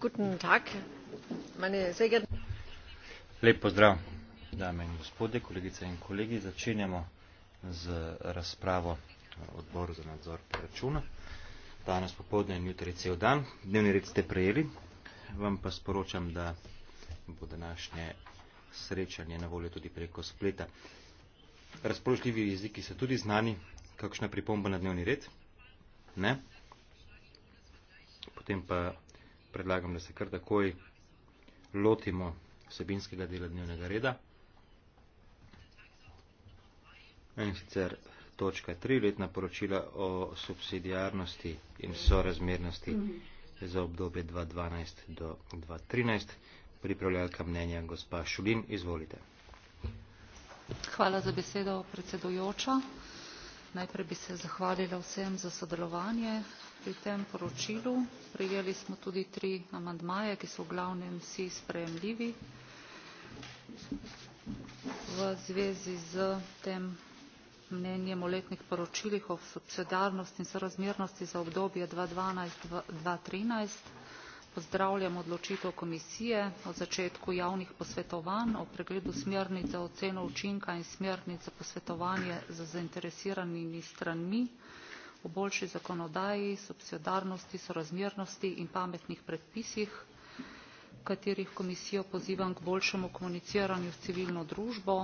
guten tag meine sehr geehrten lep pozdrav dame in gospodje kolegice in kolegi začenjamo z razpravo odboru za nadzor računa danes popoldne in jutri cel dan dnevni red ste prejeli vam pa sporočam da bo današnje srečanje na voljo tudi preko spleta razpoložljivi jeziki so tudi znani kakšna pripomba na dnevni red ne potem pa predlagam, da se kar takoj lotimo vsebinskega dela dnevnega reda. In sicer točka 3, letna poročila o subsidijarnosti in sorazmernosti za obdobje 2012 do 2013. Pripravljalka mnenja gospa Šulin, izvolite. Hvala za besedo, predsedujoča. Najprej bi se zahvalila vsem za sodelovanje pri tem poročilu. Prijeli smo tudi tri amandmaje, ki so v glavnem vsi sprejemljivi. V zvezi z tem mnenjem o letnih poročilih o subsidarnosti in sorazmernosti za obdobje 2012-2013 pozdravljam odločitev komisije o začetku javnih posvetovanj o pregledu smernic za oceno učinka in smernic za posvetovanje za zainteresiranimi stranmi o boljši zakonodaji, subsidarnosti, sorazmernosti in pametnih predpisih, katerih komisijo pozivam k boljšemu komuniciranju s civilno družbo.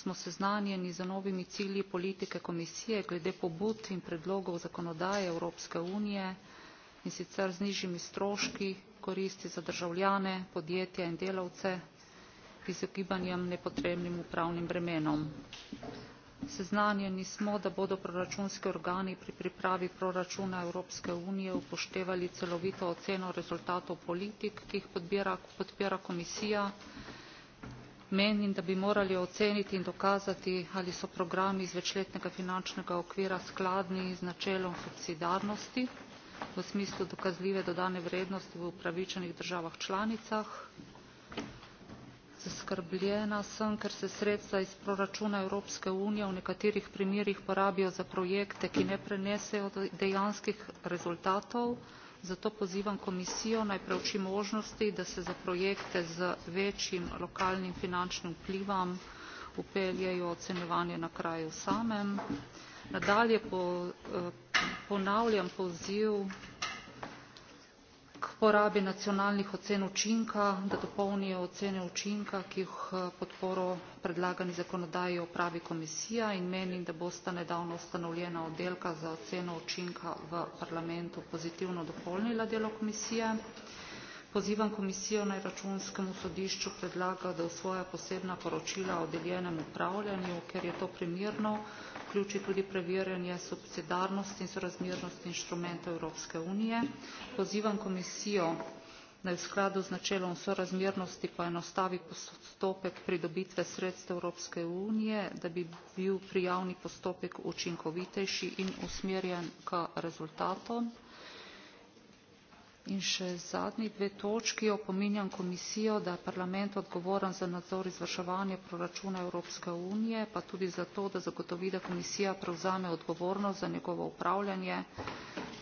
Smo seznanjeni za novimi cilji politike komisije glede pobud in predlogov zakonodaje Evropske unije in sicer z nižjimi stroški koristi za državljane, podjetja in delavce, ki se gibanjem nepotrebnim upravnim bremenom. Seznanjeni smo, da bodo proračunski organi pri pripravi proračuna Evropske unije upoštevali celovito oceno rezultatov politik, ki jih podbira, podpira komisija. Menim, da bi morali oceniti in dokazati, ali so programi iz večletnega finančnega okvira skladni z načelom subsidarnosti v smislu dokazljive dodane vrednosti v upravičenih državah članicah. Zaskrbljena sem, ker se sredstva iz proračuna Evropske unije v nekaterih primerjih porabijo za projekte, ki ne prenesejo dejanskih rezultatov. Zato pozivam komisijo naj preuči možnosti, da se za projekte z večjim lokalnim finančnim vplivom upeljejo ocenjevanje na kraju samem. Nadalje po, eh, ponavljam poziv k porabi nacionalnih ocen učinka, da dopolnijo ocene učinka, ki jih eh, podporo predlagani zakonodaji opravi komisija in menim, da bosta nedavno ustanovljena oddelka za oceno učinka v parlamentu pozitivno dopolnila delo komisije. Pozivam komisijo na računskemu sodišču predlaga, da v svoja posebna poročila o deljenem upravljanju, ker je to primirno, vključi tudi preverjanje subsidarnosti in sorazmernosti inštrumentov Evropske unije. Pozivam komisijo naj v skladu z načelom sorazmernosti poenostavi postopek pridobitve sredstev Evropske unije, da bi bil prijavni postopek učinkovitejši in usmerjen k rezultatom. In še zadnji dve točki opominjam komisijo, da je parlament odgovoren za nadzor izvrševanja proračuna Evropske unije, pa tudi za to, da zagotovi, da komisija prevzame odgovornost za njegovo upravljanje.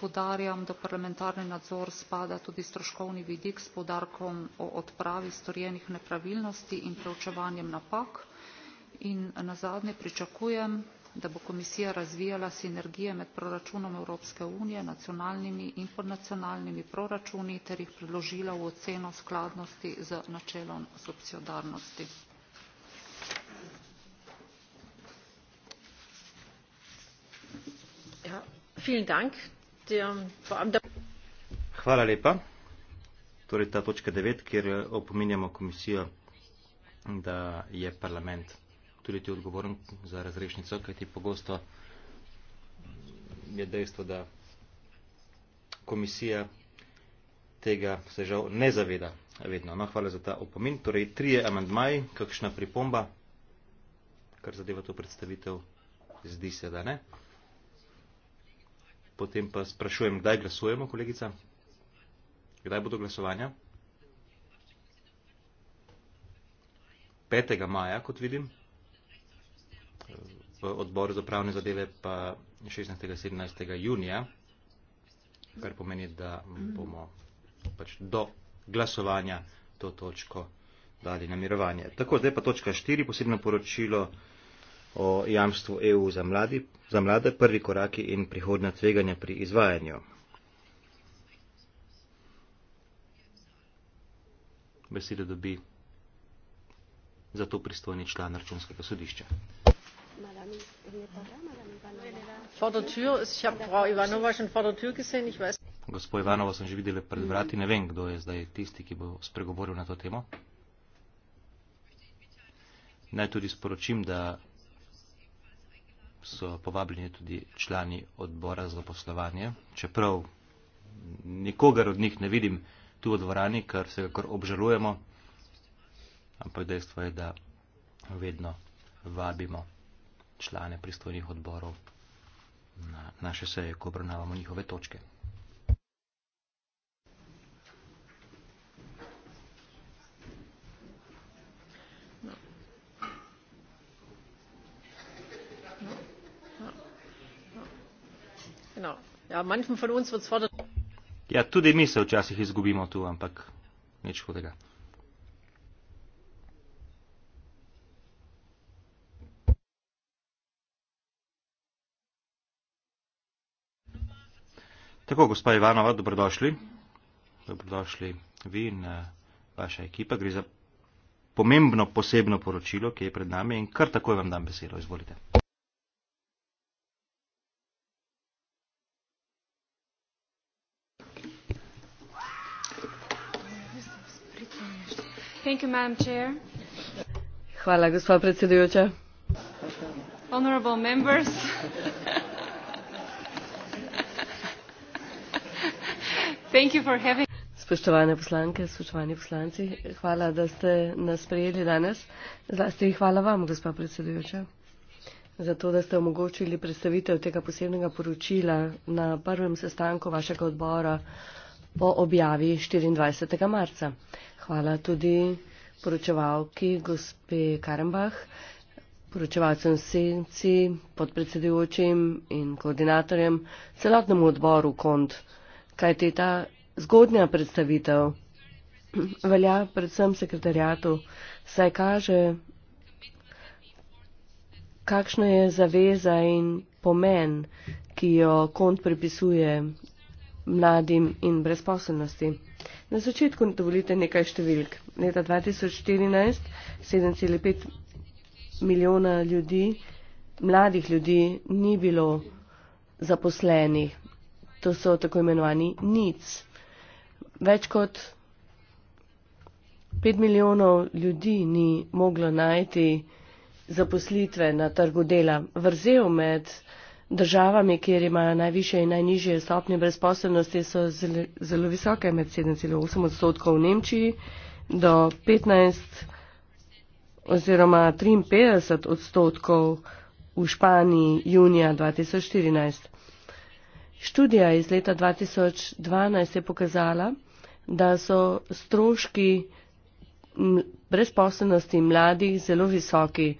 Podarjam, da parlamentarni nadzor spada tudi stroškovni vidik s podarkom o odpravi storjenih nepravilnosti in preučevanjem napak. In na zadnje pričakujem, da bo komisija razvijala sinergije med proračunom Evropske unije, nacionalnimi in podnacionalnimi proračuni ter jih predložila v oceno skladnosti z načelom subsidarnosti. Ja, Hvala lepa. Torej ta točka devet, kjer eh, opominjamo komisijo, da je parlament tudi ti odgovoren za razrešnico, kaj ti pogosto je dejstvo, da komisija tega se žal ne zaveda vedno. No, hvala za ta opomin. Torej, trije amandmaji, kakšna pripomba, kar zadeva to predstavitev, zdi se, da ne. Potem pa sprašujem, kdaj glasujemo, kolegica? Kdaj bodo glasovanja? 5. maja, kot vidim v odboru za pravne zadeve pa 16. in 17. junija, kar pomeni, da bomo pač do glasovanja to točko dali na mirovanje. Tako, zdaj pa točka 4, posebno poročilo o jamstvu EU za, mladi, za mlade, prvi koraki in prihodna tveganja pri izvajanju. Besedo dobi za to pristojni član računskega sodišča. Ah, Gospod Ivanova sem že videla pred vrati, ne vem, kdo je zdaj tisti, ki bo spregovoril na to temo. Naj tudi sporočim, da so povabljeni tudi člani odbora za poslovanje, čeprav nikogar od njih ne vidim tu v dvorani, kar se kakor obžalujemo, ampak dejstvo je, da vedno vabimo člane pristojnih odborov na naše seje, ko obravnavamo njihove točke. No. No. No. Ja, ja, tudi mi se včasih izgubimo tu, ampak nič hudega. Tako, gospa Ivanova, dobrodošli. Dobrodošli vi in eh, vaša ekipa. Gre za pomembno posebno poročilo, ki je pred nami in kar takoj vam dam besedo. Izvolite. Thank you, Madam Chair. Hvala, gospa predsedujoča. Honorable members. Spoštovane poslanke, spoštovani poslanci, hvala, da ste nas prijeli danes. Zlasti hvala vam, gospa predsedujoča, za to, da ste omogočili predstavitev tega posebnega poročila na prvem sestanku vašega odbora po objavi 24. marca. Hvala tudi poročevalki gospe Karembah, poročevalcem senci, podpredsedujočim in koordinatorjem, celotnemu odboru KONT kaj te ta zgodnja predstavitev velja predvsem sekretarjatu, saj kaže, kakšna je zaveza in pomen, ki jo kont prepisuje mladim in brezposobnosti. Na začetku dovolite nekaj številk. Leta 2014 7,5 milijona ljudi, mladih ljudi, ni bilo zaposlenih to so tako imenovani nic. Več kot pet milijonov ljudi ni moglo najti zaposlitve na trgu dela. Vrzel med državami, kjer imajo najviše in najnižje stopnje brezposobnosti, so zelo, zelo visoke, med 7,8 odstotkov v Nemčiji do 15 oziroma 53 odstotkov v Španiji junija 2014. Študija iz leta 2012 je pokazala, da so stroški brezposobnosti mladih zelo visoki.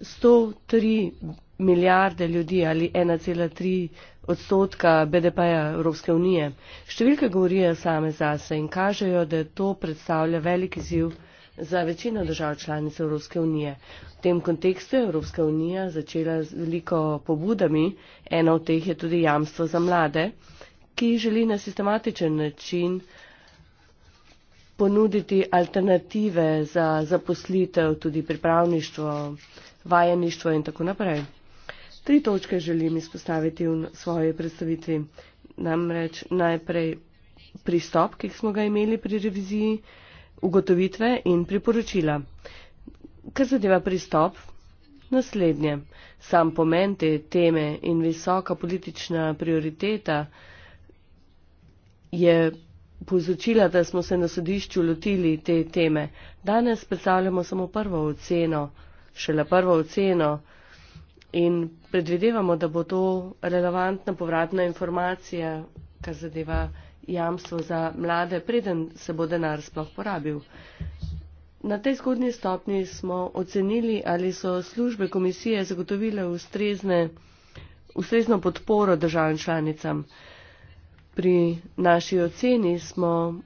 103 milijarde ljudi ali 1,3 odstotka BDP-ja Evropske unije. Številke govorijo same zase in kažejo, da to predstavlja velik izziv za večino držav članic Evropske unije. V tem kontekstu je Evropska unija začela z veliko pobudami, ena od teh je tudi jamstvo za mlade, ki želi na sistematičen način ponuditi alternative za zaposlitev, tudi pripravništvo, vajeništvo in tako naprej. Tri točke želim izpostaviti v svoji predstavitvi. Namreč najprej pristop, ki smo ga imeli pri reviziji, ugotovitve in priporočila. Kar zadeva pristop, naslednje. Sam pomen te teme in visoka politična prioriteta je povzročila, da smo se na sodišču lotili te teme. Danes predstavljamo samo prvo oceno, šele prvo oceno in predvidevamo, da bo to relevantna povratna informacija, kar zadeva jamstvo za mlade, preden se bo denar sploh porabil. Na tej zgodnji stopni smo ocenili, ali so službe komisije zagotovile ustrezne, ustrezno podporo državam članicam. Pri naši oceni smo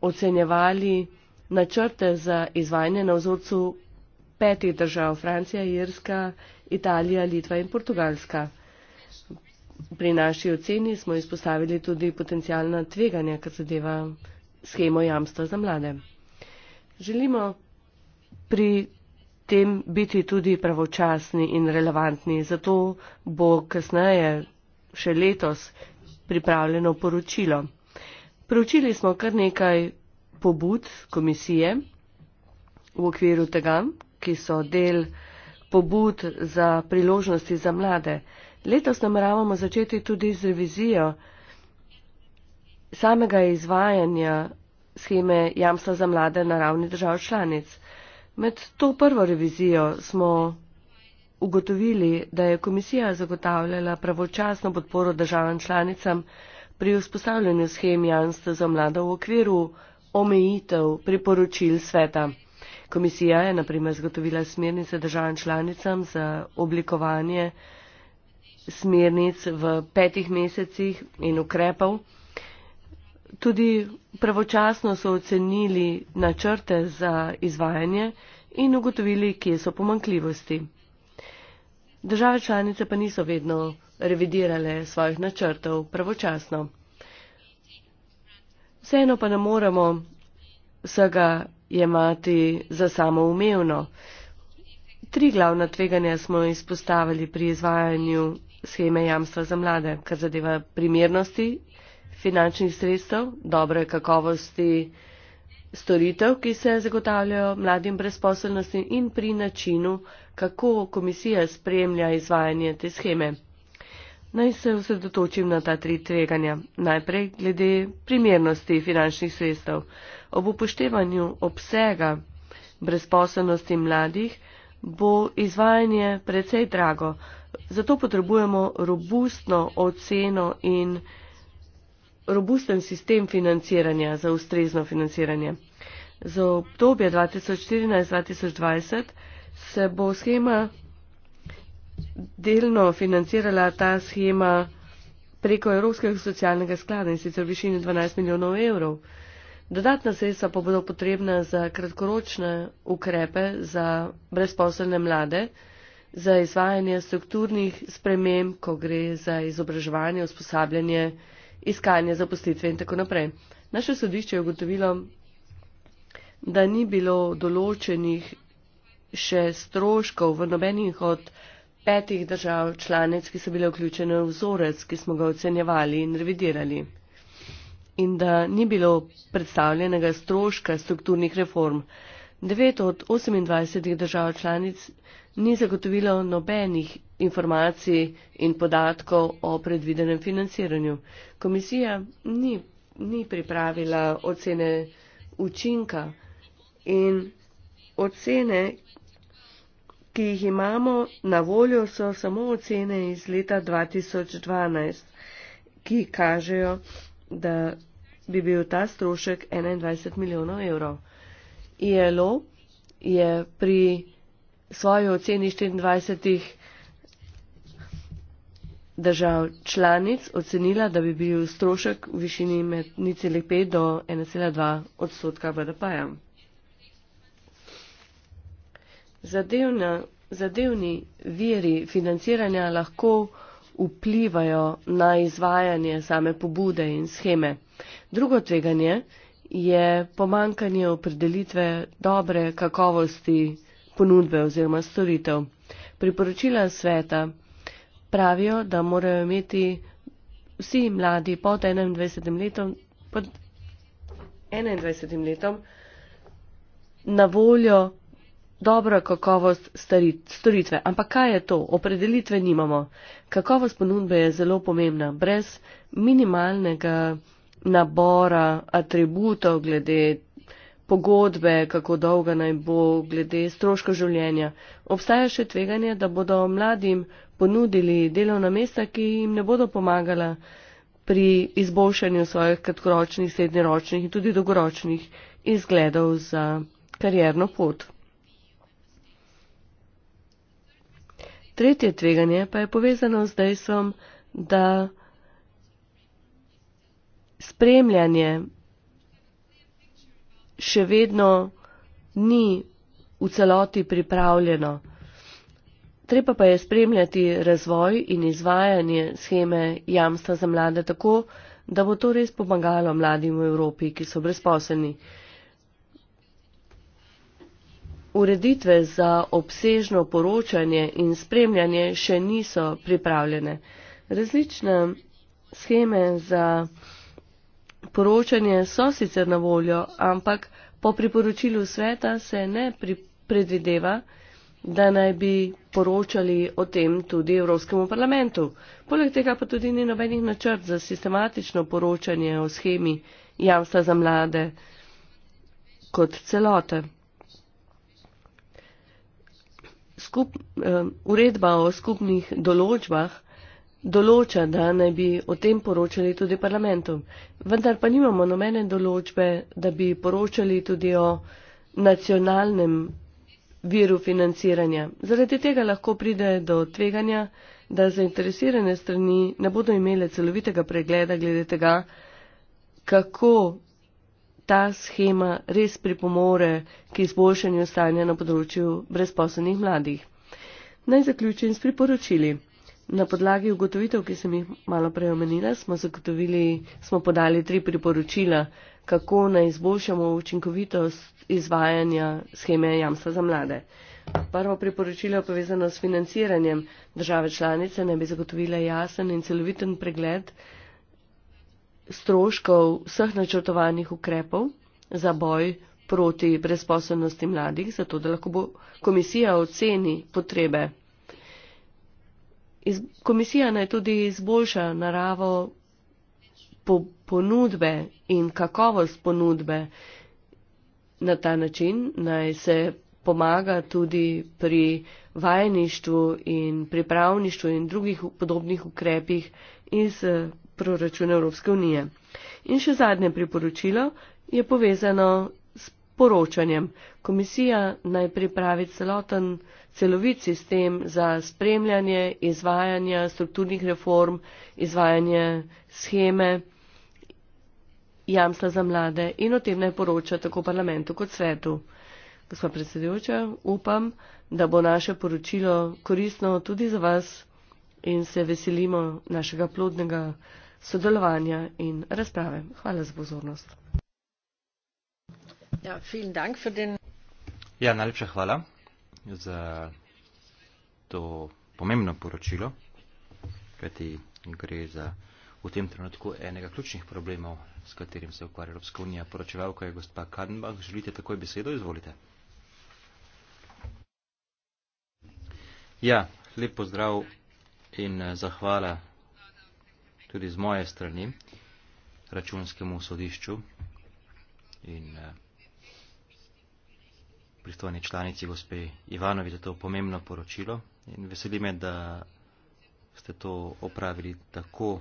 ocenjevali načrte za izvajanje na vzorcu petih držav Francija, Irska, Italija, Litva in Portugalska pri naši oceni smo izpostavili tudi potencijalna tveganja, kar zadeva schemo jamstva za mlade. Želimo pri tem biti tudi pravočasni in relevantni, zato bo kasneje še letos pripravljeno poročilo. Poročili smo kar nekaj pobud komisije v okviru tega, ki so del pobud za priložnosti za mlade. Letos nameravamo začeti tudi z revizijo samega izvajanja scheme jamstva za mlade na ravni držav članic. Med to prvo revizijo smo ugotovili, da je komisija zagotavljala pravočasno podporo državam članicam pri vzpostavljanju schem jamstva za mlade v okviru omejitev priporočil sveta. Komisija je naprimer zagotovila smernice državam članicam za oblikovanje smernic v petih mesecih in ukrepov. Tudi pravočasno so ocenili načrte za izvajanje in ugotovili, kje so pomankljivosti. Države članice pa niso vedno revidirale svojih načrtov pravočasno. Vseeno pa ne moremo vsega jemati za samoumevno. Tri glavna tveganja smo izpostavili pri izvajanju scheme jamstva za mlade, kar zadeva primernosti finančnih sredstev, dobre kakovosti storitev, ki se zagotavljajo mladim brezposobnosti in pri načinu, kako komisija spremlja izvajanje te scheme. Naj se osredotočim na ta tri tveganja. Najprej glede primernosti finančnih sredstev. Ob upoštevanju obsega brezposobnosti mladih bo izvajanje precej drago. Zato potrebujemo robustno oceno in robusten sistem financiranja za ustrezno financiranje. Za obdobje 2014-2020 se bo schema delno financirala ta schema preko Evropskega socialnega sklada in sicer v višini 12 milijonov evrov. Dodatna sredstva pa bodo potrebna za kratkoročne ukrepe za brezposelne mlade za izvajanje strukturnih sprememb, ko gre za izobraževanje, usposabljanje, iskanje zaposlitve in tako naprej. Naše sodišče je ugotovilo, da ni bilo določenih še stroškov v nobenih od petih držav članic, ki so bile vključene v vzorec, ki smo ga ocenjevali in revidirali. In da ni bilo predstavljenega stroška strukturnih reform. 9 od 28 držav članic ni zagotovilo nobenih informacij in podatkov o predvidenem financiranju. Komisija ni, ni pripravila ocene učinka in ocene, ki jih imamo na voljo, so samo ocene iz leta 2012, ki kažejo, da bi bil ta strošek 21 milijonov evrov. ILO je pri svoji oceni 24 držav članic ocenila, da bi bil strošek v višini med 0,5 do 1,2 odstotka BDP-ja. Zadevni viri financiranja lahko vplivajo na izvajanje same pobude in scheme. Drugo tveganje je pomankanje opredelitve dobre kakovosti ponudbe oziroma storitev. Priporočila sveta pravijo, da morajo imeti vsi mladi pod 21 letom, pod 21 letom na voljo dobro kakovost storitve. Ampak kaj je to? Opredelitve nimamo. Kakovost ponudbe je zelo pomembna. Brez minimalnega nabora atributov glede pogodbe, kako dolga naj bo, glede stroška življenja. Obstaja še tveganje, da bodo mladim ponudili delovna mesta, ki jim ne bodo pomagala pri izboljšanju svojih kratkoročnih, srednjeročnih in tudi dolgoročnih izgledov za karjerno pot. Tretje tveganje pa je povezano z dejstvom, da spremljanje še vedno ni v celoti pripravljeno. Treba pa je spremljati razvoj in izvajanje scheme jamstva za mlade tako, da bo to res pomagalo mladim v Evropi, ki so brezposelni. Ureditve za obsežno poročanje in spremljanje še niso pripravljene. Različne scheme za Poročanje so sicer na voljo, ampak po priporočilu sveta se ne predvideva, da naj bi poročali o tem tudi Evropskemu parlamentu. Poleg tega pa tudi ni nobenih načrt za sistematično poročanje o schemi jamstva za mlade kot celote. Skup, uh, uredba o skupnih določbah določa, da naj bi o tem poročali tudi parlamentu, vendar pa nimamo nobene določbe, da bi poročali tudi o nacionalnem viru financiranja. Zaradi tega lahko pride do tveganja, da zainteresirane strani ne bodo imele celovitega pregleda glede tega, kako ta schema res pripomore k izboljšanju stanja na področju brezposobnih mladih. Naj zaključim s priporočili. Na podlagi ugotovitev, ki sem jih malo prej omenila, smo zagotovili, smo podali tri priporočila, kako naj izboljšamo učinkovitost izvajanja scheme jamstva za mlade. Prvo priporočilo je povezano s financiranjem države članice, naj bi zagotovila jasen in celoviten pregled stroškov vseh načrtovanih ukrepov za boj proti brezposobnosti mladih, zato da lahko komisija oceni potrebe Komisija naj tudi izboljša naravo po ponudbe in kakovost ponudbe. Na ta način naj se pomaga tudi pri vajeništvu in pripravništvu in drugih podobnih ukrepih iz eh, proračuna Evropske unije. In še zadnje priporočilo je povezano s poročanjem. Komisija naj pripravi celoten celovit sistem za spremljanje izvajanja strukturnih reform, izvajanje scheme jamstva za mlade in o tem naj poroča tako parlamentu kot svetu. Gospa predsedujoča, upam, da bo naše poročilo koristno tudi za vas in se veselimo našega plodnega sodelovanja in razprave. Hvala za pozornost. Ja, vielen Dank für den... Ja, najlepša hvala za to pomembno poročilo, kajti gre za v tem trenutku enega ključnih problemov, s katerim se ukvarja Evropska unija. Poročevalka je gospa Kadenbach. Želite takoj besedo? Izvolite. Ja, lep pozdrav in eh, zahvala tudi z moje strani računskemu sodišču in uh, pristojni članici gospe Ivanovi za to pomembno poročilo in veseli me, da ste to opravili tako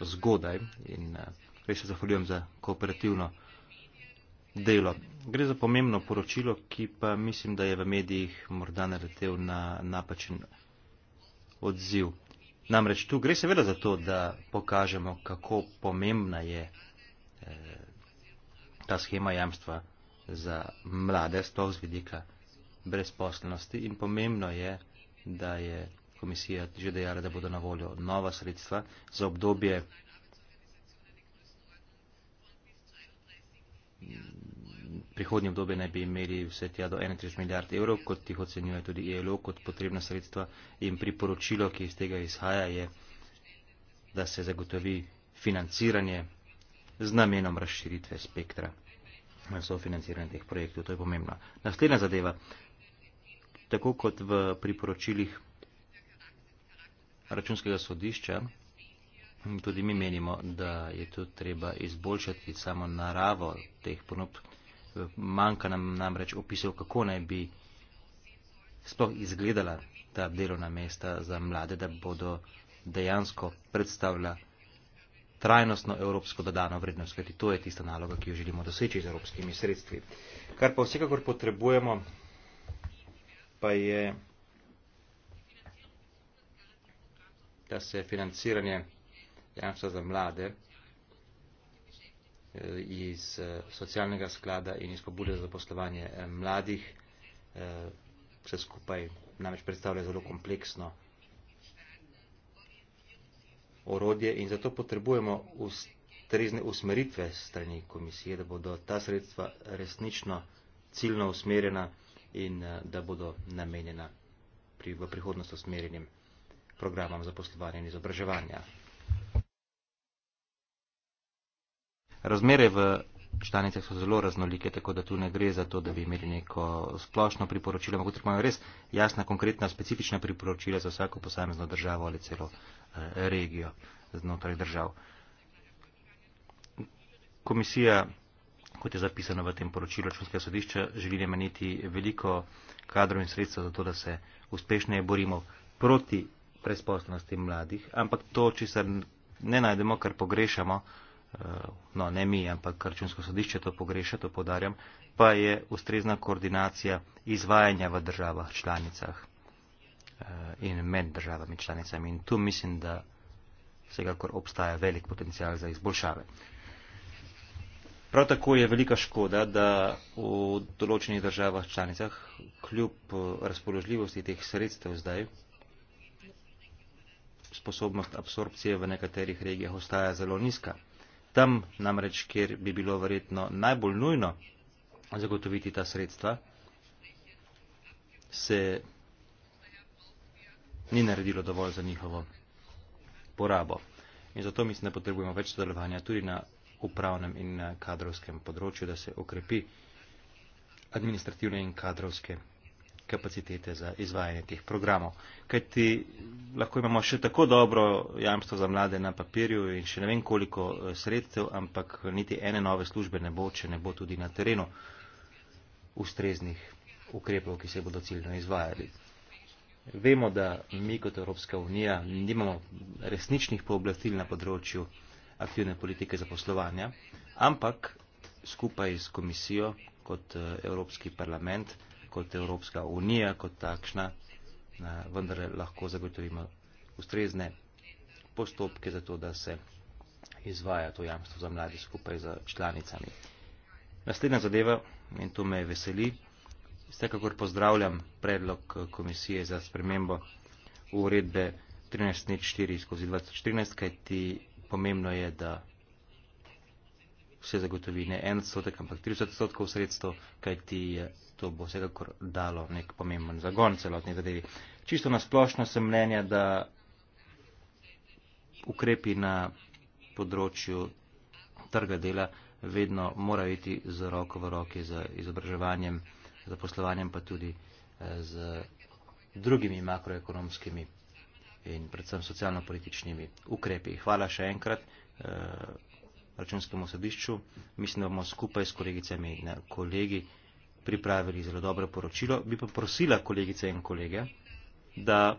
zgodaj in eh, res se zahvaljujem za kooperativno delo. Gre za pomembno poročilo, ki pa mislim, da je v medijih morda naletel na napačen odziv. Namreč tu gre seveda za to, da pokažemo, kako pomembna je eh, ta schema jamstva za mlade stov z vidika brezposlenosti in pomembno je, da je komisija že dejala, da bodo na voljo nova sredstva za obdobje prihodnje obdobje ne bi imeli vse tja do 31 milijard evrov, kot jih ocenjuje tudi ELO kot potrebna sredstva in priporočilo, ki iz tega izhaja, je, da se zagotovi financiranje z namenom razširitve spektra sofinanciranje teh projektov. To je pomembno. Naslednja zadeva. Tako kot v priporočilih računskega sodišča, tudi mi menimo, da je tu treba izboljšati samo naravo teh ponud. Manjka nam namreč opisov, kako naj bi sploh izgledala ta delovna mesta za mlade, da bodo dejansko predstavljala trajnostno evropsko dodano vrednost, kajti to je tista naloga, ki jo želimo doseči z evropskimi sredstvi. Kar pa vsekakor potrebujemo, pa je, da se financiranje jamstva za mlade eh, iz eh, socialnega sklada in iz pobude za zaposlovanje eh, mladih vse skupaj namreč predstavlja zelo kompleksno orodje in zato potrebujemo ustrezne usmeritve strani komisije, da bodo ta sredstva resnično ciljno usmerjena in eh, da bodo namenjena pri, v prihodnost usmerjenim programom za poslovanje in izobraževanja. Razmere v članice so zelo raznolike, tako da tu ne gre za to, da bi imeli neko splošno priporočilo, ampak tukaj imajo res jasna, konkretna, specifična priporočila za vsako posamezno državo ali celo eh, regijo znotraj držav. Komisija, kot je zapisano v tem poročilu računskega sodišča, želi nameniti veliko kadrov in sredstva za to, da se uspešneje borimo proti presposobnosti mladih, ampak to, če se ne najdemo, kar pogrešamo, no ne mi, ampak računsko sodišče to pogreša, to podarjam, pa je ustrezna koordinacija izvajanja v državah članicah eh, in med državami članicami. In tu mislim, da vsekakor obstaja velik potencial za izboljšave. Prav tako je velika škoda, da v določenih državah članicah kljub eh, razpoložljivosti teh sredstev zdaj sposobnost absorpcije v nekaterih regijah ostaja zelo nizka tam namreč, kjer bi bilo verjetno najbolj nujno zagotoviti ta sredstva, se ni naredilo dovolj za njihovo porabo. In zato mislim, da potrebujemo več sodelovanja tudi na upravnem in eh, kadrovskem področju, da se okrepi administrativne in kadrovske kapacitete za izvajanje teh programov. Kajti lahko imamo še tako dobro jamstvo za mlade na papirju in še ne vem koliko eh, sredstev, ampak niti ene nove službe ne bo, če ne bo tudi na terenu ustreznih ukrepov, ki se bodo ciljno izvajali. Vemo, da mi kot Evropska unija nimamo resničnih pooblastil na področju aktivne politike zaposlovanja, ampak skupaj s komisijo kot eh, Evropski parlament kot Evropska unija, kot takšna, vendar lahko zagotovimo ustrezne postopke za to, da se izvaja to jamstvo za mladi skupaj z članicami. Naslednja zadeva, in to me veseli, vsekakor pozdravljam predlog komisije za spremembo uredbe 13.4 skozi 2014, kajti pomembno je, da se zagotovi ne en odstotek, ampak 30 odstotkov sredstev, kaj ti to bo vsekakor dalo nek pomemben zagon celotni zadevi. Čisto nasplošno sem mnenja, da ukrepi na področju trga dela vedno morajo iti z roko v roki z izobraževanjem, zaposlovanjem pa tudi eh, z drugimi makroekonomskimi in predvsem socialno-političnimi ukrepi. Hvala še enkrat. Uh, računskemu sodišču. Mislim, da bomo skupaj s kolegicami in kolegi pripravili zelo dobro poročilo. Bi pa prosila kolegice in kolege, da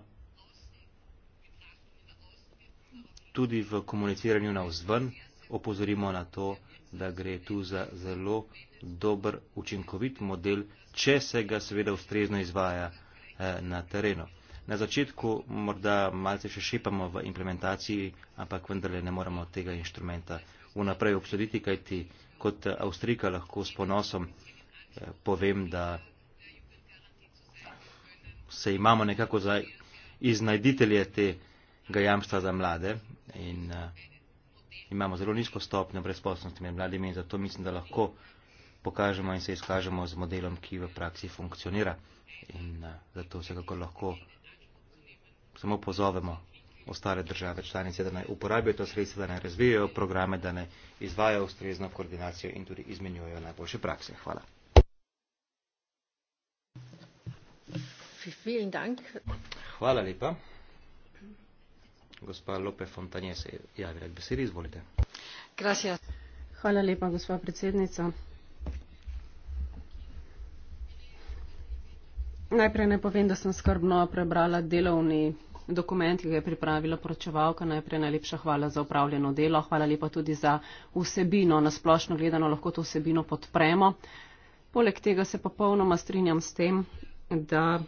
tudi v komuniciranju na vzven opozorimo na to, da gre tu za zelo dober, učinkovit model, če se ga seveda ustrezno izvaja eh, na terenu. Na začetku morda malce še šepamo v implementaciji, ampak vendarle ne moremo tega inštrumenta vnaprej obsoditi, kajti kot Avstrika lahko s ponosom eh, povem, da se imamo nekako za iznajditelje tega jamstva za mlade in eh, imamo zelo nizko stopnjo brezposobnosti med mladimi in zato mislim, da lahko pokažemo in se izkažemo z modelom, ki v praksi funkcionira in eh, zato vsekakor lahko samo pozovemo ostale države članice, da naj uporabijo to sredstvo, da naj razvijajo programe, da naj izvajajo ustrezno koordinacijo in tudi izmenjujejo najboljše prakse. Hvala. Hvala lepa. Gospa Lope Fontanje se je javila k besedi, izvolite. Gracias. Hvala lepa, gospa predsednica. Najprej ne povem, da sem skrbno prebrala delovni dokument, ki ga je pripravila poročevalka. Najprej najlepša hvala za upravljeno delo, hvala lepa tudi za vsebino. Na splošno gledano lahko to vsebino podpremo. Poleg tega se popolnoma strinjam s tem, da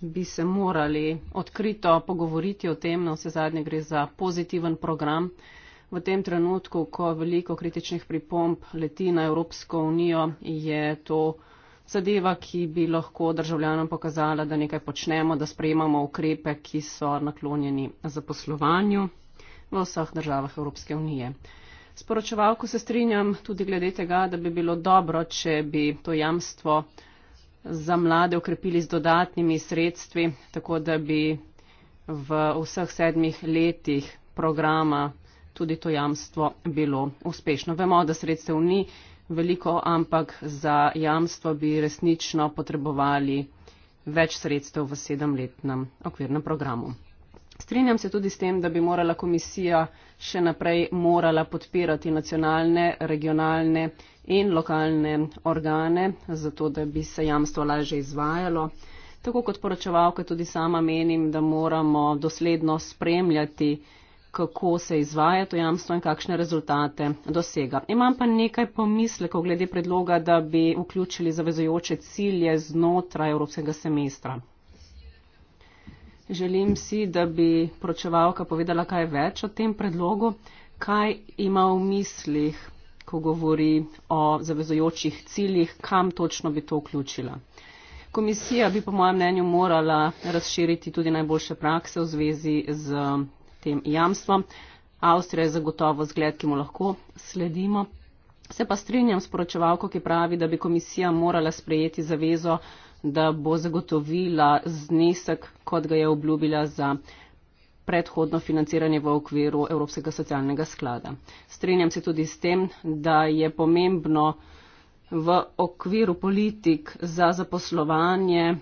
bi se morali odkrito pogovoriti o tem, na vse zadnje gre za pozitiven program. V tem trenutku, ko veliko kritičnih pripomb leti na Evropsko unijo, je to zadeva, ki bi lahko državljanom pokazala, da nekaj počnemo, da sprejemamo ukrepe, ki so naklonjeni zaposlovanju v vseh državah Evropske unije. Sporočevalko se strinjam tudi glede tega, da bi bilo dobro, če bi to jamstvo za mlade ukrepili z dodatnimi sredstvi, tako da bi v vseh sedmih letih programa tudi to jamstvo bilo uspešno. Vemo, da sredstev ni, veliko, ampak za jamstvo bi resnično potrebovali več sredstev v sedemletnem okvirnem programu. Strinjam se tudi s tem, da bi morala komisija še naprej morala podpirati nacionalne, regionalne in lokalne organe, zato da bi se jamstvo lažje izvajalo. Tako kot poročevalka tudi sama menim, da moramo dosledno spremljati kako se izvaja to jamstvo in kakšne rezultate dosega. Imam pa nekaj pomislekov glede predloga, da bi vključili zavezojoče cilje znotraj evropskega semestra. Želim si, da bi pročevalka povedala kaj več o tem predlogu, kaj ima v mislih, ko govori o zavezojočih ciljih, kam točno bi to vključila. Komisija bi po mojem mnenju morala razširiti tudi najboljše prakse v zvezi z tem jamstvom. Avstrija je zagotovo zgled, ki mu lahko sledimo. Se pa strinjam s poročevalko, ki pravi, da bi komisija morala sprejeti zavezo, da bo zagotovila znesek, kot ga je obljubila za predhodno financiranje v okviru Evropskega socialnega sklada. Strinjam se tudi s tem, da je pomembno v okviru politik za zaposlovanje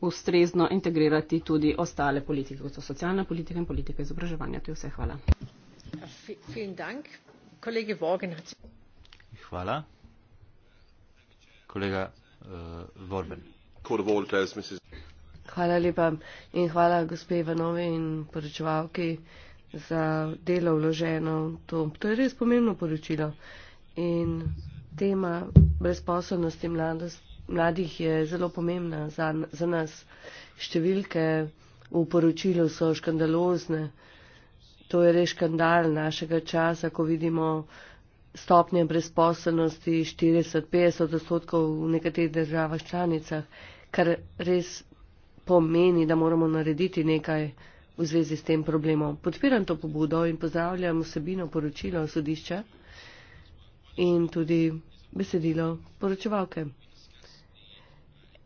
ustrezno integrirati tudi ostale politike, kot so socialna politika in politika izobraževanja. To je vse. Hvala. Hvala. Kolega uh, eh, Vorben. Hvala lepa in hvala gospe Ivanovi in poročevalki za delo vloženo. To. to je res pomembno poročilo. In tema brezposobnosti mladosti mladih je zelo pomembna za, za nas. Številke v poročilu so škandalozne. To je res škandal našega časa, ko vidimo stopnje brezposobnosti 40-50 odstotkov v nekaterih državah članicah, kar res pomeni, da moramo narediti nekaj v zvezi s tem problemom. Podpiram to pobudo in pozdravljam vsebino poročila sodišča in tudi besedilo poročevalke.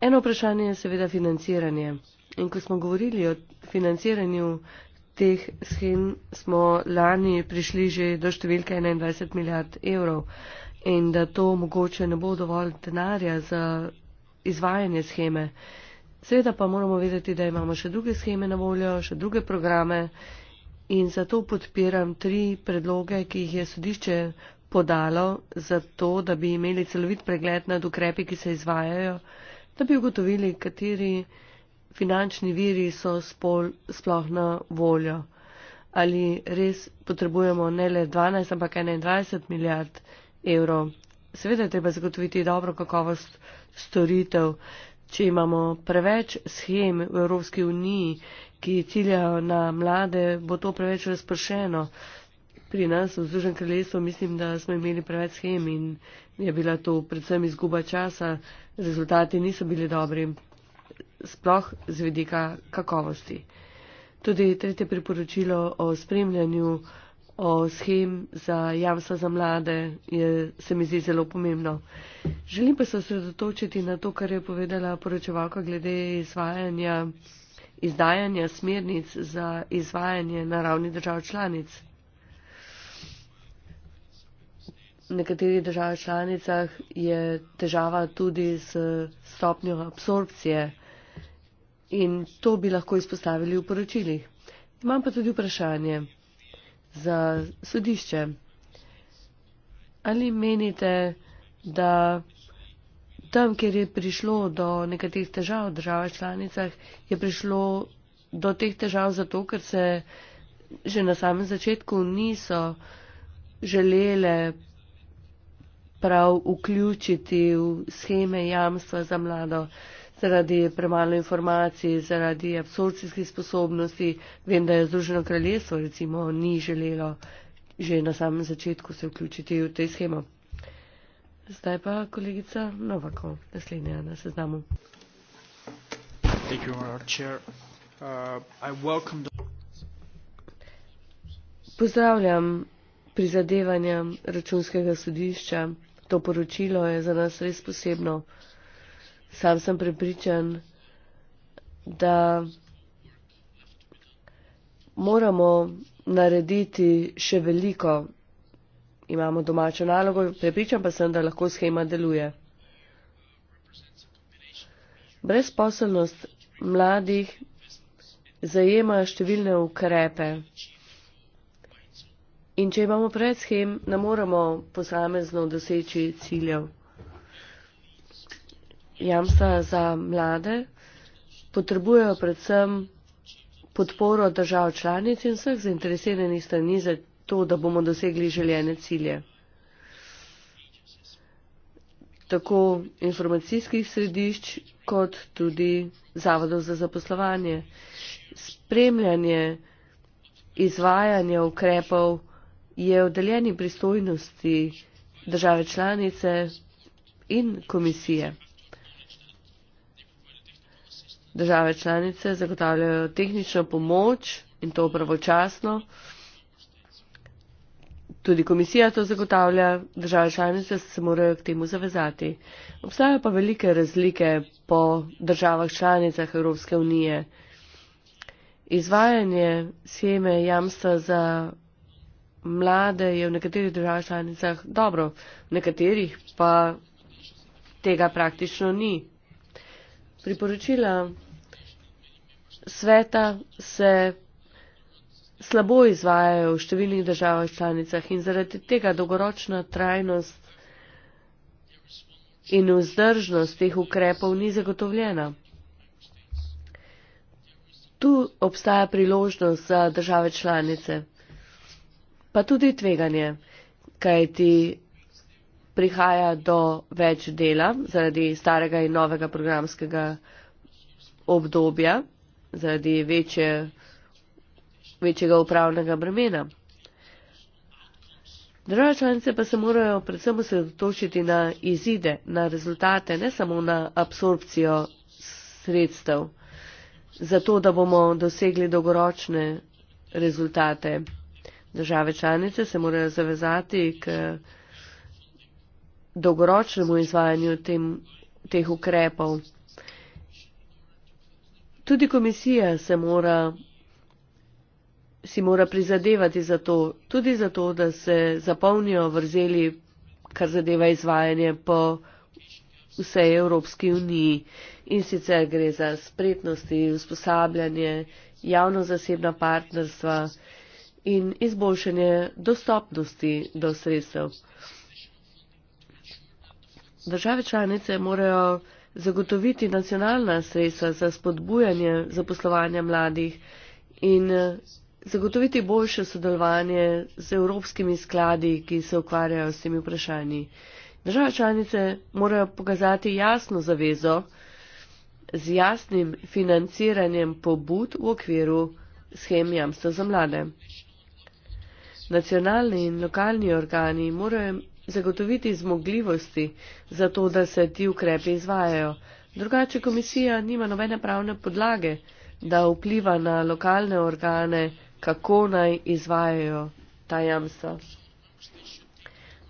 Eno vprašanje je seveda financiranje. In ko smo govorili o financiranju teh schem, smo lani prišli že do številke 21 milijard evrov in da to mogoče ne bo dovolj denarja za izvajanje scheme. Seveda pa moramo vedeti, da imamo še druge scheme na voljo, še druge programe in zato podpiram tri predloge, ki jih je sodišče podalo, zato da bi imeli celovit pregled nad ukrepi, ki se izvajajo da bi ugotovili, kateri finančni viri so spol sploh na voljo. Ali res potrebujemo ne le 12, ampak 21 milijard evrov. Seveda je treba zagotoviti dobro kakovost storitev. Če imamo preveč schem v Evropski uniji, ki ciljajo na mlade, bo to preveč razpršeno pri nas v Združenem kraljestvu, mislim, da smo imeli preveč schem in je bila to predvsem izguba časa, rezultati niso bili dobri, sploh z vedika kakovosti. Tudi tretje priporočilo o spremljanju o schem za jamstva za mlade je, se mi zdi zelo pomembno. Želim pa se osredotočiti na to, kar je povedala poročevalka glede izvajanja, izdajanja smernic za izvajanje na ravni držav članic. nekaterih državah članicah je težava tudi s stopnjo absorpcije in to bi lahko izpostavili v poročilih. Imam pa tudi vprašanje za sodišče. Ali menite, da tam, kjer je prišlo do nekaterih težav v državah članicah, je prišlo do teh težav zato, ker se že na samem začetku niso želele prav vključiti v scheme jamstva za mlado zaradi premalo informacij, zaradi absorpcijskih sposobnosti. Vem, da je Združeno kraljestvo recimo ni želelo že na samem začetku se vključiti v te scheme. Zdaj pa kolegica Novako, naslednja na seznamu. Uh, Pozdravljam prizadevanja računskega sodišča to poročilo je za nas res posebno. Sam sem prepričan, da moramo narediti še veliko. Imamo domačo nalogo, prepričan pa sem, da lahko schema deluje. Brezposobnost mladih zajema številne ukrepe. In če imamo preveč schem, ne moremo posamezno doseči ciljev. Jamstva za mlade potrebujejo predvsem podporo držav članic in vseh zainteresiranih strani za to, da bomo dosegli željene cilje. Tako informacijskih središč, kot tudi zavodov za zaposlovanje. Spremljanje izvajanja ukrepov, je v deljeni pristojnosti države članice in komisije. Države članice zagotavljajo tehnično pomoč in to pravočasno. Tudi komisija to zagotavlja, države članice se morajo k temu zavezati. Obstajajo pa velike razlike po državah članicah Evropske unije. Izvajanje sheme jamstva za mlade je v nekaterih državah članicah dobro, v nekaterih pa tega praktično ni. Priporočila sveta se slabo izvajajo v številnih državah članicah in zaradi tega dolgoročna trajnost in vzdržnost teh ukrepov ni zagotovljena. Tu obstaja priložnost za države članice pa tudi tveganje, kajti prihaja do več dela zaradi starega in novega programskega obdobja, zaradi večje, večjega upravnega bremena. Države članice pa se morajo predvsem osredotočiti na izide, na rezultate, ne samo na absorpcijo sredstev, zato da bomo dosegli dolgoročne rezultate. Države članice se morajo zavezati k dolgoročnemu izvajanju tem, teh ukrepov. Tudi komisija se mora, si mora prizadevati za to, tudi za to, da se zapolnijo vrzeli, kar zadeva izvajanje po vsej Evropski uniji. In sicer gre za spretnosti, usposabljanje, javno-zasebna partnerstva in izboljšanje dostopnosti do sredstev. Države članice morajo zagotoviti nacionalna sredstva za spodbujanje zaposlovanja mladih in eh, zagotoviti boljše sodelovanje z evropskimi skladi, ki se ukvarjajo s temi vprašanji. Države članice morajo pokazati jasno zavezo z jasnim financiranjem pobud v okviru schem jamstva za mlade. Nacionalni in lokalni organi morajo zagotoviti zmogljivosti za to, da se ti ukrepi izvajajo. Drugače komisija nima nobene pravne podlage, da vpliva na lokalne organe, kako naj izvajajo ta jamstva.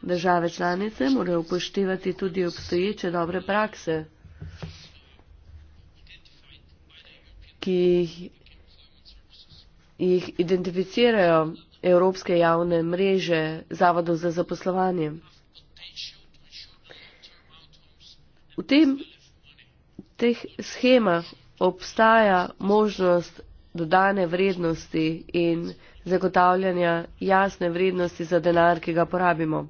Države članice morajo upoštevati tudi obstoječe dobre prakse, ki jih identificirajo Evropske javne mreže Zavodov za zaposlovanje. V tem, teh schemah obstaja možnost dodane vrednosti in zagotavljanja jasne vrednosti za denar, ki ga porabimo.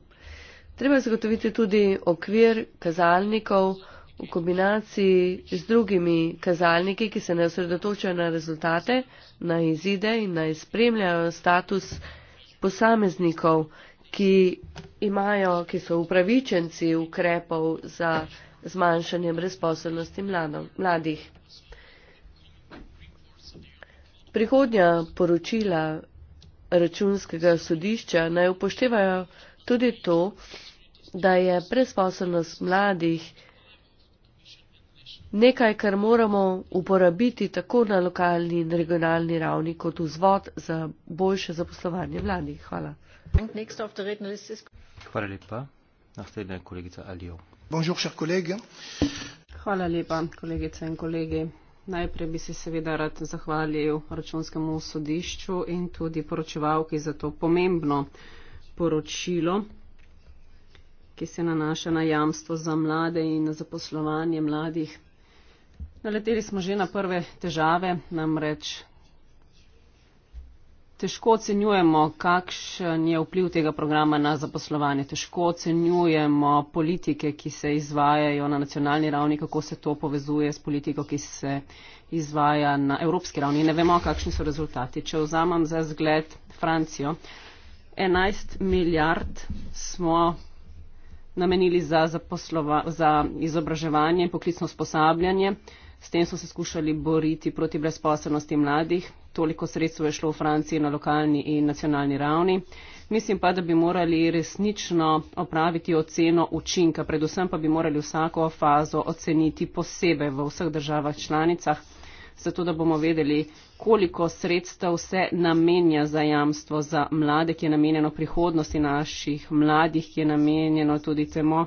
Treba zagotoviti tudi okvir kazalnikov, v kombinaciji z drugimi kazalniki, ki se ne osredotočajo na rezultate, na izide in naj spremljajo status posameznikov, ki, imajo, ki so upravičenci ukrepov za zmanjšanje brezposobnosti mladih. Prihodnja poročila računskega sodišča naj upoštevajo tudi to, da je brezposobnost mladih nekaj, kar moramo uporabiti tako na lokalni in regionalni ravni kot vzvod za boljše zaposlovanje mladih. Hvala. Hvala lepa. Naslednja je kolegica Alijo. Hvala lepa, kolegice in kolegi. Najprej bi se seveda rad zahvalil računskemu sodišču in tudi poročevalki za to pomembno poročilo, ki se nanaša na jamstvo za mlade in na zaposlovanje mladih Naleteli smo že na prve težave, namreč težko ocenjujemo, kakšen je vpliv tega programa na zaposlovanje, težko ocenjujemo politike, ki se izvajajo na nacionalni ravni, kako se to povezuje s politiko, ki se izvaja na evropski ravni. Ne vemo, kakšni so rezultati. Če vzamem za zgled Francijo, 11 milijard smo namenili za, za izobraževanje in poklicno usposabljanje. S tem so se skušali boriti proti brezposobnosti mladih. Toliko sredstev je šlo v Franciji na lokalni in nacionalni ravni. Mislim pa, da bi morali resnično opraviti oceno učinka, predvsem pa bi morali vsako fazo oceniti posebej v vseh državah članicah, zato da bomo vedeli, koliko sredstev se namenja za jamstvo za mlade, ki je namenjeno prihodnosti naših mladih, ki je namenjeno tudi temu,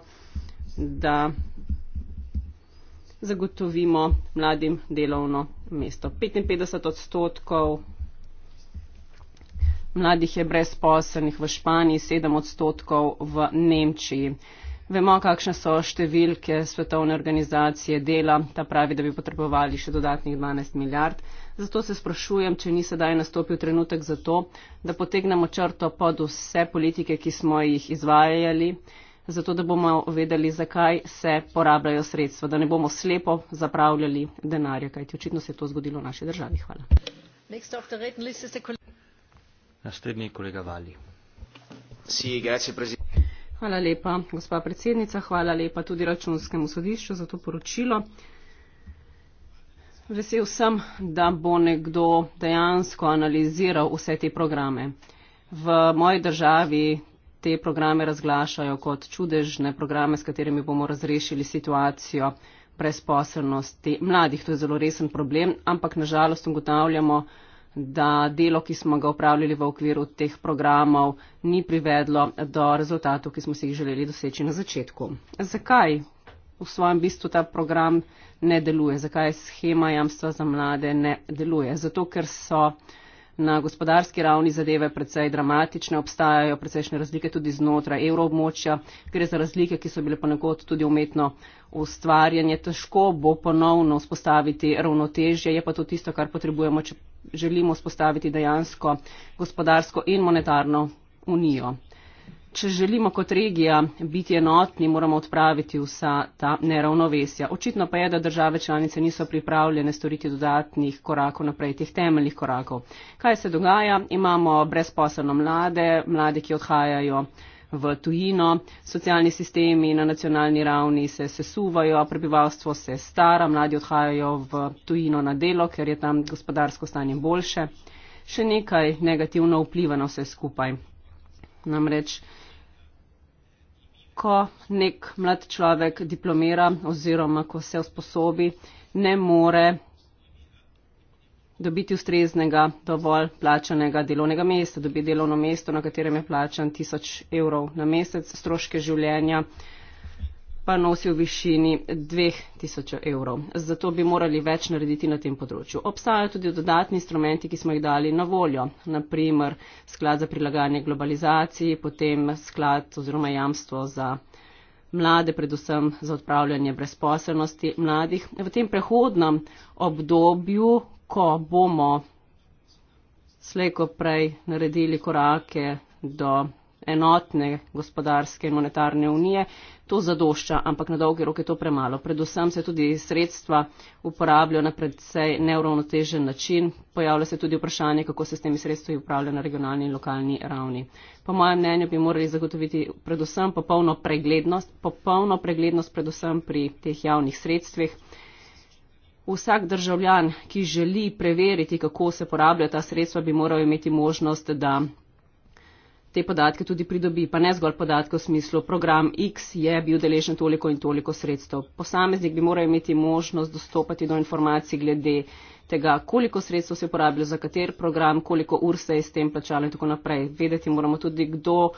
da zagotovimo mladim delovno mesto. 55 odstotkov mladih je brezposelnih v Španiji, 7 odstotkov v Nemčiji. Vemo, kakšne so številke svetovne organizacije dela, ta pravi, da bi potrebovali še dodatnih 12 milijard. Zato se sprašujem, če ni sedaj nastopil trenutek za to, da potegnemo črto pod vse politike, ki smo jih izvajali, zato da bomo vedeli, zakaj se porabljajo sredstva, da ne bomo slepo zapravljali denarja, kajti očitno se je to zgodilo v naši državi. Hvala. Naslednji kolega Vali. Hvala lepa, gospa predsednica, hvala lepa tudi računskemu sodišču za to poročilo. Vesel sem, da bo nekdo dejansko analiziral vse te programe. V moji državi te programe razglašajo kot čudežne programe, s katerimi bomo razrešili situacijo brezposelnosti mladih. To je zelo resen problem, ampak nažalost ugotavljamo, da delo, ki smo ga upravljali v okviru teh programov, ni privedlo do rezultatov, ki smo si jih želeli doseči na začetku. Zakaj v svojem bistvu ta program ne deluje? Zakaj schema jamstva za mlade ne deluje? Zato, ker so na gospodarski ravni zadeve precej dramatične, obstajajo precejšne razlike tudi znotraj evroobmočja, gre za razlike, ki so bile ponekod tudi umetno ustvarjanje. Težko bo ponovno vzpostaviti ravnotežje, je pa to tisto, kar potrebujemo, če želimo vzpostaviti dejansko gospodarsko in monetarno unijo če želimo kot regija biti enotni, moramo odpraviti vsa ta neravnovesja. Očitno pa je, da države članice niso pripravljene storiti dodatnih korakov naprej, teh temeljnih korakov. Kaj se dogaja? Imamo brezposelno mlade, mlade, ki odhajajo v tujino, socialni sistemi na nacionalni ravni se sesuvajo, prebivalstvo se stara, mladi odhajajo v tujino na delo, ker je tam gospodarsko stanje boljše. Še nekaj negativno vpliva na vse skupaj. Namreč ko nek mlad človek diplomira oziroma ko se usposobi, ne more dobiti ustreznega, dovolj plačanega delovnega mesta, dobi delovno mesto, na katerem je plačan tisoč evrov na mesec, stroške življenja pa nosi v višini 2000 evrov. Zato bi morali več narediti na tem področju. Obstajajo tudi dodatni instrumenti, ki smo jih dali na voljo, naprimer sklad za prilagajanje globalizaciji, potem sklad oziroma jamstvo za mlade, predvsem za odpravljanje brezposelnosti mladih. V tem prehodnem obdobju, ko bomo slejko prej naredili korake do enotne gospodarske in monetarne unije, to zadošča, ampak na dolgi rok je to premalo. Predvsem se tudi sredstva uporabljajo na predvsej neuravnotežen način. Pojavlja se tudi vprašanje, kako se s temi sredstvi upravlja na regionalni in lokalni ravni. Po mojem mnenju bi morali zagotoviti predvsem popolno preglednost, popolno preglednost predvsem pri teh javnih sredstvih. Vsak državljan, ki želi preveriti, kako se porablja ta sredstva, bi moral imeti možnost, da te podatke tudi pridobi, pa ne zgolj podatke v smislu program X je bil deležen toliko in toliko sredstev. Posameznik bi moral imeti možnost dostopati do informacij glede tega, koliko sredstev se je porabilo za kater program, koliko ur se je s tem plačalo in tako naprej. Vedeti moramo tudi, kdo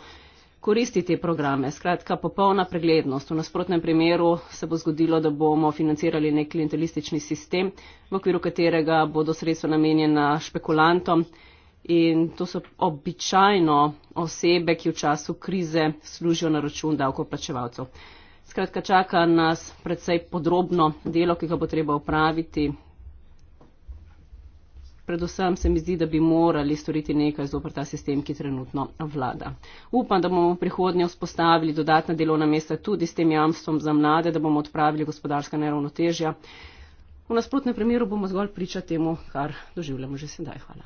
koristi te programe. Skratka, popolna preglednost. V nasprotnem primeru se bo zgodilo, da bomo financirali nek klientelistični sistem, v okviru katerega bodo sredstva namenjena špekulantom in to so običajno osebe, ki v času krize služijo na račun davkoplačevalcev. Skratka, čaka nas predvsej podrobno delo, ki ga bo treba upraviti. Predvsem se mi zdi, da bi morali storiti nekaj zopr ta sistem, ki trenutno vlada. Upam, da bomo v prihodnje vzpostavili dodatna delovna mesta tudi s tem jamstvom za mlade, da bomo odpravili gospodarska neravnotežja. V nasprotnem primeru bomo zgolj priča temu, kar doživljamo že sedaj. Hvala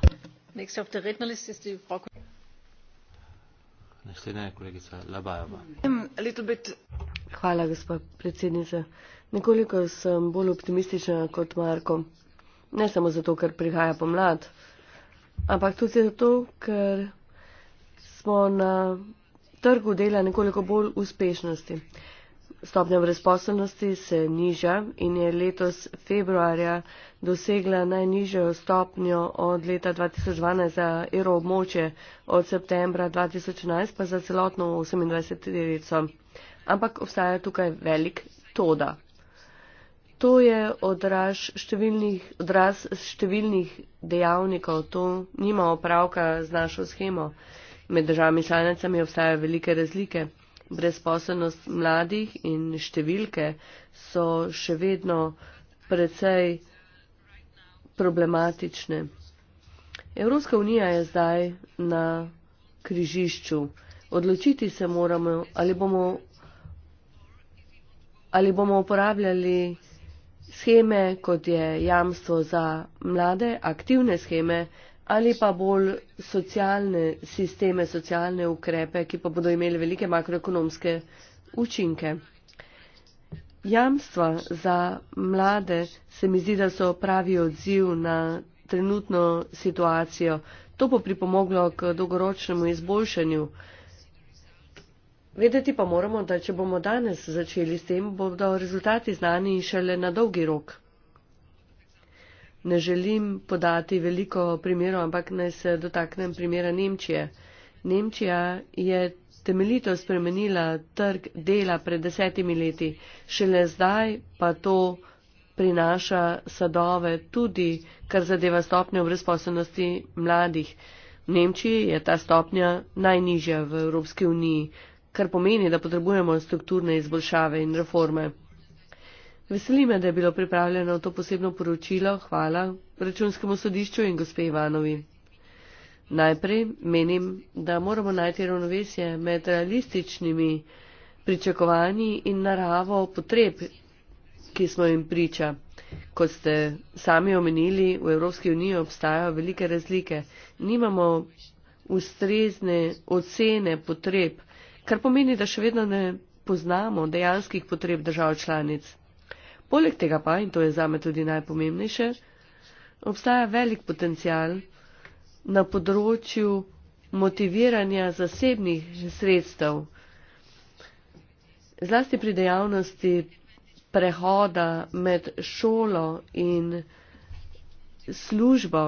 gospa predsednica nekoliko sem bolj optimistična kot marko ne samo zato ker prihaja pomlad ampak tudi zato ker smo na trgu dela nekoliko bolj uspešnosti. Stopnja brezposobnosti se niža in je letos februarja dosegla najnižjo stopnjo od leta 2012 za euroobmoče, od septembra 2011 pa za celotno 28-terico. Ampak obstaja tukaj velik toda. To je odraz številnih, odraz številnih dejavnikov, to nima opravka z našo schemo. Med državami članicami obstajajo velike razlike brezposobnost mladih in številke so še vedno precej problematične. Evropska unija je zdaj na križišču. Odločiti se moramo, ali bomo, ali bomo uporabljali scheme, kot je jamstvo za mlade, aktivne scheme, ali pa bolj socialne sisteme, socialne ukrepe, ki pa bodo imeli velike makroekonomske učinke. Jamstva za mlade se mi zdi, da so pravi odziv na trenutno situacijo. To bo pripomoglo k dolgoročnemu izboljšanju. Vedeti pa moramo, da če bomo danes začeli s tem, bodo rezultati znani šele na dolgi rok ne želim podati veliko primerov, ampak naj se dotaknem primera Nemčije. Nemčija je temeljito spremenila trg dela pred desetimi leti, šele zdaj pa to prinaša sadove tudi, kar zadeva stopnjo brezposobnosti mladih. V Nemčiji je ta stopnja najnižja v Evropski uniji, kar pomeni, da potrebujemo strukturne izboljšave in reforme. Veseli me, da je bilo pripravljeno to posebno poročilo. Hvala računskemu sodišču in gospe Ivanovi. Najprej menim, da moramo najti ravnovesje med realističnimi pričakovanji in naravo potreb, ki smo jim priča. Kot ste sami omenili, v Evropski uniji obstajajo velike razlike. Nimamo ustrezne ocene potreb, kar pomeni, da še vedno ne poznamo dejanskih potreb držav članic. Poleg tega pa, in to je zame tudi najpomembnejše, obstaja velik potencial na področju motiviranja zasebnih sredstev, zlasti pri dejavnosti prehoda med šolo in službo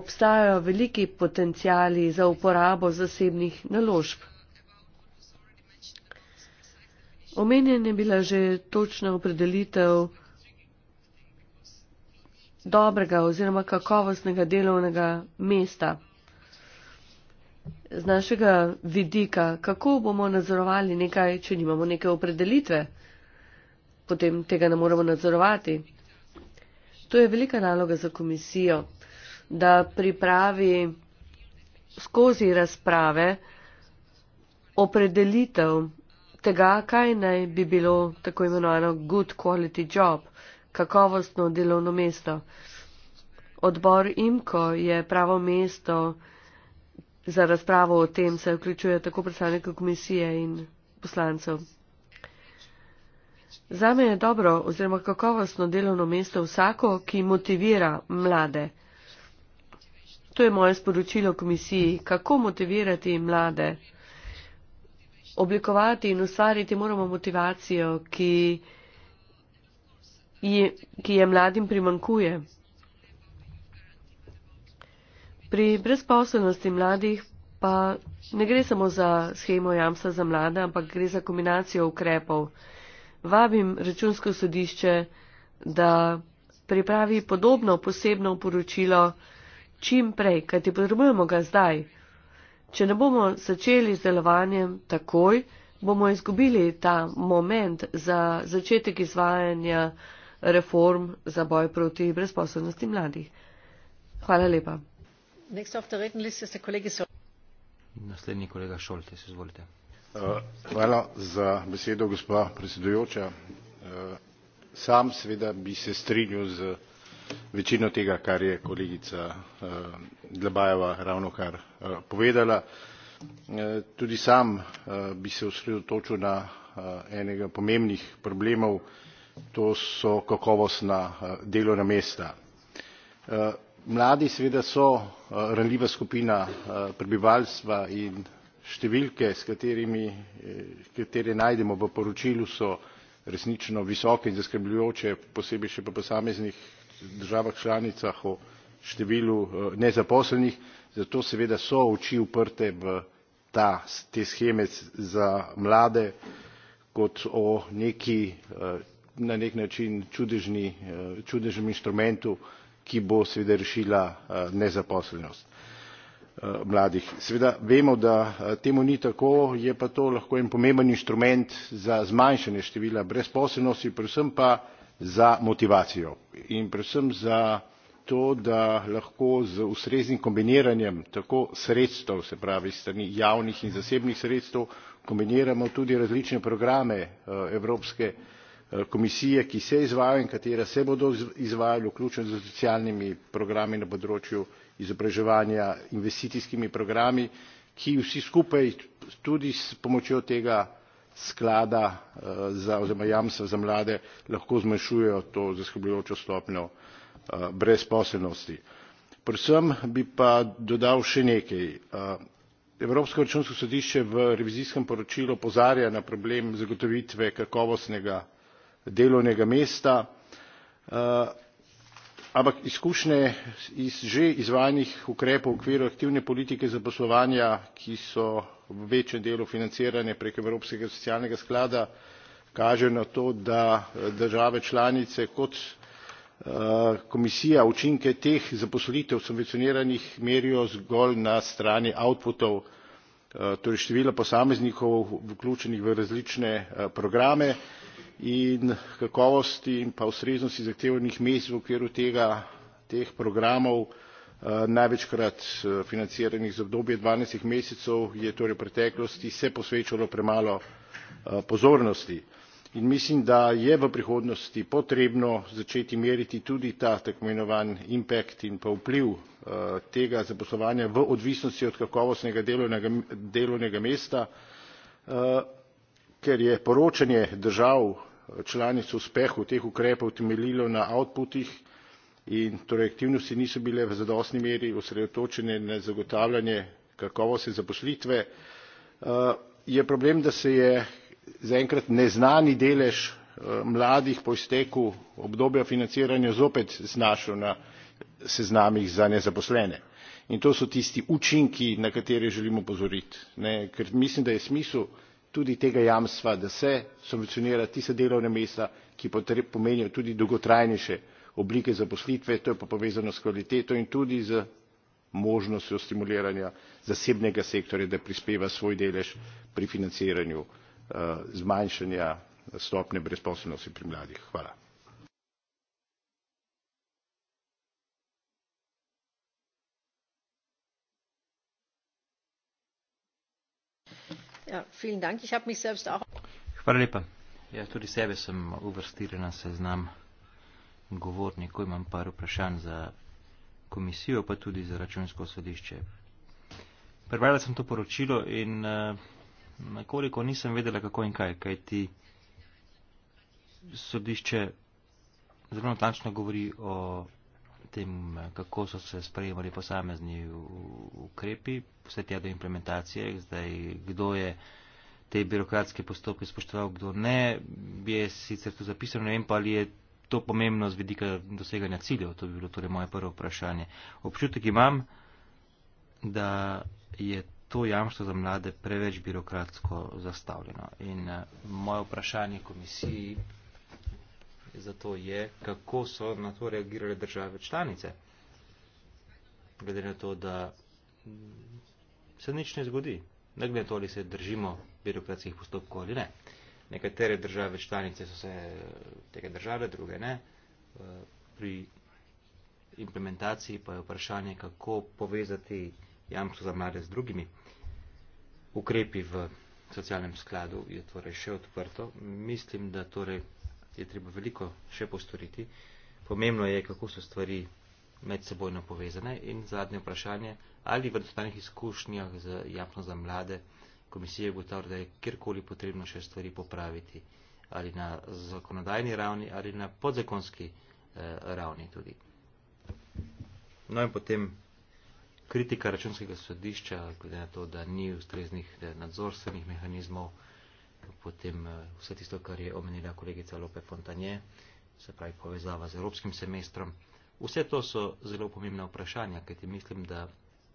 obstajajo veliki potencijali za uporabo zasebnih naložb. Omenjen je bila že točna opredelitev dobrega oziroma kakovostnega delovnega mesta. Z našega vidika, kako bomo nadzorovali nekaj, če nimamo neke opredelitve, potem tega ne moremo nadzorovati. To je velika naloga za komisijo, da pripravi skozi razprave opredelitev tega, kaj naj bi bilo tako imenovano good quality job, kakovostno delovno mesto. Odbor IMKO je pravo mesto za razpravo o tem, se vključuje tako predstavnike komisije in poslancev. Zame je dobro oziroma kakovostno delovno mesto vsako, ki motivira mlade. To je moje sporočilo komisiji, kako motivirati mlade oblikovati in ustvariti moramo motivacijo, ki je, ki je mladim primankuje. Pri brezposobnosti mladih pa ne gre samo za schemo jamstva za mlade, ampak gre za kombinacijo ukrepov. Vabim računsko sodišče, da pripravi podobno posebno poročilo čim prej, kajti potrebujemo ga zdaj. Če ne bomo začeli z delovanjem takoj, bomo izgubili ta moment za začetek izvajanja reform za boj proti brezposobnosti mladih. Hvala lepa. Naslednji kolega Šolte, izvolite. Uh, hvala za besedo, gospa predsedujoča. Uh, sam seveda bi se strinjal z večino tega kar je kolegica eh, dlabajeva ravnokar eh, povedala. Eh, tudi sam bi se osredotočil na enega pomembnih problemov to so kakovostna delovna mesta. mladi seveda so ranljiva skupina prebivalstva in številke s katerimi katere najdemo v poročilu so resnično visoke in zaskrbljujoče posebej še po posameznih državah članicah o številu eh, nezaposlenih zato seveda so oči uprte v te sheme za mlade kot o neki eh, na nek način čudežni, eh, čudežnem inštrumentu ki bo seveda rešila nezaposlenost mladih. Seveda vemo, da temu ni tako, je pa to lahko en pomemben inštrument za zmanjšanje števila brezposelnosti, predvsem pa za motivacijo in predvsem za to da lahko z ustreznim kombiniranjem tako sredstev se pravi s strani javnih in zasebnih sredstev kombiniramo tudi različne programe eh, evropske eh, komisije ki se izvajajo in katera se bodo izvajala vključno s socialnimi programi na področju izobraževanja investicijskimi programi ki vsi skupaj tudi s pomočjo tega sklada eh, oziroma jamstva za mlade lahko zmanjšujejo to zaskrbljujočo stopnjo eh, brezposelnosti. predvsem bi pa dodal še nekaj eh, evropsko računsko sodišče v revizijskem poročilu opozarja na problem zagotovitve kakovostnega delovnega mesta ampak izkušnje iz že izvajanih ukrepov v okviru aktivne politike zaposlovanja ki so v večjem delu financiranje prek evropskega socialnega sklada kaže na to da eh, države članice kot eh, komisija učinke teh zaposlitev subvencioniranih merijo zgolj na strani outputov eh, torej števila posameznikov vključenih v različne programe in kakovosti in pa ustreznosti zahtevanih mest v okviru tega teh programov Eh, največkrat eh, financiranih za obdobje dvanajstih mesecev je torej v preteklosti se posvečalo premalo eh, pozornosti in mislim da je v prihodnosti potrebno začeti meriti tudi ta tako imenovani impact in pa vpliv tega zaposlovanja v odvisnosti od kakovostnega delovnega mesta ker je poročanje držav članic o uspehu teh ukrepov temeljilo na outputih in torej aktivnosti niso bile v zadostni meri osredotočene na zagotavljanje kakovostne zaposlitve eh, je problem da se je zaenkrat neznani delež eh, mladih po izteku obdobja financiranja zopet znašel na seznamih za nezaposlene in to so tisti učinki na katere želim opozoriti ne ker mislim da je smisel tudi tega jamstva da se subvencionira tista delovna mesta ki pomenijo tudi dolgotrajnejše oblike zaposlitve to je pa povezano s kvaliteto in tudi z možnostjo stimuliranja zasebnega sektorja da prispeva svoj delež pri financiranju eh, zmanjšanja stopnje brezposelnosti pri mladih. hvala ja, lepa. jaz tudi sebe sem uvrstila na seznam govorniku, imam par vprašanj za komisijo, pa tudi za računsko sodišče. Prebrala sem to poročilo in uh, nekoliko nisem vedela, kako in kaj, kaj ti sodišče zelo natančno govori o tem, kako so se sprejemali posamezni ukrepi, vse tja do implementacije, zdaj kdo je te birokratske postopke spoštoval, kdo ne, je sicer tu zapisano, ne vem pa, ali je to pomembno z vidika doseganja ciljev? To bi bilo torej moje prvo vprašanje. Občutek imam, da je to jamstvo za mlade preveč birokratsko zastavljeno. In uh, moje vprašanje komisiji zato je, kako so na to reagirale države članice. Glede na to, da se nič ne zgodi. Ne glede na to, ali se držimo birokratskih postopkov ali ne nekatere države članice so se tega držale, druge ne. Eh, pri implementaciji pa je vprašanje, kako povezati jamstvo za mlade z drugimi. Ukrepi v socialnem skladu je torej še odprto. Mislim, da torej je treba veliko še postoriti. Pomembno je, kako so stvari medsebojno povezane. In zadnje vprašanje, ali v dostanih izkušnjah z jamstvom za mlade komisije ugotavlja, da je kjerkoli potrebno še stvari popraviti, ali na zakonodajni ravni, ali na podzakonski eh, ravni tudi. No in potem kritika računskega sodišča, glede na to, da ni ustreznih eh, nadzorstvenih mehanizmov, potem eh, vse tisto, kar je omenila kolegica Lope Fontanje, se pravi povezava z evropskim semestrom. Vse to so zelo pomembna vprašanja, kajti mislim, da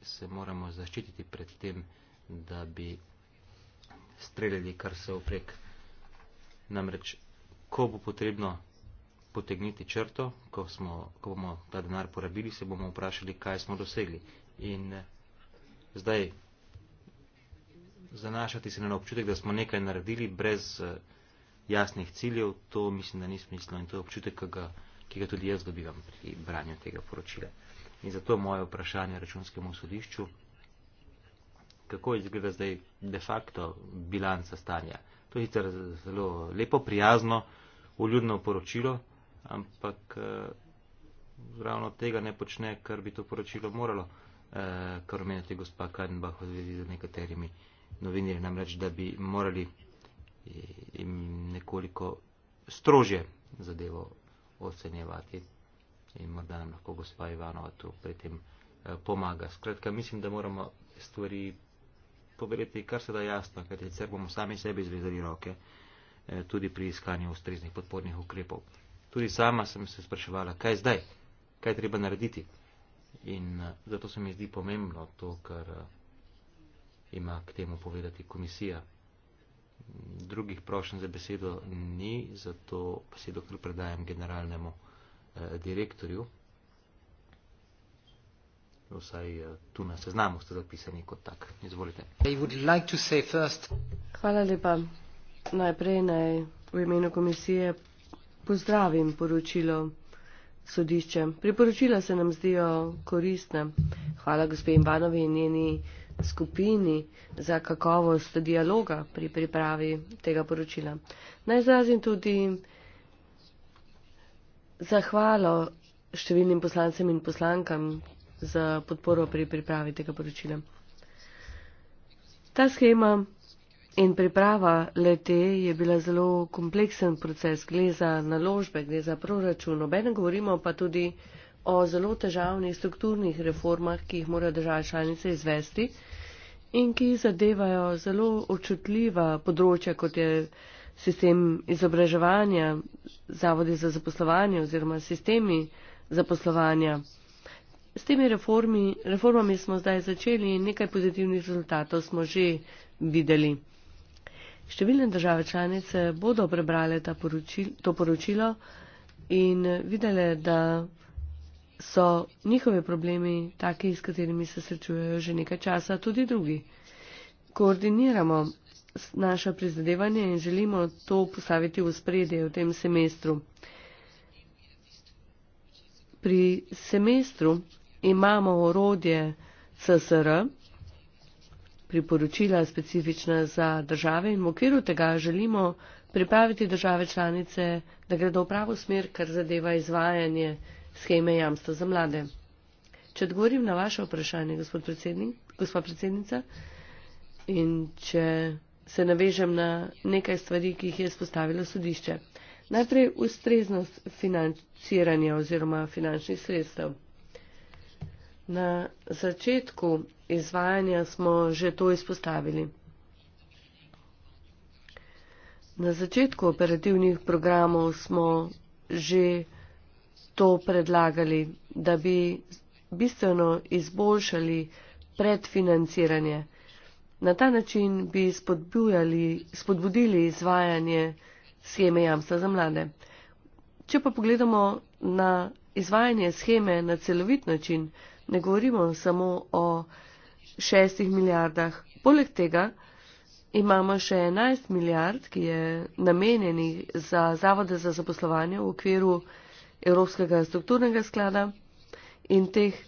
se moramo zaščititi pred tem, da bi streljali, kar se oprek. Namreč, ko bo potrebno potegniti črto, ko, smo, ko bomo ta denar porabili, se bomo vprašali, kaj smo dosegli. In eh, zdaj zanašati se na občutek, da smo nekaj naredili brez eh, jasnih ciljev, to mislim, da ni smiselno in to je občutek, ki ga, ki ga tudi jaz dobivam pri branju tega poročila. In zato moje vprašanje računskemu sodišču kako izgleda zdaj de facto bilanca stanja. To je sicer zelo lepo, prijazno, uljudno poročilo, ampak eh, ravno tega ne počne, kar bi to poročilo moralo, eh, kar omenjate gospa Kajnbah v zvezi z nekaterimi novinarji, namreč, da bi morali eh, jim nekoliko strože zadevo ocenjevati. In morda nam lahko gospa Ivanova tu pri tem pomaga. Skratka, mislim, da moramo stvari povedati kar se da jasno, ker sicer bomo sami sebi zrezali roke eh, tudi pri iskanju ustreznih podpornih ukrepov. Tudi sama sem se spraševala, kaj zdaj, kaj treba narediti. In eh, zato se mi zdi pomembno to, kar eh, ima k temu povedati komisija. Drugih prošen za besedo ni, zato besedo kar predajam generalnemu eh, direktorju vsaj eh, tu na seznamu ste zapisani kot tak. Izvolite. Like Hvala lepa. Najprej naj v imenu komisije pozdravim poročilo sodišče. Priporočila se nam zdijo koristne. Hvala gospe Ivanovi in njeni skupini za kakovost dialoga pri pripravi tega poročila. Naj izrazim tudi zahvalo številnim poslancem in poslankam, za podporo pri pripravi tega poročila. Ta schema in priprava lete je bila zelo kompleksen proces, gre za naložbe, gre za proračun, obene govorimo pa tudi o zelo težavnih strukturnih reformah, ki jih mora država članica izvesti in ki zadevajo zelo očutljiva področja, kot je sistem izobraževanja, zavodi za zaposlovanje oziroma sistemi zaposlovanja. S temi reformi, reformami smo zdaj začeli in nekaj pozitivnih rezultatov smo že videli. Številne države članice bodo prebrale poročil, to poročilo in videle, da so njihovi problemi taki, s katerimi se srečujejo že nekaj časa, tudi drugi. Koordiniramo naše prizadevanje in želimo to postaviti v spredje v tem semestru. Pri semestru imamo orodje CSR, priporočila specifična za države in v okviru tega želimo pripraviti države članice, da gredo v pravo smer, kar zadeva izvajanje scheme jamstva za mlade. Če odgovorim na vaše vprašanje, predsednik, gospa predsednica, in če se navežem na nekaj stvari, ki jih je spostavilo sodišče. Najprej ustreznost financiranja oziroma finančnih sredstev. Na začetku izvajanja smo že to izpostavili. Na začetku operativnih programov smo že to predlagali, da bi bistveno izboljšali predfinanciranje. Na ta način bi spodbudili izvajanje scheme jamstva za mlade. Če pa pogledamo na izvajanje scheme na celovit način, Ne govorimo samo o šestih milijardah. Poleg tega imamo še 11 milijard, ki je namenjeni za zavode za zaposlovanje v okviru Evropskega strukturnega sklada in teh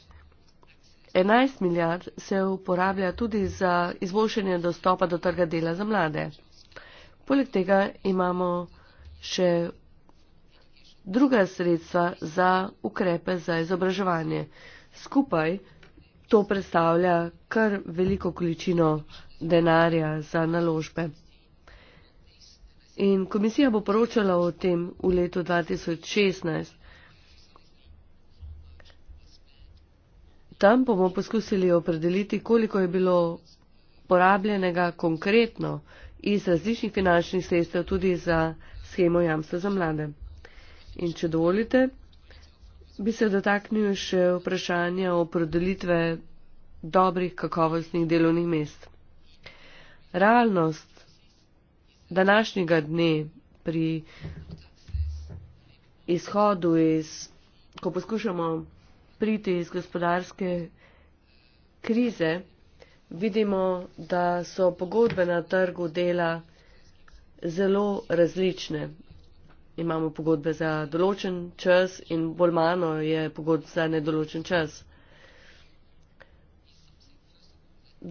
11 milijard se uporablja tudi za izboljšanje dostopa do trga dela za mlade. Poleg tega imamo še druga sredstva za ukrepe za izobraževanje. Skupaj to predstavlja kar veliko količino denarja za naložbe. In komisija bo poročala o tem v letu 2016. Tam bomo poskusili opredeliti, koliko je bilo porabljenega konkretno iz različnih finančnih sredstev tudi za schemo jamstva za mlade. In če dovolite, Bi se dotaknil še vprašanja o prodelitve dobrih kakovostnih delovnih mest. Realnost današnjega dne pri izhodu iz, ko poskušamo priti iz gospodarske krize, vidimo, da so pogodbe na trgu dela zelo različne imamo pogodbe za določen čas in bolj malo je pogodb za nedoločen čas.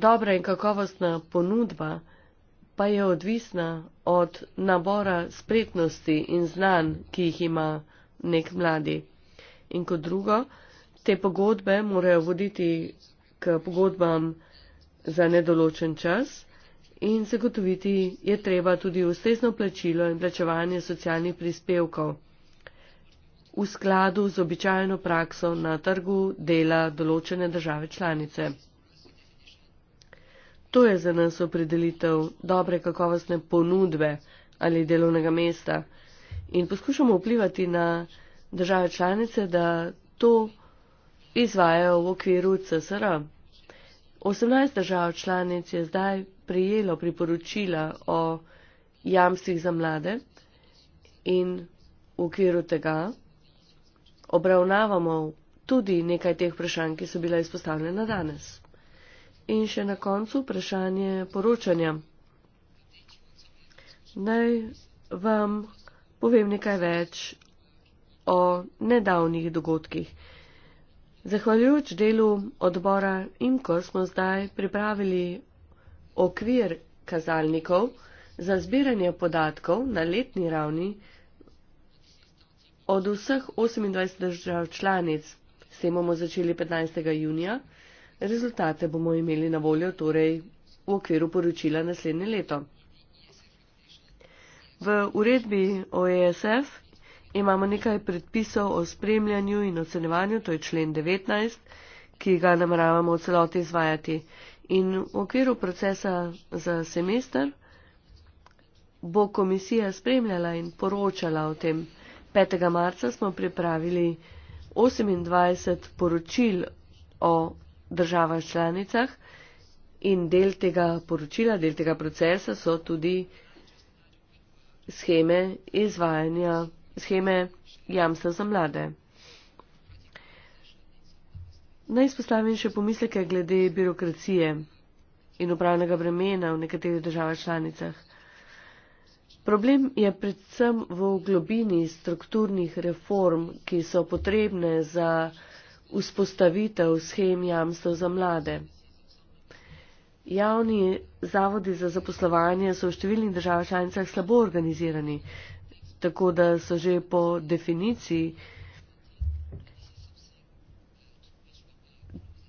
Dobra in kakovostna ponudba pa je odvisna od nabora spretnosti in znanj, ki jih ima nek mladi. In kot drugo, te pogodbe morajo voditi k pogodbam za nedoločen čas in zagotoviti je treba tudi ustrezno plačilo in plačevanje socialnih prispevkov v skladu z običajno prakso na trgu dela določene države članice. To je za nas opredelitev dobre kakovostne ponudbe ali delovnega mesta in poskušamo vplivati na države članice, da to izvajajo v okviru CSR. 18 držav članic je zdaj prijelo priporočila o jamstvih za mlade in v okviru tega obravnavamo tudi nekaj teh vprašanj, ki so bila izpostavljena danes. In še na koncu vprašanje poročanja. Naj vam povem nekaj več o nedavnih dogodkih. Zahvaljujoč delu odbora IMKO smo zdaj pripravili okvir kazalnikov za zbiranje podatkov na letni ravni od vseh 28 držav članic. S tem bomo začeli 15. junija. Rezultate bomo imeli na voljo torej v okviru poročila naslednje leto. V uredbi OESF imamo nekaj predpisov o spremljanju in ocenevanju, to je člen 19, ki ga nameravamo v celoti izvajati. In v okviru procesa za semester bo komisija spremljala in poročala o tem. 5. marca smo pripravili 28 poročil o državah članicah in del tega poročila, del tega procesa so tudi scheme izvajanja, scheme jamstva za mlade. Naj izpostavim še pomisleke glede birokracije in upravnega bremena v nekaterih državah članicah. Problem je predvsem v globini strukturnih reform, ki so potrebne za vzpostavitev schem jamstv za mlade. Javni zavodi za zaposlovanje so v številnih državah članicah slabo organizirani, tako da so že po definiciji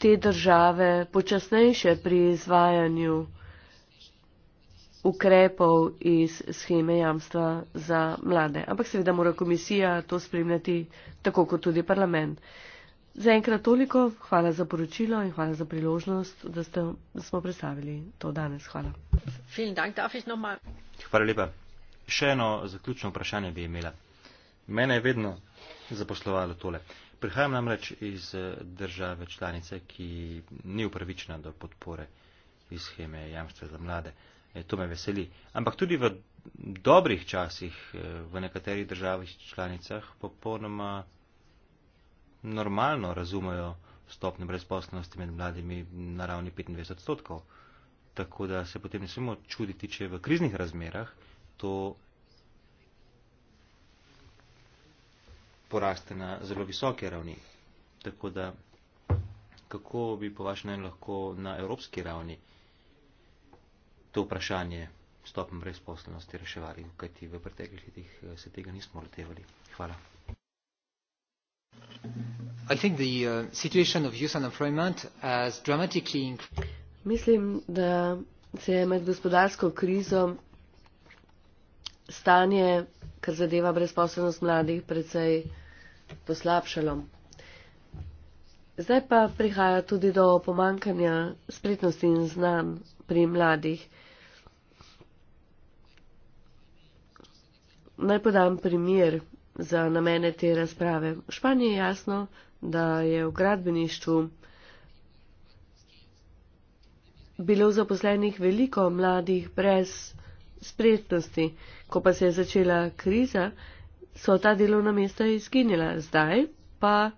te države počasnejše pri izvajanju ukrepov iz scheme jamstva za mlade. Ampak seveda mora komisija to spremljati, tako kot tudi parlament. Zaenkrat toliko, hvala za poročilo in hvala za priložnost, da, ste, da smo predstavili to danes. Hvala. Hvala lepa. Še eno zaključno vprašanje bi imela. Mene je vedno zaposlovalo tole. Prihajam namreč iz eh, države članice, ki ni upravičena do podpore iz scheme jamstva za mlade. E, to me veseli. Ampak tudi v dobrih časih eh, v nekaterih državih članicah popolnoma normalno razumejo stopnjo brezposlenosti med mladimi na ravni 25 odstotkov. Tako da se potem ne smemo čuditi, če v kriznih razmerah to poraste na zelo visoke ravni. Tako da, kako bi po vašem mnenju lahko na evropski ravni to vprašanje stopen brezposlenosti reševali, kajti v preteklih letih eh, se tega nismo letevali. Hvala. I think the uh, situation of youth unemployment has dramatically Mislim, da se je med gospodarsko krizo stanje kar zadeva brezposobnost mladih, precej poslabšalo. Zdaj pa prihaja tudi do pomankanja spretnosti in znanj pri mladih. Naj podam primer za namene te razprave. V Španiji je jasno, da je v gradbeništvu bilo zaposlenih veliko mladih brez spretnosti. Ko pa se je začela kriza, so ta delovna mesta izginjala, zdaj pa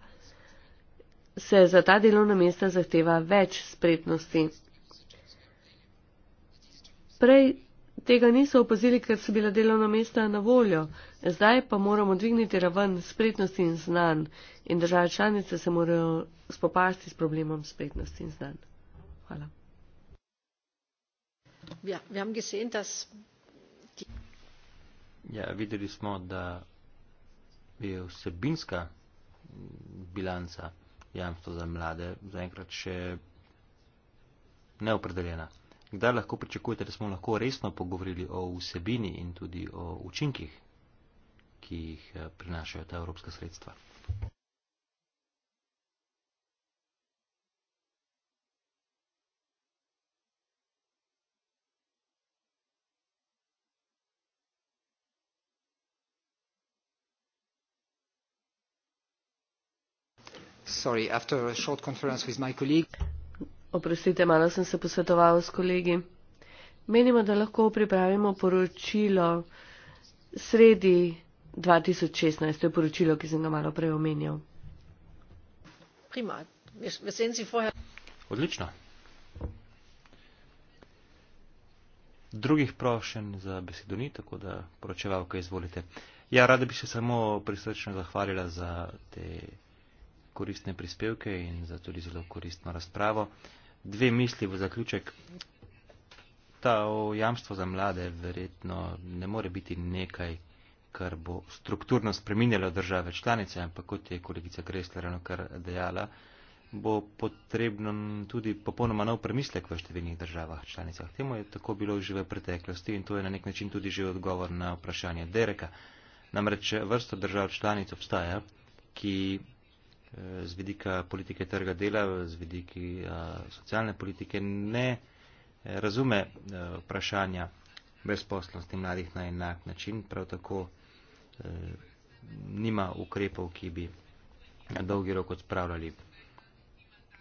se za ta delovna mesta zahteva več spretnosti. Prej tega niso opazili, ker so bila delovna mesta na voljo, zdaj pa moramo dvigniti raven spretnosti in znanj in države članice se morajo spopasti s problemom spretnosti in znanj. Hvala. Ja, wir haben gesehen, dass die ja, videli smo, da je vsebinska bilanca jamstva za mlade zaenkrat še neopredeljena. Kdaj lahko pričakujete, da smo lahko resno pogovorili o vsebini in tudi o učinkih, ki jih eh, prinašajo ta evropska sredstva? Sorry, after a short conference with my colleague. Oprostite, malo sem se posvetoval s kolegi. Menimo, da lahko pripravimo poročilo sredi 2016. To je poročilo, ki sem ga malo prej omenjal. Odlično. Drugih prošen za besedo ni, tako da poročevalke izvolite. Ja, rada bi se samo prisrčno zahvalila za te koristne prispevke in za tudi zelo koristno razpravo. Dve misli v zaključek. Ta jamstvo za mlade verjetno ne more biti nekaj, kar bo strukturno spreminjalo države članice, ampak kot je kolegica Gresler eno kar dejala, bo potrebno tudi popolnoma nov premislek v številnih državah članicah. Temu je tako bilo že v preteklosti in to je na nek način tudi že odgovor na vprašanje Dereka. Namreč vrsto držav članic obstaja, ki z vidika politike trga dela, z vidiki socialne politike ne e, razume e, vprašanja brezposlosti mladih na enak način, prav tako e, nima ukrepov, ki bi na dolgi rok odpravljali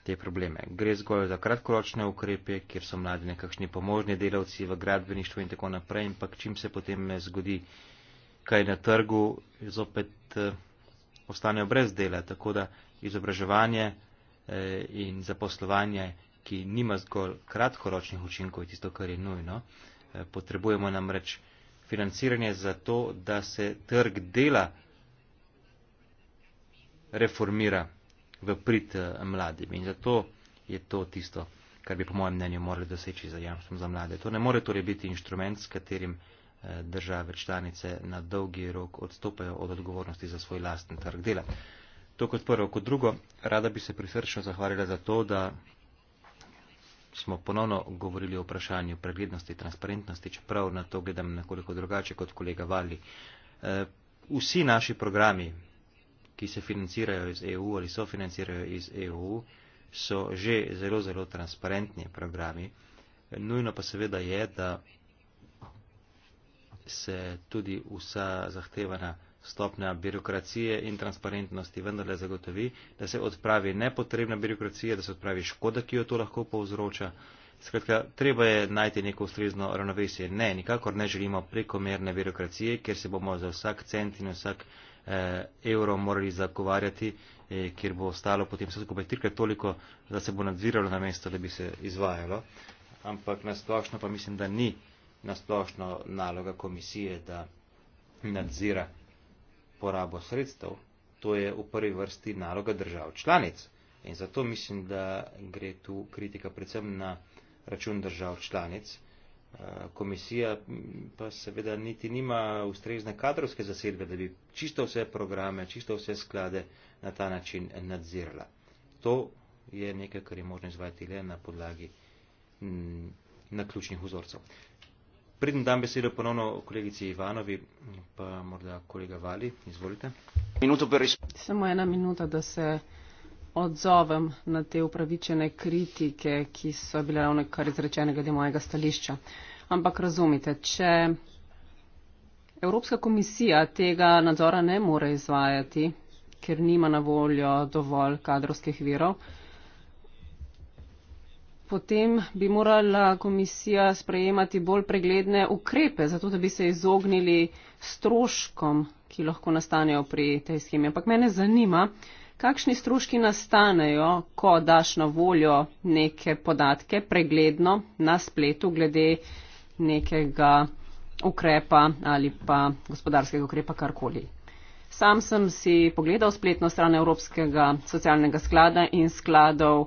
te probleme. Gre zgolj za kratkoročne ukrepe, kjer so mladi nekakšni pomožni delavci v gradbeništvu in tako naprej, ampak čim se potem zgodi kaj na trgu, zopet ostanejo brez dela, tako da izobraževanje eh, in zaposlovanje, ki nima zgolj kratkoročnih učinkov, je tisto, kar je nujno. Eh, potrebujemo namreč financiranje za to, da se trg dela reformira v prid eh, mladim. In zato je to tisto, kar bi po mojem mnenju morali doseči za jamstvo za mlade. To ne more torej biti inštrument, s katerim države članice na dolgi rok odstopajo od odgovornosti za svoj lasten trg dela. To kot prvo. Kot drugo, rada bi se prisrčno zahvalila za to, da smo ponovno govorili o vprašanju preglednosti, transparentnosti, čeprav na to gledam nekoliko drugače kot kolega Vali. E, vsi naši programi, ki se financirajo iz EU ali so financirajo iz EU, so že zelo, zelo transparentni programi. Nujno pa seveda je, da se tudi vsa zahtevana stopnja birokracije in transparentnosti vendarle zagotovi, da se odpravi nepotrebna birokracija, da se odpravi škoda, ki jo to lahko povzroča. Skratka, treba je najti neko ustrezno ravnovesje. Ne, nikakor ne želimo prekomerne birokracije, ker se bomo za vsak cent in vsak eh, evro morali zagovarjati, eh, ker bo ostalo potem vse skupaj trikrat toliko, da se bo nadziralo na mesto, da bi se izvajalo. Ampak nasplošno pa mislim, da ni nasplošno naloga komisije, da nadzira porabo sredstev, to je v prvi vrsti naloga držav članic. In zato mislim, da gre tu kritika predvsem na račun držav članic. Eh, komisija pa seveda niti nima ustrezne kadrovske zasedbe, da bi čisto vse programe, čisto vse sklade na ta način nadzirala. To je nekaj, kar je možno izvajati le na podlagi mm, naključnih vzorcev. Pridem dam besedo ponovno kolegici Ivanovi, pa morda kolega Vali, izvolite. Samo ena minuta, da se odzovem na te upravičene kritike, ki so bile ravno kar izrečene glede mojega stališča. Ampak razumite, če Evropska komisija tega nadzora ne more izvajati, ker nima na voljo dovolj kadrovskih virov, potem bi morala komisija sprejemati bolj pregledne ukrepe, zato da bi se izognili stroškom, ki lahko nastanejo pri tej schemi. Ampak mene zanima, kakšni stroški nastanejo, ko daš na voljo neke podatke pregledno na spletu glede nekega ukrepa ali pa gospodarskega ukrepa karkoli. Sam sem si pogledal spletno stran Evropskega socialnega sklada in skladov,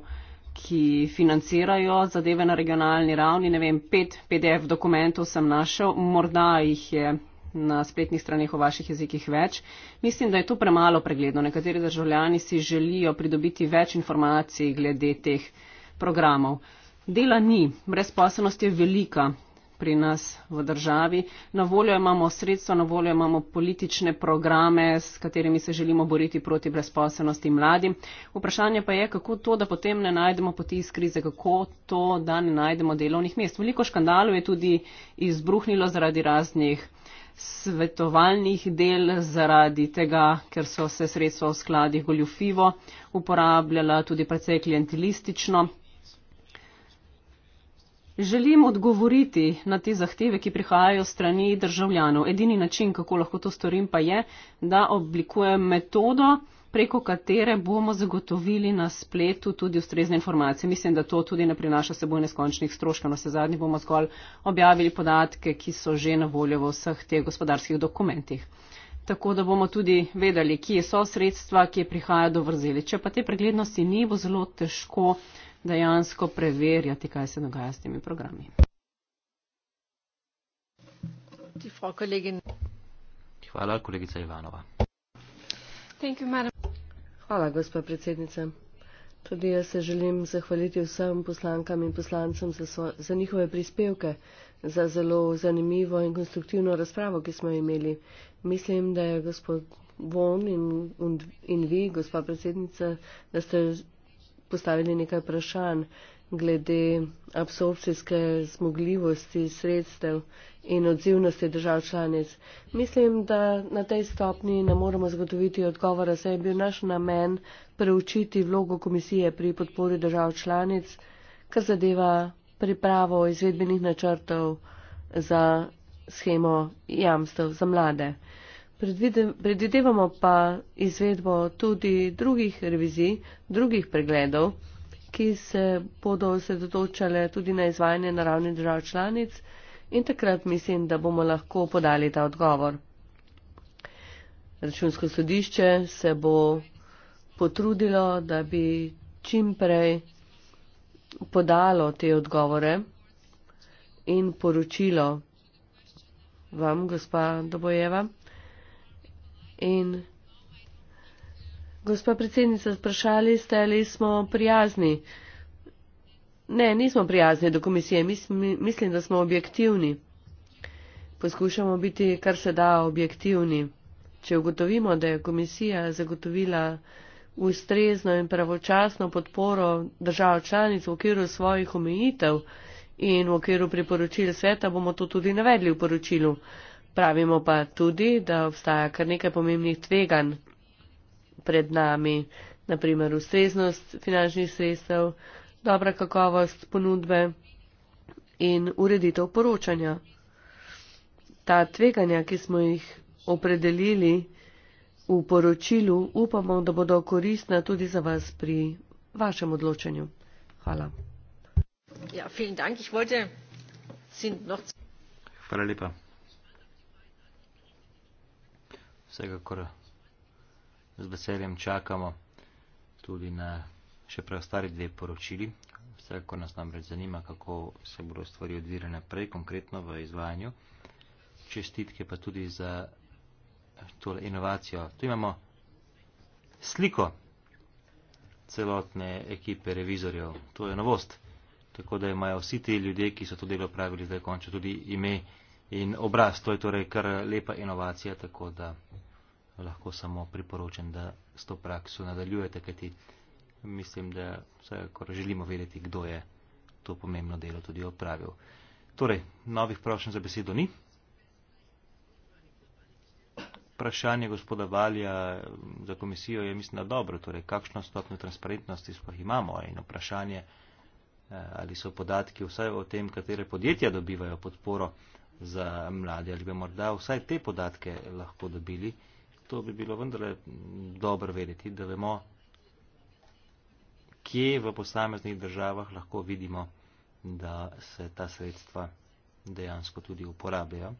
ki financirajo zadeve na regionalni ravni. Ne vem, pet PDF dokumentov sem našel, morda jih je na spletnih straneh v vaših jezikih več. Mislim, da je to premalo pregledno. Nekateri državljani si želijo pridobiti več informacij glede teh programov. Dela ni, brezposobnost je velika, pri nas v državi. Na voljo imamo sredstva, na voljo imamo politične programe, s katerimi se želimo boriti proti brezposelnosti mladim. Vprašanje pa je, kako to, da potem ne najdemo poti iz krize, kako to, da ne najdemo delovnih mest. Veliko škandalov je tudi izbruhnilo zaradi raznih svetovalnih del zaradi tega, ker so se sredstva v skladih goljufivo uporabljala, tudi precej klientilistično. Želim odgovoriti na te zahteve, ki prihajajo strani državljanov. Edini način, kako lahko to storim, pa je, da oblikujem metodo, preko katere bomo zagotovili na spletu tudi ustrezne informacije. Mislim, da to tudi ne prinaša seboj neskončnih stroškov. Na se zadnji bomo zgolj objavili podatke, ki so že na voljo v vseh teh gospodarskih dokumentih. Tako da bomo tudi vedeli, kje so sredstva, kje prihajajo do vrzeli. Če pa te preglednosti ni, bo zelo težko dejansko preverjati, kaj se dogaja s temi programi. Hvala, kolegica Ivanova. You, Hvala, gospod predsednica. Tudi jaz se želim zahvaliti vsem poslankam in poslancem za, svo, za njihove prispevke, za zelo zanimivo in konstruktivno razpravo, ki smo imeli. Mislim, da je gospod Von in, in, in vi, gospod predsednica, da ste postavili nekaj vprašanj glede absorpcijske zmogljivosti sredstev in odzivnosti držav članic. Mislim, da na tej stopni ne moremo zagotoviti odgovora, saj je bil naš namen preučiti vlogo komisije pri podpori držav članic, kar zadeva pripravo izvedbenih načrtov za schemo jamstev za mlade. Predvidevamo pa izvedbo tudi drugih revizij, drugih pregledov, ki se bodo osredotočale tudi na izvajanje na ravni držav članic in takrat mislim, da bomo lahko podali ta odgovor. Računsko sodišče se bo potrudilo, da bi čimprej podalo te odgovore in poročilo vam, gospa Dobojeva. In gospa predsednica, sprašali ste, ali smo prijazni. Ne, nismo prijazni do komisije, mislim, da smo objektivni. Poskušamo biti kar se da objektivni. Če ugotovimo, da je komisija zagotovila ustrezno in pravočasno podporo držav članic v okviru svojih omejitev in v okviru priporočil sveta, bomo to tudi navedli v poročilu. Pravimo pa tudi, da obstaja kar nekaj pomembnih tveganj pred nami, naprimer ustreznost finančnih sredstev, dobra kakovost ponudbe in ureditev poročanja. Ta tveganja, ki smo jih opredelili v poročilu, upamo, da bodo koristna tudi za vas pri vašem odločanju. Hvala. Ja, Hvala lepa vsekakor z veseljem čakamo tudi na še preostali dve poročili. Vsekakor nas namreč zanima, kako se bodo stvari odvirale naprej, konkretno v izvajanju. Čestitke pa tudi za to inovacijo. Tu imamo sliko celotne ekipe revizorjev. To je novost. Tako da imajo vsi ti ljudje, ki so to delo pravili, zdaj končno tudi ime in obraz. To je torej kar lepa inovacija, tako da lahko samo priporočam, da s to prakso nadaljujete, kajti mislim, da vsekakor želimo vedeti, kdo je to pomembno delo tudi opravil. Torej, novih prošenj za besedo ni. Vprašanje gospoda Valja mm, za komisijo je, mislim, da dobro, torej kakšno stopnjo transparentnosti sploh imamo in vprašanje, eh, ali so podatki vsaj o tem, katere podjetja dobivajo podporo, za mlade ali bi morda vsaj te podatke lahko dobili. To bi bilo vendarle dobro vedeti, da vemo, kje v posameznih državah lahko vidimo, da se ta sredstva dejansko tudi uporabljajo.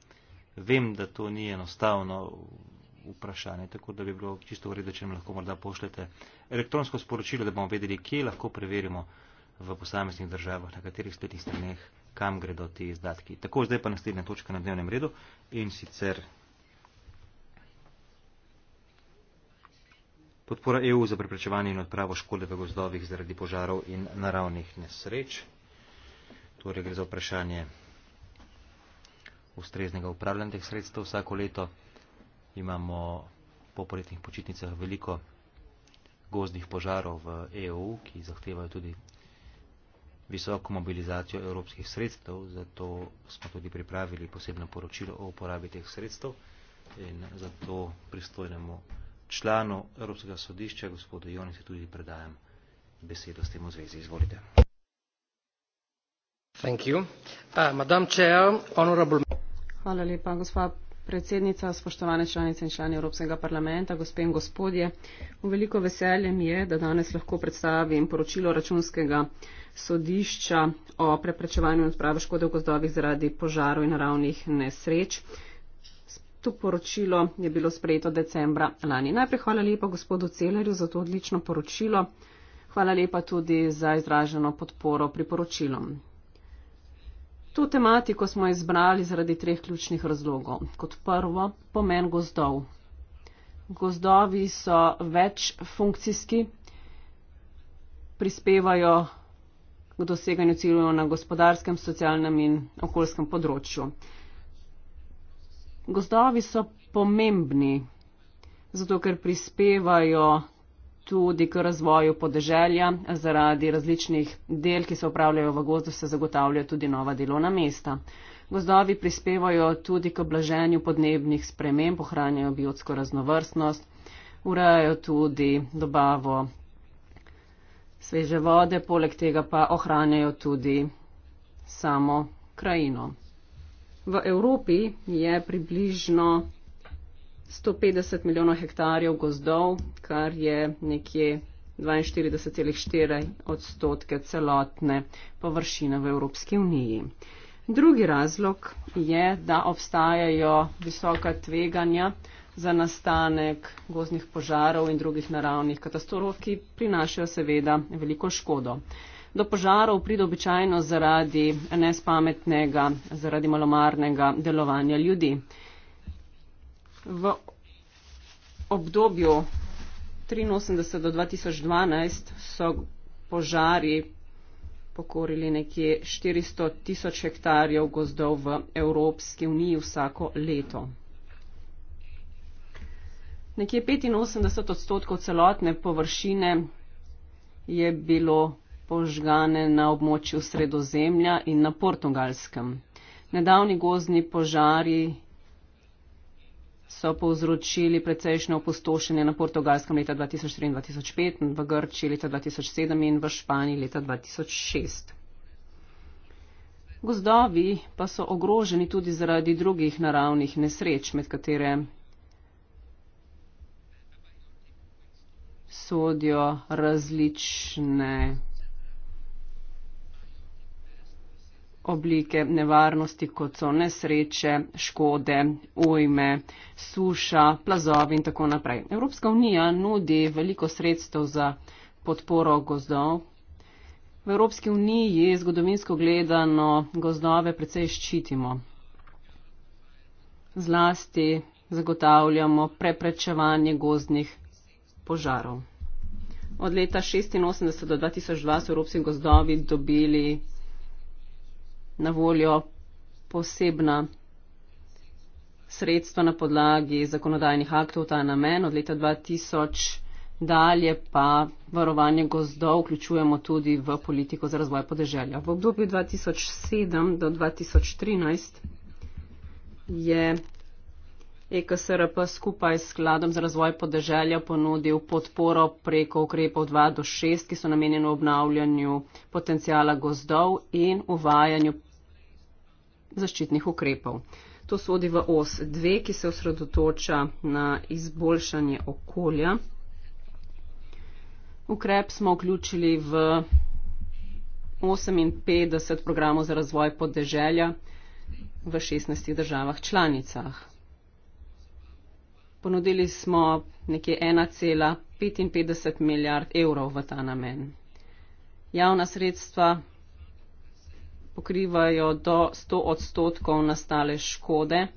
Vem, da to ni enostavno vprašanje, tako da bi bilo čisto v redu, če nam lahko morda pošljete elektronsko sporočilo, da bomo vedeli, kje lahko preverimo v posameznih državah, na katerih spletnih straneh kam gredo ti izdatki. Tako, zdaj pa naslednja točka na dnevnem redu in sicer podpora EU za preprečevanje in odpravo škode v gozdovih zaradi požarov in naravnih nesreč. Torej gre za vprašanje ustreznega upravljanja teh sredstev. Vsako leto imamo po poletnih počitnicah veliko gozdnih požarov v EU, ki zahtevajo tudi visoko mobilizacijo evropskih sredstev, zato smo tudi pripravili posebno poročilo o uporabi teh sredstev in zato pristojnemu članu Evropskega sodišča, gospodu Joni, se tudi predajam besedo s tem v zvezi. Izvolite. Thank you. Uh, Madam Chair, Honorable... Hvala lepa, gospod predsednica, spoštovane članice in člani Evropskega parlamenta, gospe in gospodje. V veliko veselje mi je, da danes lahko predstavim poročilo računskega sodišča o preprečevanju in odpravi škode v gozdovih zaradi požarov in naravnih nesreč. To poročilo je bilo sprejeto decembra lani. Najprej hvala lepa gospodu Celerju za to odlično poročilo. Hvala lepa tudi za izraženo podporo priporočilom. To tematiko smo izbrali zaradi treh ključnih razlogov. Kot prvo, pomen gozdov. Gozdovi so večfunkcijski, prispevajo k doseganju ciljev na gospodarskem, socialnem in okoljskem področju. Gozdovi so pomembni, zato ker prispevajo tudi k razvoju podeželja, zaradi različnih del, ki se upravljajo v gozdu, se zagotavlja tudi nova delovna mesta. Gozdovi prispevajo tudi k oblaženju podnebnih sprememb, ohranjajo biotsko raznovrstnost, urejajo tudi dobavo sveže vode, poleg tega pa ohranjajo tudi samo krajino. V Evropi je približno 150 milijonov hektarjev gozdov, kar je nekje 42,4 odstotke celotne površine v Evropski uniji. Drugi razlog je, da obstajajo visoka tveganja za nastanek gozdnih požarov in drugih naravnih katastrof, ki prinašajo seveda veliko škodo. Do požarov pride običajno zaradi nespametnega, zaradi malomarnega delovanja ljudi v obdobju 83 do 2012 so požari pokorili nekje 400 tisoč hektarjev gozdov v Evropski uniji vsako leto. Nekje 85 odstotkov celotne površine je bilo požgane na območju Sredozemlja in na Portugalskem. Nedavni gozni požari so povzročili precejšnje opustošenje na portugalskem leta 2004 in 2005, v Grčiji leta 2007 in v Španiji leta 2006. Gozdovi pa so ogroženi tudi zaradi drugih naravnih nesreč, med katere sodijo različne oblike nevarnosti, kot so nesreče, škode, ujme, suša, plazovi in tako naprej. Evropska unija nudi veliko sredstev za podporo gozdov. V Evropski uniji zgodovinsko gledano gozdove precej ščitimo. Zlasti zagotavljamo preprečevanje gozdnih požarov. Od leta 1986 do 2002 so evropski gozdovi dobili na voljo posebna sredstva na podlagi zakonodajnih aktov ta namen. Od leta 2000 dalje pa varovanje gozdov vključujemo tudi v politiko za razvoj podeželja. V obdobju 2007 do 2013 je EKSRP skupaj s skladom za razvoj podeželja ponudil podporo preko ukrepov 2 do 6, ki so namenjeni obnavljanju potencijala gozdov in uvajanju zaščitnih ukrepov. To sodi v os 2, ki se osredotoča na izboljšanje okolja. Ukrep smo vključili v 58 programov za razvoj podeželja v 16 državah članicah. Ponudili smo nekje 1,55 milijard evrov v ta namen. Javna sredstva pokrivajo do 100 odstotkov nastale škode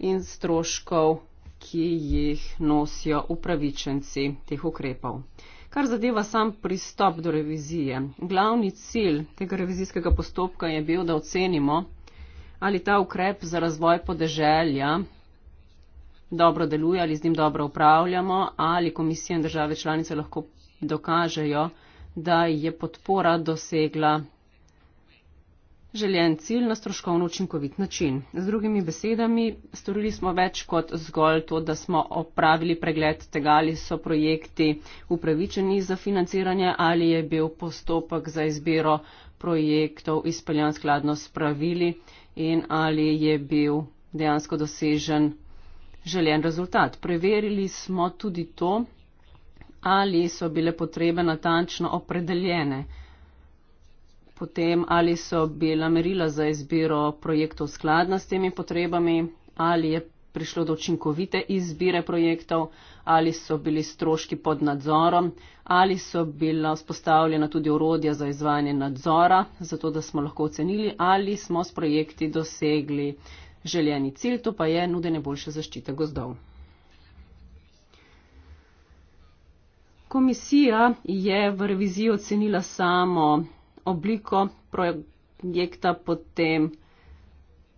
in stroškov, ki jih nosijo upravičenci teh ukrepov. Kar zadeva sam pristop do revizije. Glavni cilj tega revizijskega postopka je bil, da ocenimo, ali ta ukrep za razvoj podeželja dobro deluje, ali z njim dobro upravljamo, ali komisije in države članice lahko dokažejo, da je podpora dosegla želen cilj na stroškovno učinkovit način. Z drugimi besedami, storili smo več kot zgolj to, da smo opravili pregled tega, ali so projekti upravičeni za financiranje ali je bil postopek za izbiro projektov izpeljan skladno s pravili in ali je bil dejansko dosežen želen rezultat. Preverili smo tudi to, ali so bile potrebe natančno opredeljene potem ali so bila merila za izbiro projektov skladna s temi potrebami, ali je prišlo do učinkovite izbire projektov, ali so bili stroški pod nadzorom, ali so bila vzpostavljena tudi urodja za izvajanje nadzora, zato da smo lahko ocenili, ali smo s projekti dosegli želeni cilj, to pa je nudenje boljše zaščite gozdov. Komisija je v reviziji ocenila samo obliko projekta, potem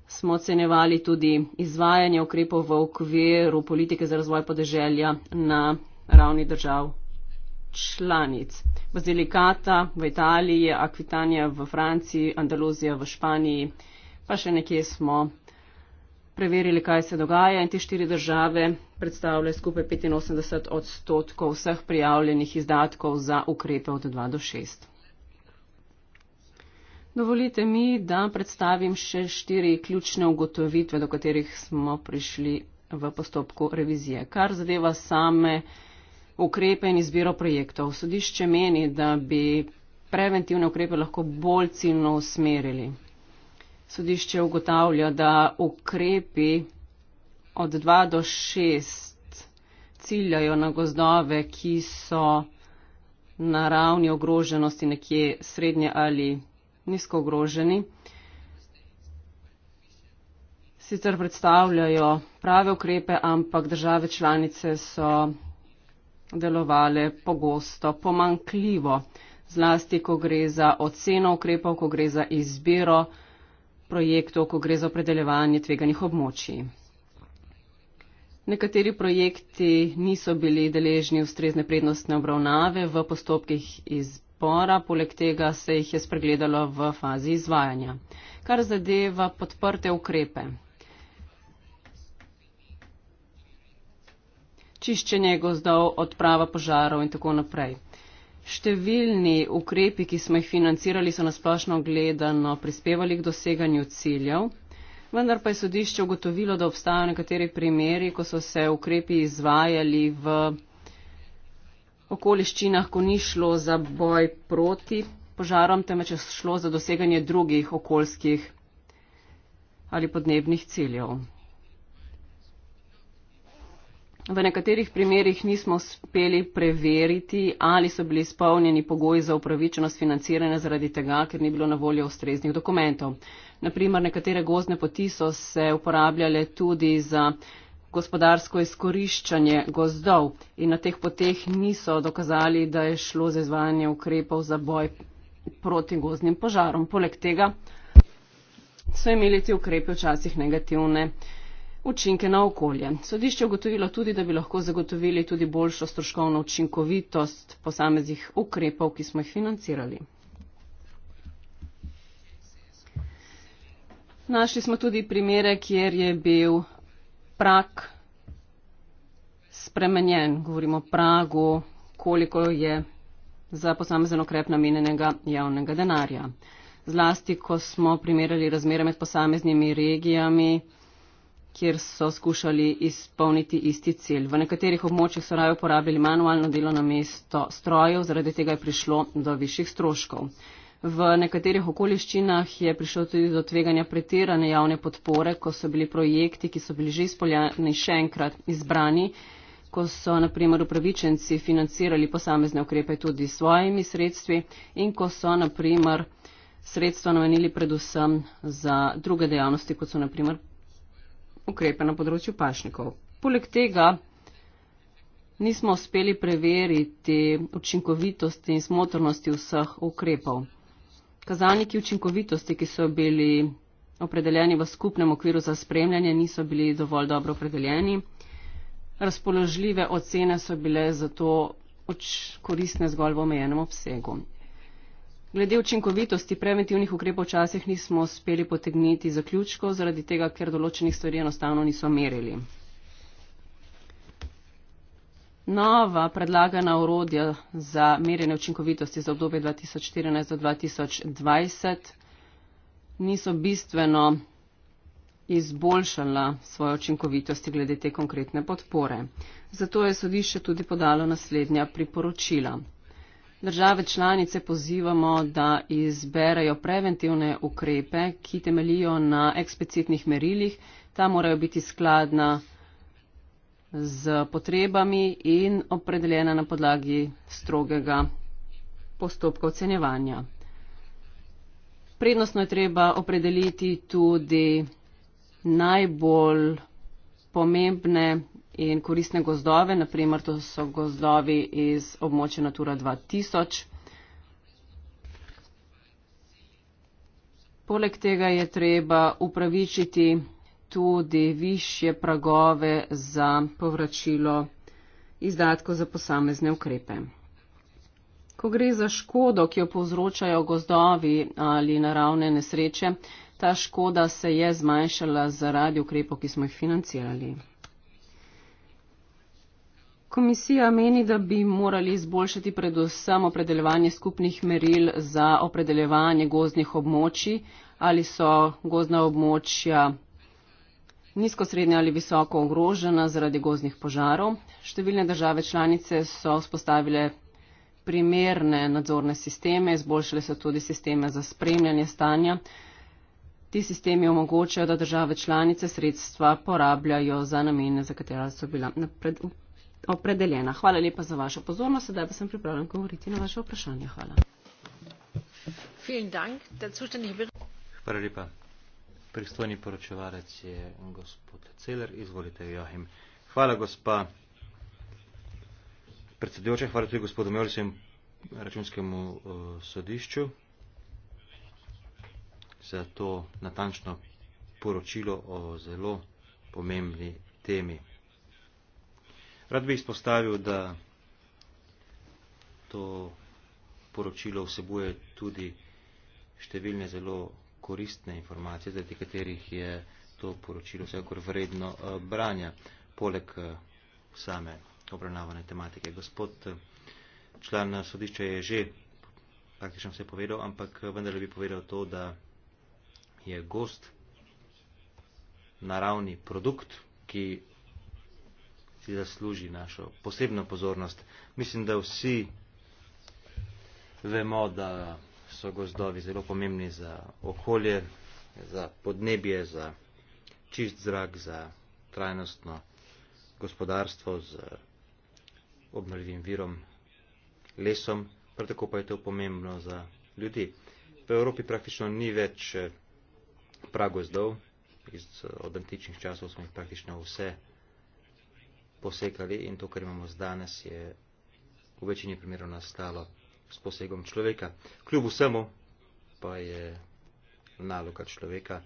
smo ocenjevali tudi izvajanje ukrepov v okviru politike za razvoj podeželja na ravni držav članic. Bazilikata v Italiji, Akvitanija v Franciji, Andaluzija v Španiji, pa še nekje smo preverili, kaj se dogaja in te štiri države predstavljajo skupaj 85 odstotkov vseh prijavljenih izdatkov za ukrepe od 2 do 6. Dovolite mi, da predstavim še štiri ključne ugotovitve, do katerih smo prišli v postopku revizije. Kar zadeva same ukrepe in izbiro projektov. Sodišče meni, da bi preventivne ukrepe lahko bolj ciljno usmerili. Sodišče ugotavlja, da ukrepi od 2 do 6 ciljajo na gozdove, ki so na ravni ogroženosti nekje srednje ali nizko ogroženi, sicer predstavljajo prave ukrepe, ampak države članice so delovale pogosto, pomankljivo, zlasti, ko gre za oceno ukrepov, ko gre za izbiro projektov, ko gre za opredeljevanje tveganih območij. Nekateri projekti niso bili deležni ustrezne prednostne obravnave v postopkih izbira podpora, poleg tega se jih je spregledalo v fazi izvajanja. Kar zadeva podprte ukrepe. Čiščenje gozdov, odprava požarov in tako naprej. Številni ukrepi, ki smo jih financirali, so nasplošno gledano prispevali k doseganju ciljev, vendar pa je sodišče ugotovilo, da obstajajo nekateri primeri, ko so se ukrepi izvajali v okoliščinah, ko ni šlo za boj proti požarom, temveč je šlo za doseganje drugih okoljskih ali podnebnih ciljev. V nekaterih primerjih nismo uspeli preveriti, ali so bili izpolnjeni pogoji za upravičenost financiranja zaradi tega, ker ni bilo na voljo ustreznih dokumentov. Naprimer, nekatere gozne poti so se uporabljale tudi za gospodarsko izkoriščanje gozdov in na teh poteh niso dokazali, da je šlo za izvajanje ukrepov za boj proti gozdnim požarom. Poleg tega so imeli ti ukrepe včasih negativne učinke na okolje. Sodišče je ugotovilo tudi, da bi lahko zagotovili tudi boljšo stroškovno učinkovitost posameznih ukrepov, ki smo jih financirali. Našli smo tudi primere, kjer je bil prak spremenjen, govorimo o pragu, koliko je za posamezen okrep namenjenega javnega denarja. Zlasti, ko smo primerjali razmere med posameznimi regijami, kjer so skušali izpolniti isti cilj. V nekaterih območjih so raje uporabljali manualno delo na mesto strojev, zaradi tega je prišlo do višjih stroškov. V nekaterih okoliščinah je prišlo tudi do tveganja pretirane javne podpore, ko so bili projekti, ki so bili že izpoljani, še enkrat izbrani, ko so naprimer upravičenci financirali posamezne ukrepe tudi svojimi sredstvi in ko so naprimer sredstva namenili predvsem za druge dejavnosti, kot so naprimer ukrepe na področju pašnikov. Poleg tega nismo uspeli preveriti učinkovitosti in smotrnosti vseh ukrepov. Kazalniki učinkovitosti, ki so bili opredeljeni v skupnem okviru za spremljanje, niso bili dovolj dobro opredeljeni. Razpoložljive ocene so bile zato koristne zgolj v omejenem obsegu. Glede učinkovitosti preventivnih ukrepov včasih nismo uspeli potegniti zaključko, zaradi tega, ker določenih stvari enostavno niso merili. Nova predlagana urodja za merjenje učinkovitosti za obdobje 2014 do 2020 niso bistveno izboljšala svoje učinkovitosti glede te konkretne podpore. Zato je sodišče tudi podalo naslednja priporočila. Države članice pozivamo, da izberejo preventivne ukrepe, ki temelijo na eksplicitnih merilih, ta morajo biti skladna z potrebami in opredeljena na podlagi strogega postopka ocenjevanja. Prednostno je treba opredeliti tudi najbolj pomembne in koristne gozdove, naprimer to so gozdovi iz območja Natura 2000. Poleg tega je treba upravičiti tudi višje pragove za povračilo izdatkov za posamezne ukrepe. Ko gre za škodo, ki jo povzročajo gozdovi ali naravne nesreče, ta škoda se je zmanjšala zaradi ukrepov, ki smo jih financirali. Komisija meni, da bi morali izboljšati predvsem opredeljevanje skupnih meril za opredeljevanje gozdnih območij ali so gozdna območja nizko, srednje ali visoko ogrožena zaradi gozdnih požarov. Številne države članice so vzpostavile primerne nadzorne sisteme, izboljšale so tudi sisteme za spremljanje stanja. Ti sistemi omogočajo, da države članice sredstva porabljajo za namene, za katera so bila napred, opredeljena. Hvala lepa za vašo pozornost. Sedaj pa sem pripravljen govoriti na vaše vprašanje. Hvala. Hvala lepa. Pristojni poročevalec je gospod Celer, izvolite Joachim. Hvala gospa predsedujoča, hvala tudi gospodu Mjolicu in računskemu uh, sodišču za to natančno poročilo o zelo pomembni temi. Rad bi izpostavil, da to poročilo vsebuje tudi številne zelo koristne informacije, zaradi katerih je to poročilo vsekakor vredno eh, branja, poleg eh, same obravnavane tematike. Gospod eh, član sodišča je že praktično vse povedal, ampak vendar bi povedal to, da je gost naravni produkt, ki si zasluži našo posebno pozornost. Mislim, da vsi vemo, da so gozdovi zelo pomembni za okolje, za podnebje, za čist zrak, za trajnostno gospodarstvo z obnovljivim virom, lesom, prav tako pa je to pomembno za ljudi. V Evropi praktično ni več eh, pragozdov, iz, eh, od antičnih časov smo jih praktično vse posekali in to, kar imamo danes, je v večini primerov nastalo s posegom človeka. Kljub vsemu pa je naloga človeka,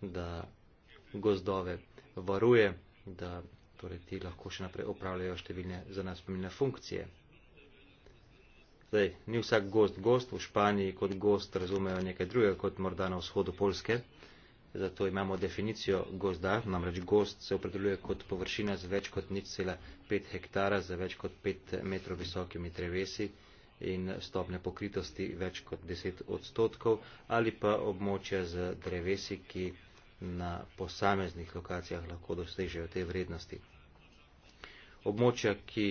da gozdove varuje, da torej ti lahko še naprej opravljajo številne za nas pomembne funkcije. Zdaj, ni vsak gost gost, v Španiji kot gost razumejo nekaj drugega kot morda na vzhodu Polske, zato imamo definicijo gozda, namreč gost se opredeljuje kot površina z več kot 0,5 hektara, za več kot 5 metrov visokimi drevesi in stopne pokritosti več kot 10 odstotkov ali pa območja z drevesi, ki na posameznih lokacijah lahko dosežejo te vrednosti. Območja, ki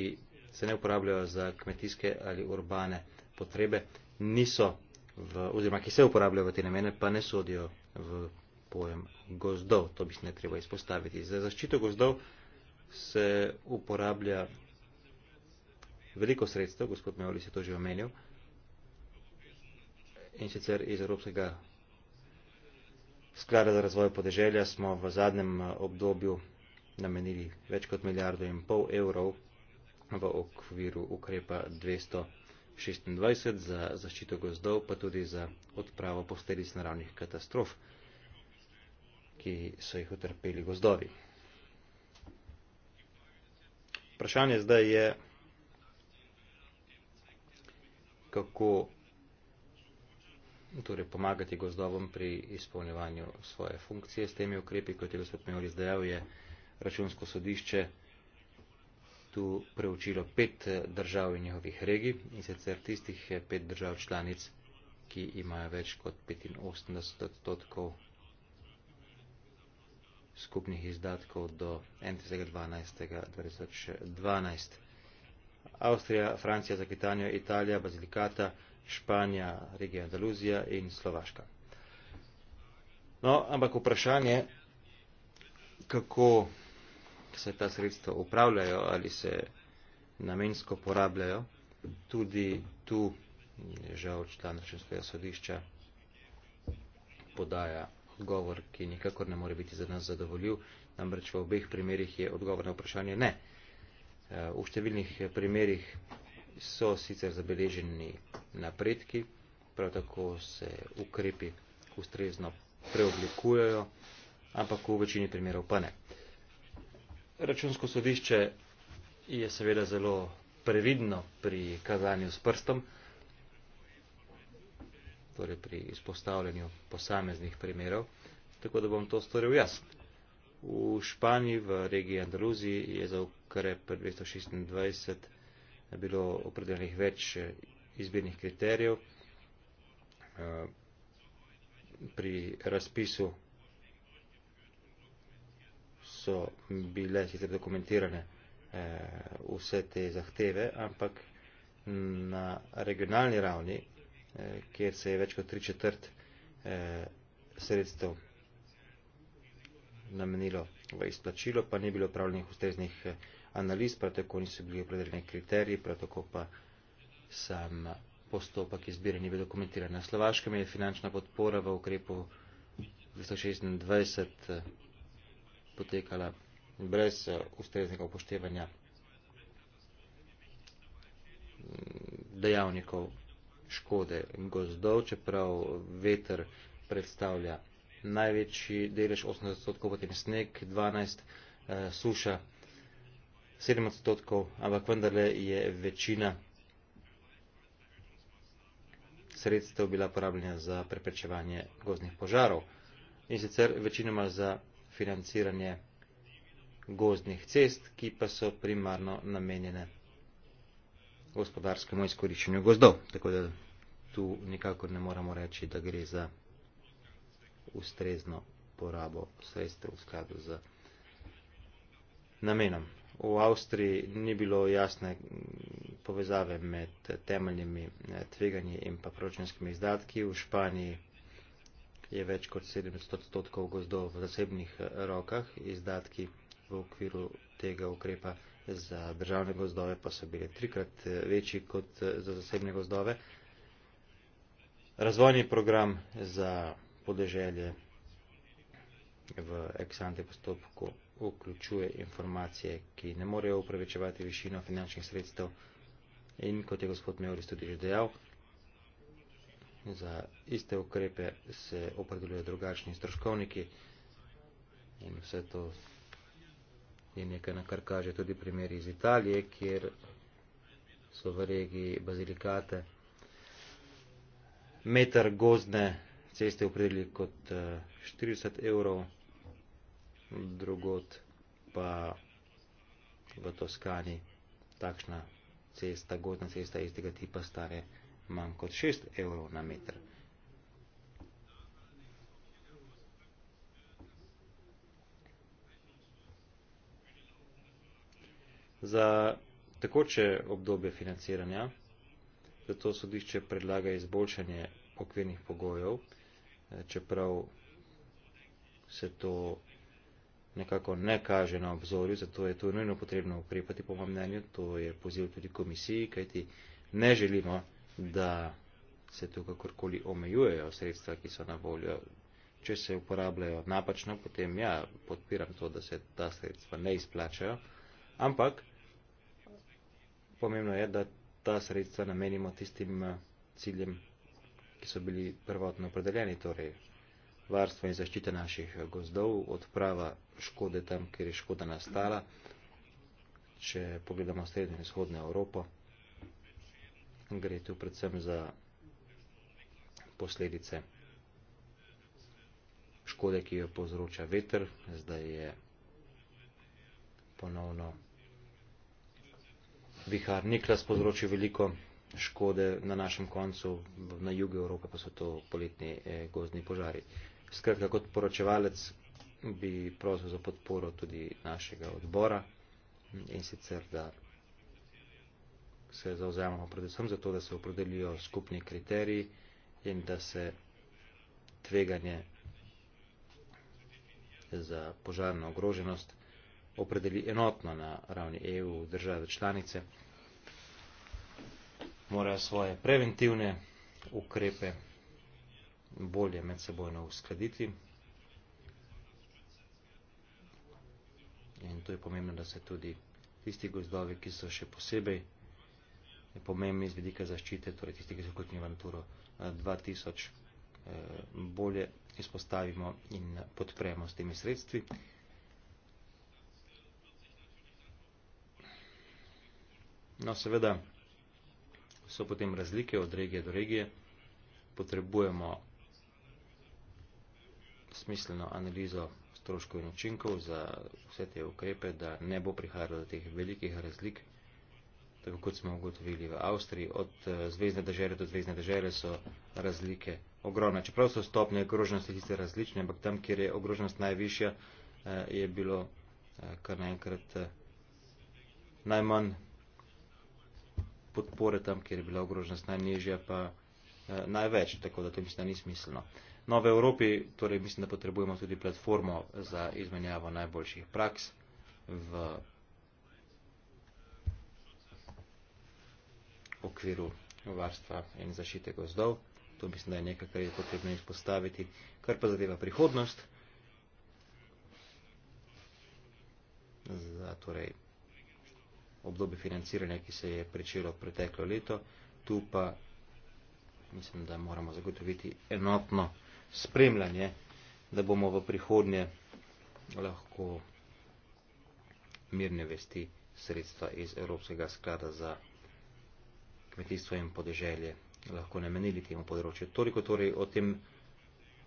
se ne uporabljajo za kmetijske ali urbane potrebe, niso v, oziroma ki se uporabljajo v te namene, pa ne sodijo v pojem gozdov. To bi se ne treba izpostaviti. Za zaščito gozdov se uporablja veliko sredstev, gospod Mevlis je to že omenil, in sicer iz Evropskega sklada za razvoj podeželja smo v zadnjem eh, obdobju namenili več kot milijardo in pol evrov v okviru ukrepa 226 za zaščito gozdov, pa tudi za odpravo posledic naravnih katastrof, ki so jih utrpeli gozdovi. Vprašanje zdaj je, kako torej, pomagati gozdovom pri izpolnjevanju svoje funkcije. S temi ukrepi, kot je gospod Mejor izdajal, je računsko sodišče tu preučilo pet eh, držav in njihovih regij in sicer tistih eh, pet držav članic, ki imajo več kot 85 odstotkov skupnih izdatkov do 1.12.2012. Avstrija, Francija, Zakitanja, Italija, Bazilikata, Španija, regija Andaluzija in Slovaška. No, ampak vprašanje, kako se ta sredstva upravljajo ali se namensko porabljajo, tudi tu je žal član računskega sodišča podaja odgovor, ki nikakor ne more biti za nas zadovoljiv, namreč v obeh primerjih je odgovor na vprašanje ne. Eh, v številnih primerjih so sicer zabeleženi napredki, prav tako se ukrepi ustrezno preoblikujejo, ampak v večini primerov pa ne. Računsko sodišče je seveda zelo previdno pri kazanju s prstom, torej pri izpostavljanju posameznih primerov, tako da bom to storil jaz. V Španiji, v regiji Andaluziji je za ukrep 226 je bilo opredeljenih več eh, izbirnih kriterijev eh, pri razpisu so bile sicer dokumentirane eh, vse te zahteve, ampak na regionalni ravni, kjer se je več kot tri četrt sredstev namenilo v izplačilo, pa ni bilo pravljenih ustreznih kriterijev analiz, prav tako niso bili opredeljeni kriteriji, prav tako pa sam postopek izbire ni bil dokumentiran. Na Slovaškem je finančna podpora v ukrepu 2026 eh, potekala brez eh, ustreznega upoštevanja mm, dejavnikov škode gozdov, čeprav veter predstavlja največji delež, 80% potem sneg, 12% eh, suša sedem odstotkov, ampak vendarle je večina sredstev bila porabljena za preprečevanje gozdnih požarov in sicer večinoma za financiranje gozdnih cest, ki pa so primarno namenjene gospodarskemu izkoriščenju gozdov. Tako da tu nikako ne moramo reči, da gre za ustrezno porabo sredstev v skladu z namenom v Avstriji ni bilo jasne povezave med temeljnimi eh, tveganji in pa proračunskimi izdatki. V Španiji je več kot 700 odstotkov gozdov v zasebnih eh, rokah, izdatki v okviru tega ukrepa za državne gozdove pa so bili trikrat eh, večji kot za zasebne gozdove. Razvojni program za podeželje v eksante postopku vključuje informacije, ki ne morejo upravičevati višino finančnih sredstev in kot je gospod Mevris tudi že dejal, za iste ukrepe se opredeljuje drugačni stroškovniki in vse to je nekaj, na kar kaže tudi primer iz Italije, kjer so v regiji bazilikate meter gozdne ceste upredeli kot 40 eh, evrov, drugot pa v Toskani takšna cesta, gozna cesta istega tipa stare manj kot 6 evrov na meter. Za takoče obdobje financiranja, zato sodišče predlaga izboljšanje okvirnih pogojev, eh, čeprav se to nekako ne kaže na obzorju, zato je to nujno potrebno ukrepati, po mojem mnenju, to je poziv tudi komisiji, kajti ne želimo, da se tu kakorkoli omejujejo sredstva, ki so na voljo. Če se uporabljajo napačno, potem ja, podpiram to, da se ta sredstva ne izplačajo, ampak pomembno je, da ta sredstva namenimo tistim eh, ciljem, ki so bili prvotno opredeljeni, torej varstva in zaščite naših gozdov, odprava škode tam, kjer je škoda nastala. Če pogledamo srednjo in vzhodno Evropo, gre tu predvsem za posledice škode, ki jo povzroča veter. Zdaj je ponovno vihar Niklas povzročil veliko škode na našem koncu, na jugu Evrope pa so to poletni eh, gozdni požari. Skratka, kot poročevalec bi prosil za podporo tudi našega odbora in sicer, da se zauzemamo predvsem za to, da se opredelijo skupni kriteriji in da se tveganje za požarno ogroženost opredeli enotno na ravni EU, države članice, mora svoje preventivne ukrepe bolje medsebojno uskladiti. In to je pomembno, da se tudi tisti gozdovi, ki so še posebej pomembni iz vidika zaščite, torej tisti, ki so kot Naturo 2000, eh, eh, bolje izpostavimo in podpremo s temi sredstvi. No, seveda so potem razlike od regije do regije. Potrebujemo smiselno analizo stroškov in učinkov za vse te ukrepe, da ne bo prihajalo do teh velikih razlik. Tako kot smo ugotovili v Avstriji, od eh, zvezdne države do zvezdne države so razlike ogromne. Čeprav so stopnje ogroženosti iste različne, ampak tam, kjer je ogroženost najvišja, eh, je bilo eh, kar naenkrat najmanj podpore tam, kjer je bila ogroženost najnižja, pa največ, tako da to mislim, da ni smiselno nove Evropi, torej mislim, da potrebujemo tudi platformo za izmenjavo najboljših praks v okviru varstva in zašite gozdov. To mislim, da je nekaj, kar je potrebno izpostaviti. Kar pa zadeva prihodnost, za torej obdobje financiranja, ki se je pričelo preteklo leto, tu pa mislim, da moramo zagotoviti enotno spremljanje, da bomo v prihodnje lahko mirne vesti sredstva iz Evropskega sklada za kmetijstvo in podeželje lahko namenili temu področju. Toliko torej o tem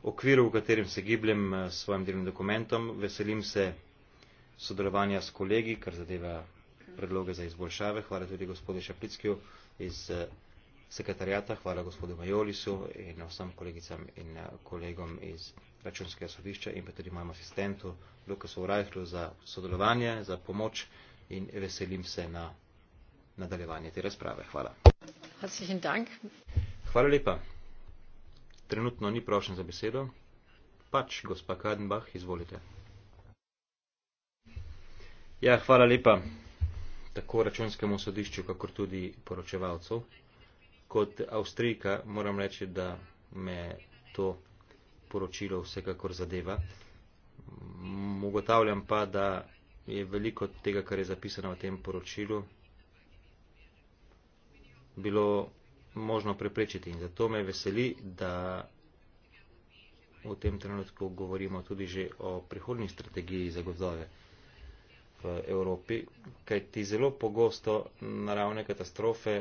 okviru, v katerem se gibljem eh, s svojim delnim dokumentom. Veselim se sodelovanja s kolegi, kar zadeva predloge za izboljšave. Hvala tudi gospodu Šaplickiju iz eh, sekretarjata, hvala gospodu Majolisu in vsem kolegicam in eh, kolegom iz računskega sodišča in pa tudi mojemu asistentu Lukasu Urajhlu za sodelovanje, za pomoč in veselim se na nadaljevanje te razprave. Hvala. Hvala lepa. Trenutno ni prošen za besedo. Pač, gospa Kadenbach, izvolite. Ja, hvala lepa tako računskemu sodišču, kakor tudi poročevalcu kot avstrijka moram reči, da me to poročilo vsekakor zadeva. Mogotavljam pa, da je veliko tega, kar je zapisano v tem poročilu, bilo možno preprečiti. In zato me veseli, da v tem trenutku govorimo tudi že o prihodnji strategiji za gozdove v Evropi, kajti zelo pogosto naravne katastrofe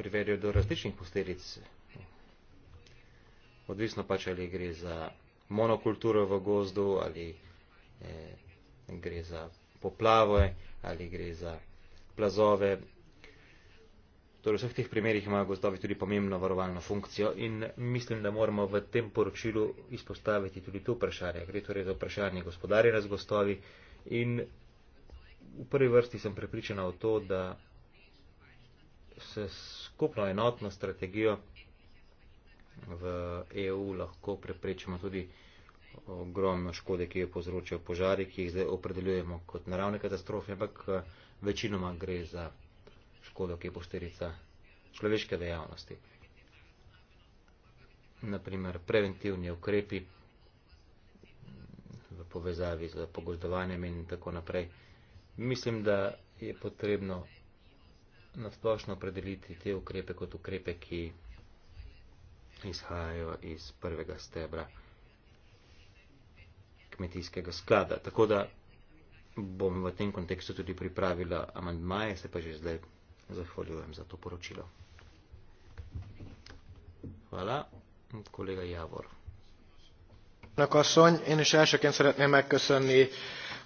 privedejo do različnih posledic. Odvisno pač ali gre za monokulturo v gozdu, ali eh, gre za poplave, ali gre za plazove. Torej, v vseh teh primerih imajo gozdovi tudi pomembno varovalno funkcijo in mislim, da moramo v tem poročilu izpostaviti tudi to vprašanje. Gre torej za vprašanje gospodarjenja z gozdovi in v prvi vrsti sem prepričana o to, da s skupno enotno strategijo v EU lahko preprečimo tudi ogromno škode, ki jo povzročajo požari, ki jih zdaj opredeljujemo kot naravne katastrofe, ampak eh, večinoma gre za škodo, ki je posterica človeške dejavnosti. Naprimer, preventivni ukrepi v povezavi z pogozdovanjem in tako naprej. Mislim, da je potrebno nasplošno opredeliti te ukrepe kot ukrepe, ki izhajajo iz prvega stebra kmetijskega sklada. Tako da bom v tem kontekstu tudi pripravila amandmaje, se pa že zdaj zahvaljujem za to poročilo. Hvala. Kolega Javor. Kasson, én is elsőként szeretném megköszönni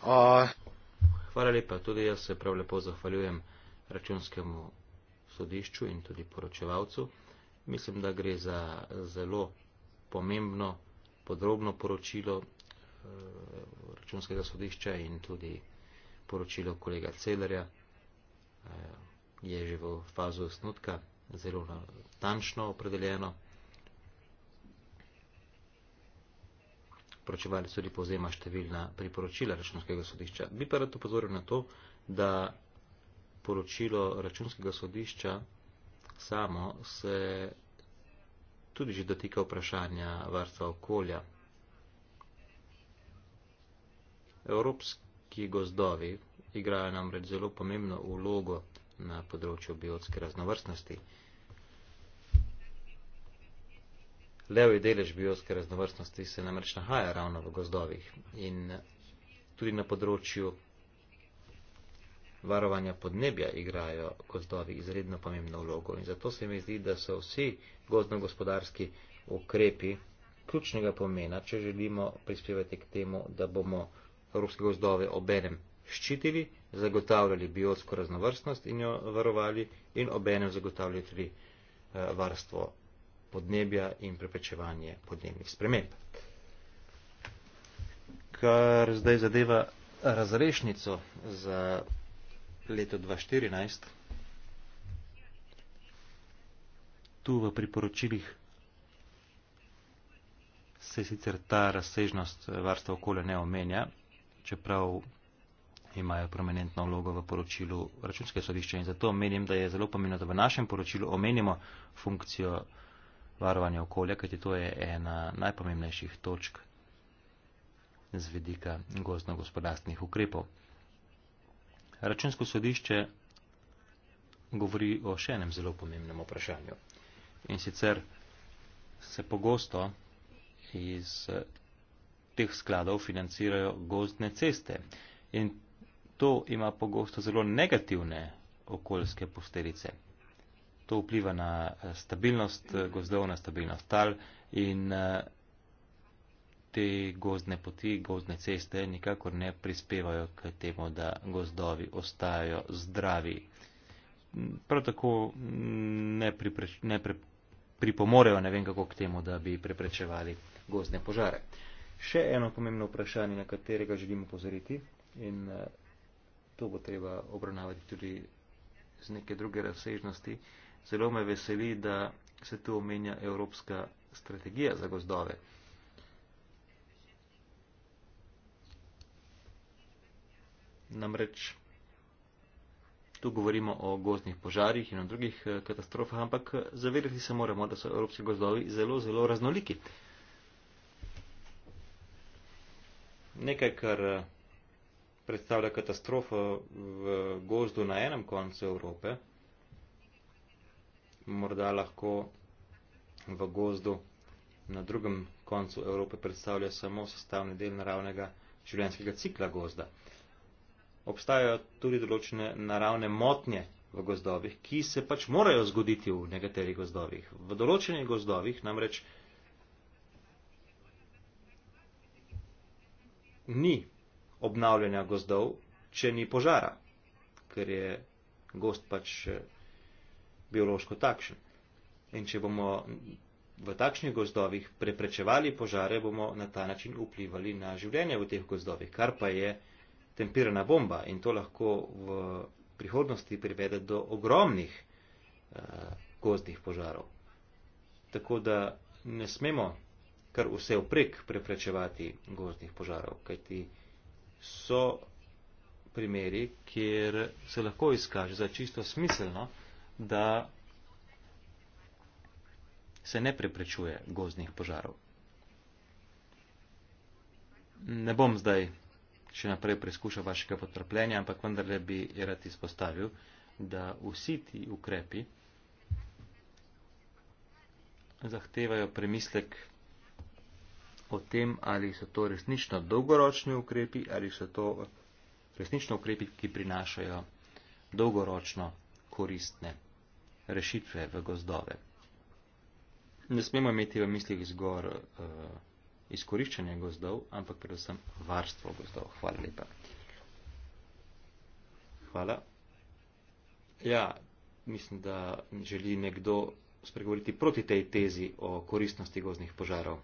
a... Hvala lépa, tudi jaz se prav lepo zahvaljujem računskemu sodišču in tudi poročevalcu. Mislim, da gre za zelo pomembno, podrobno poročilo eh, računskega sodišča in tudi poročilo kolega Celerja eh, je že v fazu snutka zelo natančno opredeljeno. Poročevalec tudi povzema številna priporočila računskega sodišča. Bi pa rad upozoril na to, da poročilo računskega sodišča samo se tudi že dotika vprašanja varstva okolja. Evropski gozdovi igrajo namreč zelo pomembno vlogo na področju biotske raznovrstnosti. Levi delež biotske raznovrstnosti se namreč nahaja ravno v gozdovih in tudi na področju varovanja podnebja igrajo gozdovi izredno pomembno vlogo in zato se mi zdi, da so vsi gozdno-gospodarski ukrepi ključnega pomena, če želimo prispevati k temu, da bomo evropske gozdove obenem ščitili, zagotavljali biotsko raznovrstnost in jo varovali in obenem zagotavljali tudi eh, varstvo podnebja in preprečevanje podnebnih sprememb. Kar zdaj zadeva razrešnico za leto 2014. Tu v priporočilih se sicer ta razsežnost eh, varstva okolja ne omenja, čeprav imajo prominentno vlogo v poročilu računske sodišče in zato menim, da je zelo pomembno, da v našem poročilu omenimo funkcijo varovanja okolja, kajti to je ena najpomembnejših točk z vedika gozdno-gospodarstvenih ukrepov. Računsko sodišče govori o še enem zelo pomembnem vprašanju. In sicer se pogosto iz teh skladov financirajo gozdne ceste. In to ima pogosto zelo negativne okoljske posterice. To vpliva na stabilnost gozdov, na stabilnost tal in te gozdne poti, gozdne ceste nikakor ne prispevajo k temu, da gozdovi ostajajo zdravi. Prav tako ne, pripreč, ne pre, pripomorejo, ne vem kako k temu, da bi preprečevali gozdne požare. Še eno pomembno vprašanje, na katerega želimo pozoriti in to bo treba obravnavati tudi z neke druge razsežnosti. Zelo me veseli, da se tu omenja Evropska strategija za gozdove. namreč tu govorimo o gozdnih požarih in o drugih eh, katastrofah, ampak eh, zavedati se moramo, da so evropski gozdovi zelo, zelo raznoliki. Nekaj, kar eh, predstavlja katastrofo v gozdu na enem koncu Evrope, morda lahko v gozdu na drugem koncu Evrope predstavlja samo sestavni del naravnega življenjskega cikla gozda obstajajo tudi določene naravne motnje v gozdovih, ki se pač morajo zgoditi v nekaterih gozdovih. V določenih gozdovih namreč ni obnavljanja gozdov, če ni požara, ker je gost pač eh, biološko takšen. In če bomo v takšnih gozdovih preprečevali požare, bomo na ta način vplivali na življenje v teh gozdovih, kar pa je tempirana bomba in to lahko v prihodnosti privede do ogromnih eh, gozdnih požarov. Tako da ne smemo kar vse vprek preprečevati gozdnih požarov, kajti so primeri, kjer se lahko izkaže za čisto smiselno, da se ne preprečuje gozdnih požarov. Ne bom zdaj še naprej preizkušal vašega potrpljenja, ampak vendarle bi rad izpostavil, da vsi ti ukrepi zahtevajo premislek o tem, ali so to resnično dolgoročni ukrepi, ali so to resnično ukrepi, ki prinašajo dolgoročno koristne rešitve v gozdove. Ne smemo imeti v mislih zgor uh, eh, izkoriščanje gozdov, ampak predvsem varstvo gozdov. Hvala lepa. Hvala. Ja, mislim, da želi nekdo spregovoriti proti tej tezi o koristnosti gozdnih požarov.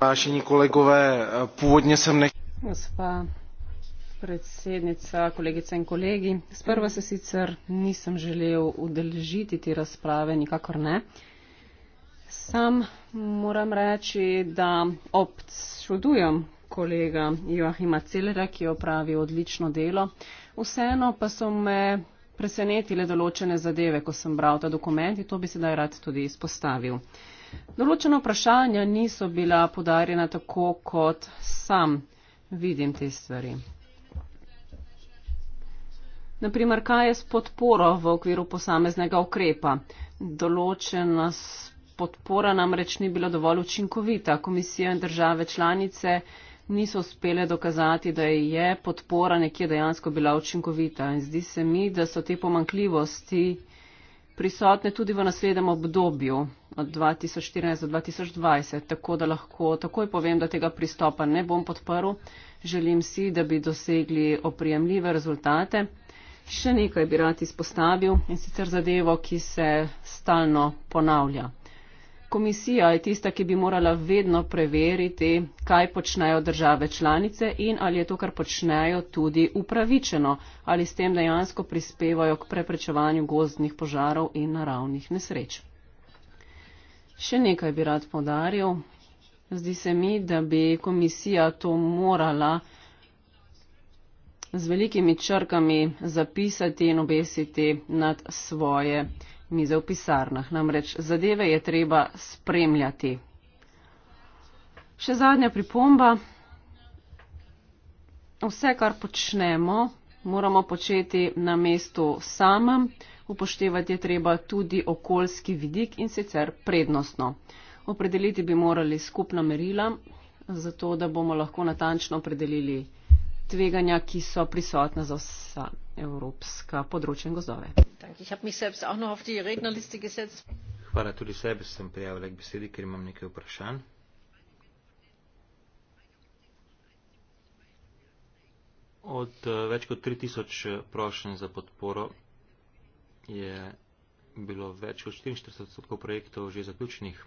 Vašeni kolegove, původně sem nek... Gospa predsednica, kolegice in kolegi, sprva se sicer nisem želel udeležiti te razprave, nikakor ne. Sam moram reči, da obsodujem kolega Joachima Celera, ki je opravil odlično delo. Vseeno pa so me presenetile določene zadeve, ko sem bral ta dokument in to bi sedaj rad tudi izpostavil. Določena vprašanja niso bila podarjena tako, kot sam vidim te stvari. Naprimer, kaj je s podporo v okviru posameznega ukrepa? Določena podpora namreč ni bila dovolj učinkovita. Komisija in države članice niso uspele dokazati, da je podpora nekje dejansko bila učinkovita. In zdi se mi, da so te pomankljivosti prisotne tudi v naslednjem obdobju od 2014 do 2020. Tako da lahko takoj povem, da tega pristopa ne bom podprl. Želim si, da bi dosegli oprijemljive rezultate. Še nekaj bi rad izpostavil in sicer zadevo, ki se stalno ponavlja komisija je tista, ki bi morala vedno preveriti, kaj počnejo države članice in ali je to, kar počnejo, tudi upravičeno, ali s tem dejansko prispevajo k preprečevanju gozdnih požarov in naravnih nesreč. Še nekaj bi rad podaril. Zdi se mi, da bi komisija to morala z velikimi črkami zapisati in obesiti nad svoje mize v pisarnah. Namreč zadeve je treba spremljati. Še zadnja pripomba. Vse, kar počnemo, moramo početi na mestu samem. Upoštevati je treba tudi okoljski vidik in sicer prednostno. Opredeliti bi morali skupna merila, zato da bomo lahko natančno opredelili tveganja, ki so prisotna za vse evropska področja in gozdove. Hvala, tudi sebe sem prijavila k besedi, ker imam nekaj vprašanj. Od eh, več kot 3000 eh, prošenj za podporo je bilo več kot 44 projektov že zaključenih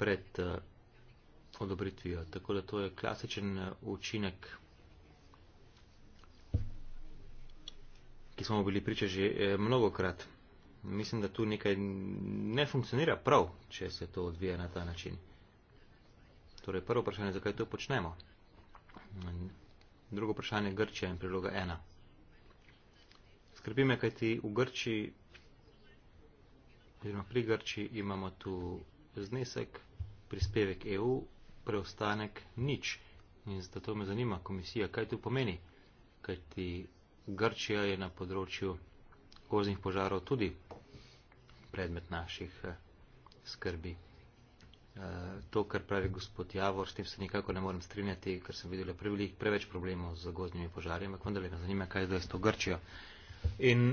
pred eh, odobritvijo. Tako da to je klasičen učinek ki smo bili priča že e, mnogo krat. Mislim, da tu nekaj ne funkcionira prav, če se to odvija na ta način. Torej, prvo vprašanje, zakaj to počnemo? Drugo vprašanje, Grčija in priloga ena. Skrbi me, kaj ti v Grči, oziroma pri Grči, imamo tu znesek, prispevek EU, preostanek nič. In zato me zanima komisija, kaj to pomeni, kaj ti Grčija je na področju gozdnih požarov tudi predmet naših eh, skrbi. Eh, to, kar pravi gospod Javor, s tem se nikako ne morem strinjati, ker sem videl prevelik, preveč problemov z gozdnimi požarji, ampak vendar me zanima, kaj zdaj s to Grčijo. In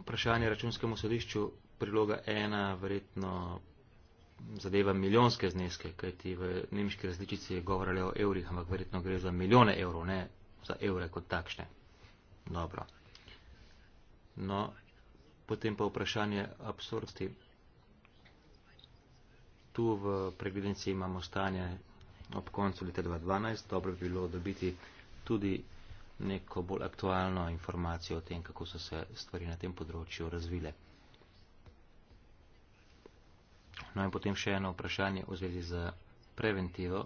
vprašanje računskemu sodišču, priloga ena, verjetno zadeva milijonske zneske, kajti v nemški različici je govorile o evrih, ampak verjetno gre za milijone evrov, ne za evre kot takšne. Dobro. No, potem pa vprašanje absurdnosti. Tu v preglednici imamo stanje ob koncu leta 2012. Dobro bi bilo dobiti tudi neko bolj aktualno informacijo o tem, kako so se stvari na tem področju razvile. No in potem še eno vprašanje v zvezi z preventivo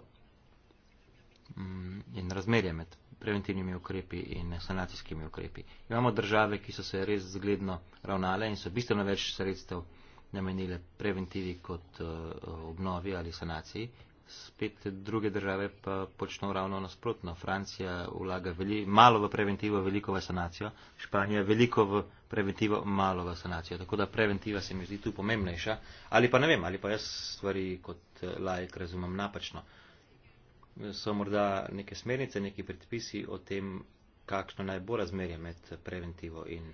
mm, in razmerje med preventivnimi ukrepi in sanacijskimi ukrepi. Imamo države, ki so se res zgledno ravnale in so bistveno več sredstev namenile preventivi kot uh, obnovi ali sanaciji. Spet druge države pa počno ravno nasprotno. Francija vlaga veli, malo v preventivo, veliko v sanacijo. Španija veliko v preventivo, malo v sanacijo. Tako da preventiva se mi zdi tu pomembnejša. Ali pa ne vem, ali pa jaz stvari kot eh, lajk razumem napačno. Uh, so morda neke smernice, neki predpisi o tem, kakšno naj bo razmerje med preventivo in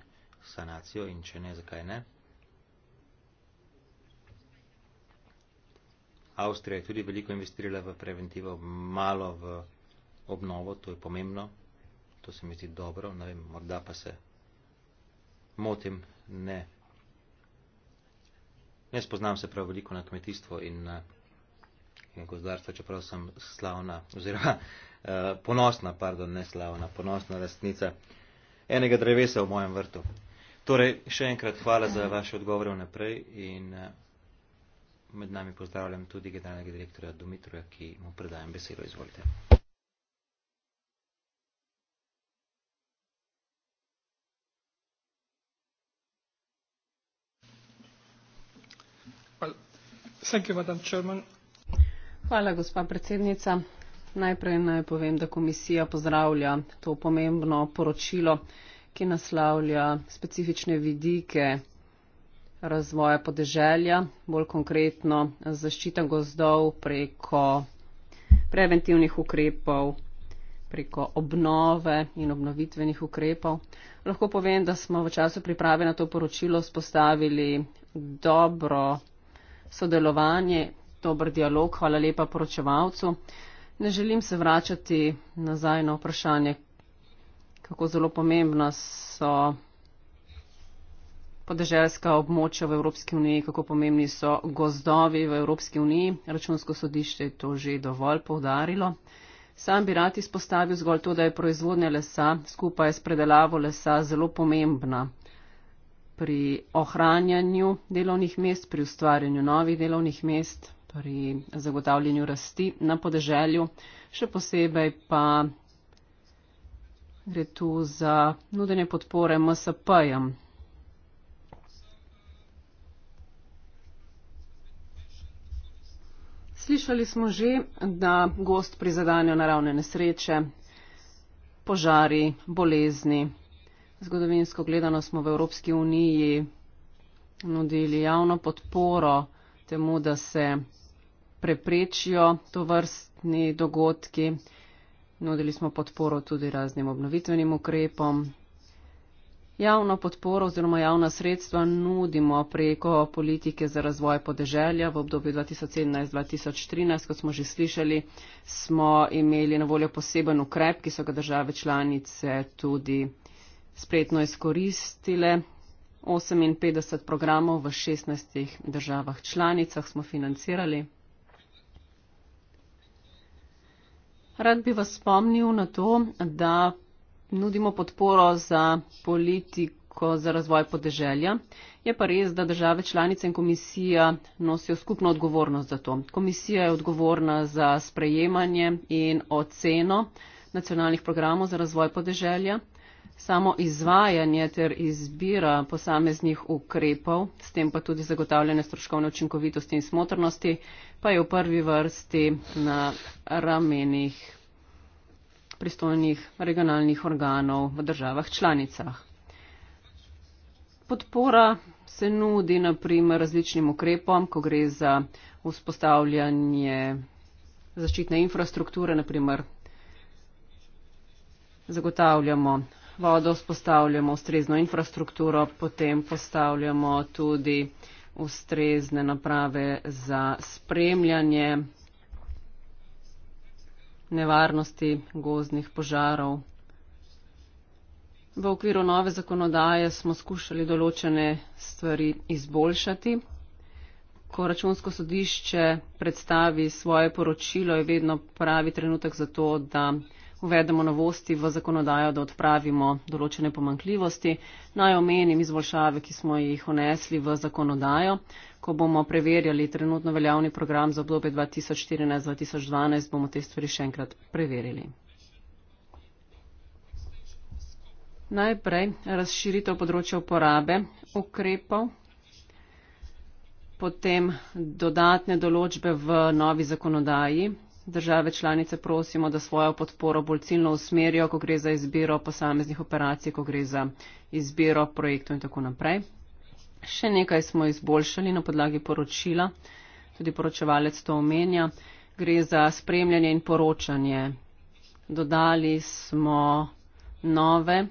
sanacijo in če ne, zakaj ne. Avstrija je tudi veliko investirala v preventivo, malo v obnovo, to je pomembno, to se mi zdi dobro, ne vem, morda pa se motim, ne. Ne spoznam se prav veliko na kmetijstvo in na. Uh, eh, in gozdarstva, čeprav sem slavna oziroma eh, ponosna, pardon, ne slavna, ponosna lastnica enega drevesa v mojem vrtu. Torej, še enkrat hvala za vaše odgovore vnaprej in eh, med nami pozdravljam tudi generalnega direktorja Dumitruja, ki mu predajem besedo. Izvolite. Thank you, Madam Chairman. Hvala, gospa predsednica. Najprej naj povem, da komisija pozdravlja to pomembno poročilo, ki naslavlja specifične vidike razvoja podeželja, bolj konkretno zaščita gozdov preko preventivnih ukrepov, preko obnove in obnovitvenih ukrepov. Lahko povem, da smo v času priprave na to poročilo spostavili dobro sodelovanje dober dialog, hvala lepa poročevalcu. Ne želim se vračati nazaj na vprašanje, kako zelo pomembna so podeželska območja v Evropski uniji, kako pomembni so gozdovi v Evropski uniji. Računsko sodišče je to že dovolj povdarilo. Sam bi rad izpostavil zgolj to, da je proizvodnja lesa skupaj s predelavo lesa zelo pomembna pri ohranjanju delovnih mest, pri ustvarjanju novih delovnih mest, pri zagotavljanju rasti na podeželju, še posebej pa gre tu za nudenje podpore MSP-jem. Slišali smo že, da gost pri zadanju naravne nesreče, požari, bolezni. Zgodovinsko gledano smo v Evropski uniji nudili javno podporo temu, da se preprečijo to vrstni dogodki. Nudili smo podporo tudi raznim obnovitvenim ukrepom. Javno podporo oziroma javna sredstva nudimo preko politike za razvoj podeželja. V obdobju 2017-2013, kot smo že slišali, smo imeli na voljo poseben ukrep, ki so ga države članice tudi spretno izkoristile. 58 programov v 16 državah članicah smo financirali. Rad bi vas spomnil na to, da nudimo podporo za politiko za razvoj podeželja. Je pa res, da države članice in komisija nosijo skupno odgovornost za to. Komisija je odgovorna za sprejemanje in oceno nacionalnih programov za razvoj podeželja samo izvajanje ter izbira posameznih ukrepov, s tem pa tudi zagotavljanje stroškovne učinkovitosti in smotrnosti, pa je v prvi vrsti na ramenih pristojnih regionalnih organov v državah članicah. Podpora se nudi naprimer različnim ukrepom, ko gre za vzpostavljanje zaščitne infrastrukture, naprimer zagotavljamo vodo vzpostavljamo ustrezno infrastrukturo, potem postavljamo tudi ustrezne naprave za spremljanje nevarnosti gozdnih požarov. V okviru nove zakonodaje smo skušali določene stvari izboljšati. Ko računsko sodišče predstavi svoje poročilo, je vedno pravi trenutek za to, da uvedemo novosti v zakonodajo, da odpravimo določene pomankljivosti. Naj omenim izboljšave, ki smo jih unesli v zakonodajo. Ko bomo preverjali trenutno veljavni program za obdobje 2014-2012, bomo te stvari še enkrat preverili. Najprej razširitev področja uporabe ukrepov, potem dodatne določbe v novi zakonodaji, države članice prosimo, da svojo podporo bolj ciljno usmerijo, ko gre za izbiro posameznih operacij, ko gre za izbiro projektov in tako naprej. Še nekaj smo izboljšali na podlagi poročila, tudi poročevalec to omenja, gre za spremljanje in poročanje. Dodali smo nove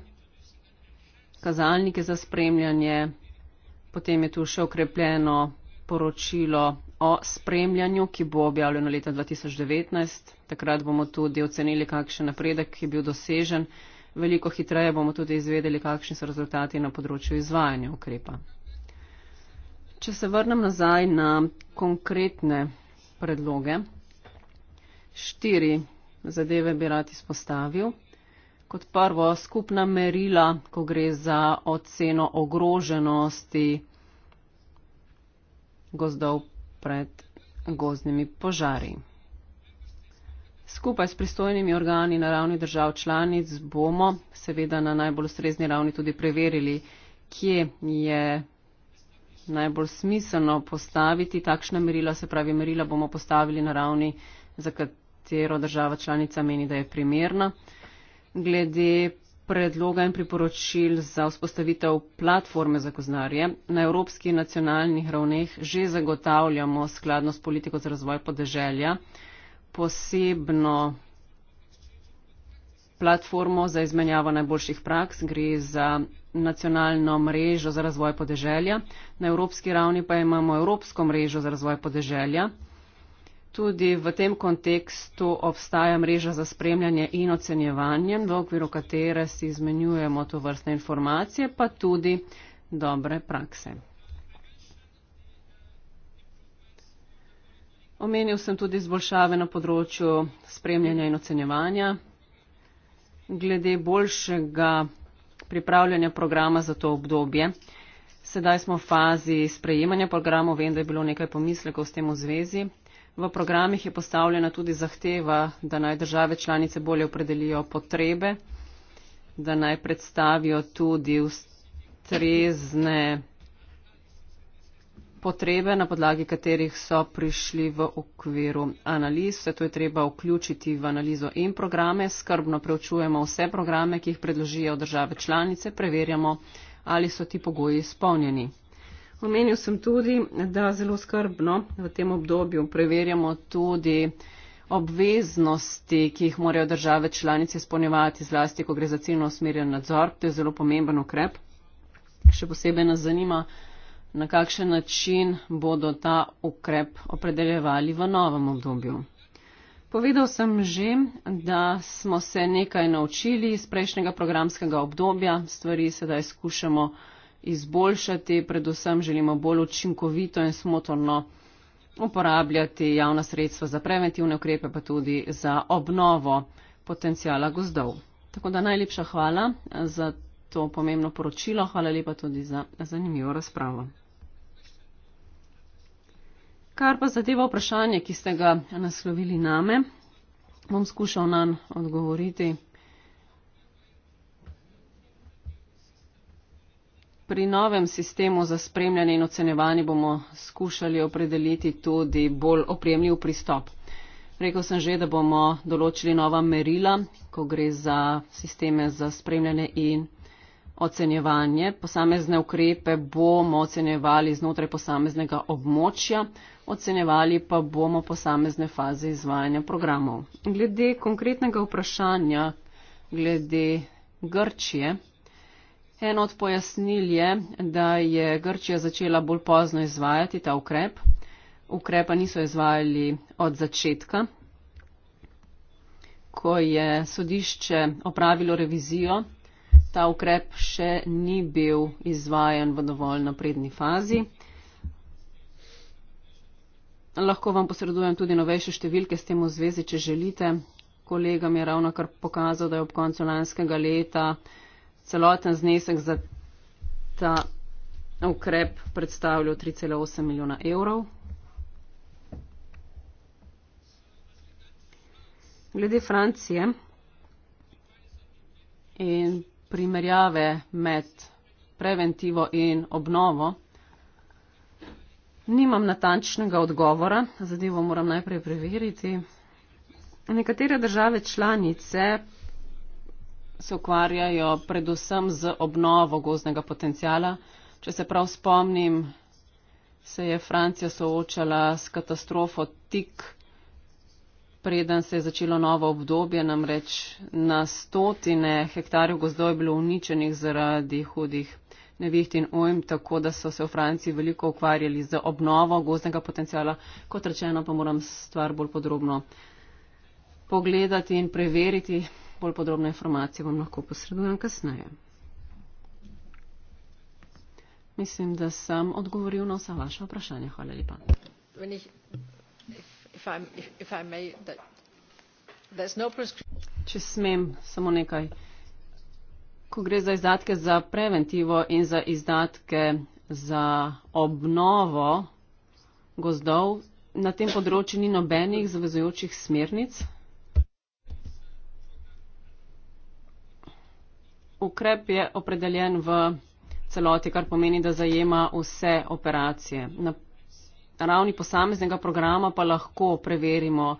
kazalnike za spremljanje, potem je tu še okrepljeno poročilo o spremljanju, ki bo objavljeno leta 2019. Takrat bomo tudi ocenili, kakšen napredek je bil dosežen. Veliko hitreje bomo tudi izvedeli, kakšni so rezultati na področju izvajanja ukrepa. Če se vrnem nazaj na konkretne predloge, štiri zadeve bi rad izpostavil. Kot prvo, skupna merila, ko gre za oceno ogroženosti gozdov pred gozdnimi požari. Skupaj s pristojnimi organi na ravni držav članic bomo seveda na najbolj ustrezni ravni tudi preverili, kje je najbolj smiselno postaviti takšna merila, se pravi merila bomo postavili na ravni, za katero država članica meni, da je primerna. Glede predloga in priporočil za vzpostavitev platforme za koznarje na evropskih in nacionalnih ravneh že zagotavljamo skladno s politiko za razvoj podeželja, posebno platformo za izmenjavo najboljših praks, gre za nacionalno mrežo za razvoj podeželja, na evropski ravni pa imamo Evropsko mrežo za razvoj podeželja. Tudi v tem kontekstu obstaja mreža za spremljanje in ocenjevanje, v okviru katere si izmenjujemo to vrstne informacije, pa tudi dobre prakse. Omenil sem tudi zboljšave na področju spremljanja in ocenjevanja. Glede boljšega pripravljanja programa za to obdobje. Sedaj smo v fazi sprejemanja programov, vem, da je bilo nekaj pomislekov s tem v zvezi. V programih je postavljena tudi zahteva, da naj države članice bolje opredelijo potrebe, da naj predstavijo tudi ustrezne potrebe, na podlagi katerih so prišli v okviru analiz. Vse to je treba vključiti v analizo in programe. Skrbno preučujemo vse programe, ki jih predložijo države članice, preverjamo, ali so ti pogoji izpolnjeni. Omenil sem tudi, da zelo skrbno v tem obdobju preverjamo tudi obveznosti, ki jih morajo države članice spolnjevati, zlasti, ko gre za ciljno usmerjen nadzor. To je zelo pomemben ukrep. Še posebej nas zanima, na kakšen način bodo ta ukrep opredeljevali v novem obdobju. Povedal sem že, da smo se nekaj naučili iz prejšnjega programskega obdobja, stvari sedaj skušamo izboljšati, predvsem želimo bolj učinkovito in smotorno uporabljati javna sredstva za preventivne ukrepe, pa tudi za obnovo potencijala gozdov. Tako da najlepša hvala eh, za to pomembno poročilo, hvala lepa tudi za zanimivo razpravo. Kar pa zadeva vprašanje, ki ste ga naslovili name, bom skušal nam odgovoriti. Pri novem sistemu za spremljanje in ocenevanje bomo skušali opredeliti tudi bolj opremljiv pristop. Rekel sem že, da bomo določili nova merila, ko gre za sisteme za spremljanje in ocenjevanje. Posamezne ukrepe bomo ocenjevali znotraj posameznega območja, ocenjevali pa bomo posamezne faze izvajanja programov. Glede konkretnega vprašanja, glede Grčije, Eno od pojasnil je, da je Grčija začela bolj pozno izvajati ta ukrep. Ukrepa niso izvajali od začetka, ko je sodišče opravilo revizijo. Ta ukrep še ni bil izvajan v dovolj napredni fazi. Lahko vam posredujem tudi novejše številke s tem v zvezi, če želite. Kolega mi je ravno kar pokazal, da je ob koncu lanskega leta celoten znesek za ta ukrep predstavljal 3,8 milijona evrov. Glede Francije in primerjave med preventivo in obnovo, nimam natančnega odgovora, zadevo moram najprej preveriti. Nekatere države članice se ukvarjajo predvsem z obnovo gozdnega potencijala. Če se prav spomnim, se je Francija soočala s katastrofo tik preden se je začelo novo obdobje, namreč na stotine hektarjev gozdov je bilo uničenih zaradi hudih neviht in ujm, tako da so se v Franciji veliko ukvarjali z obnovo gozdnega potencijala. Kot rečeno, pa moram stvar bolj podrobno pogledati in preveriti bolj podrobne informacije vam lahko posredujem kasneje. Mislim, da sem odgovoril na vsa vaša vprašanja. Hvala lepa. Če smem samo nekaj. Ko gre za izdatke za preventivo in za izdatke za obnovo gozdov, na tem področju ni nobenih zavezujočih smernic, ukrep je opredeljen v celoti, kar pomeni, da zajema vse operacije. Na ravni posameznega programa pa lahko preverimo,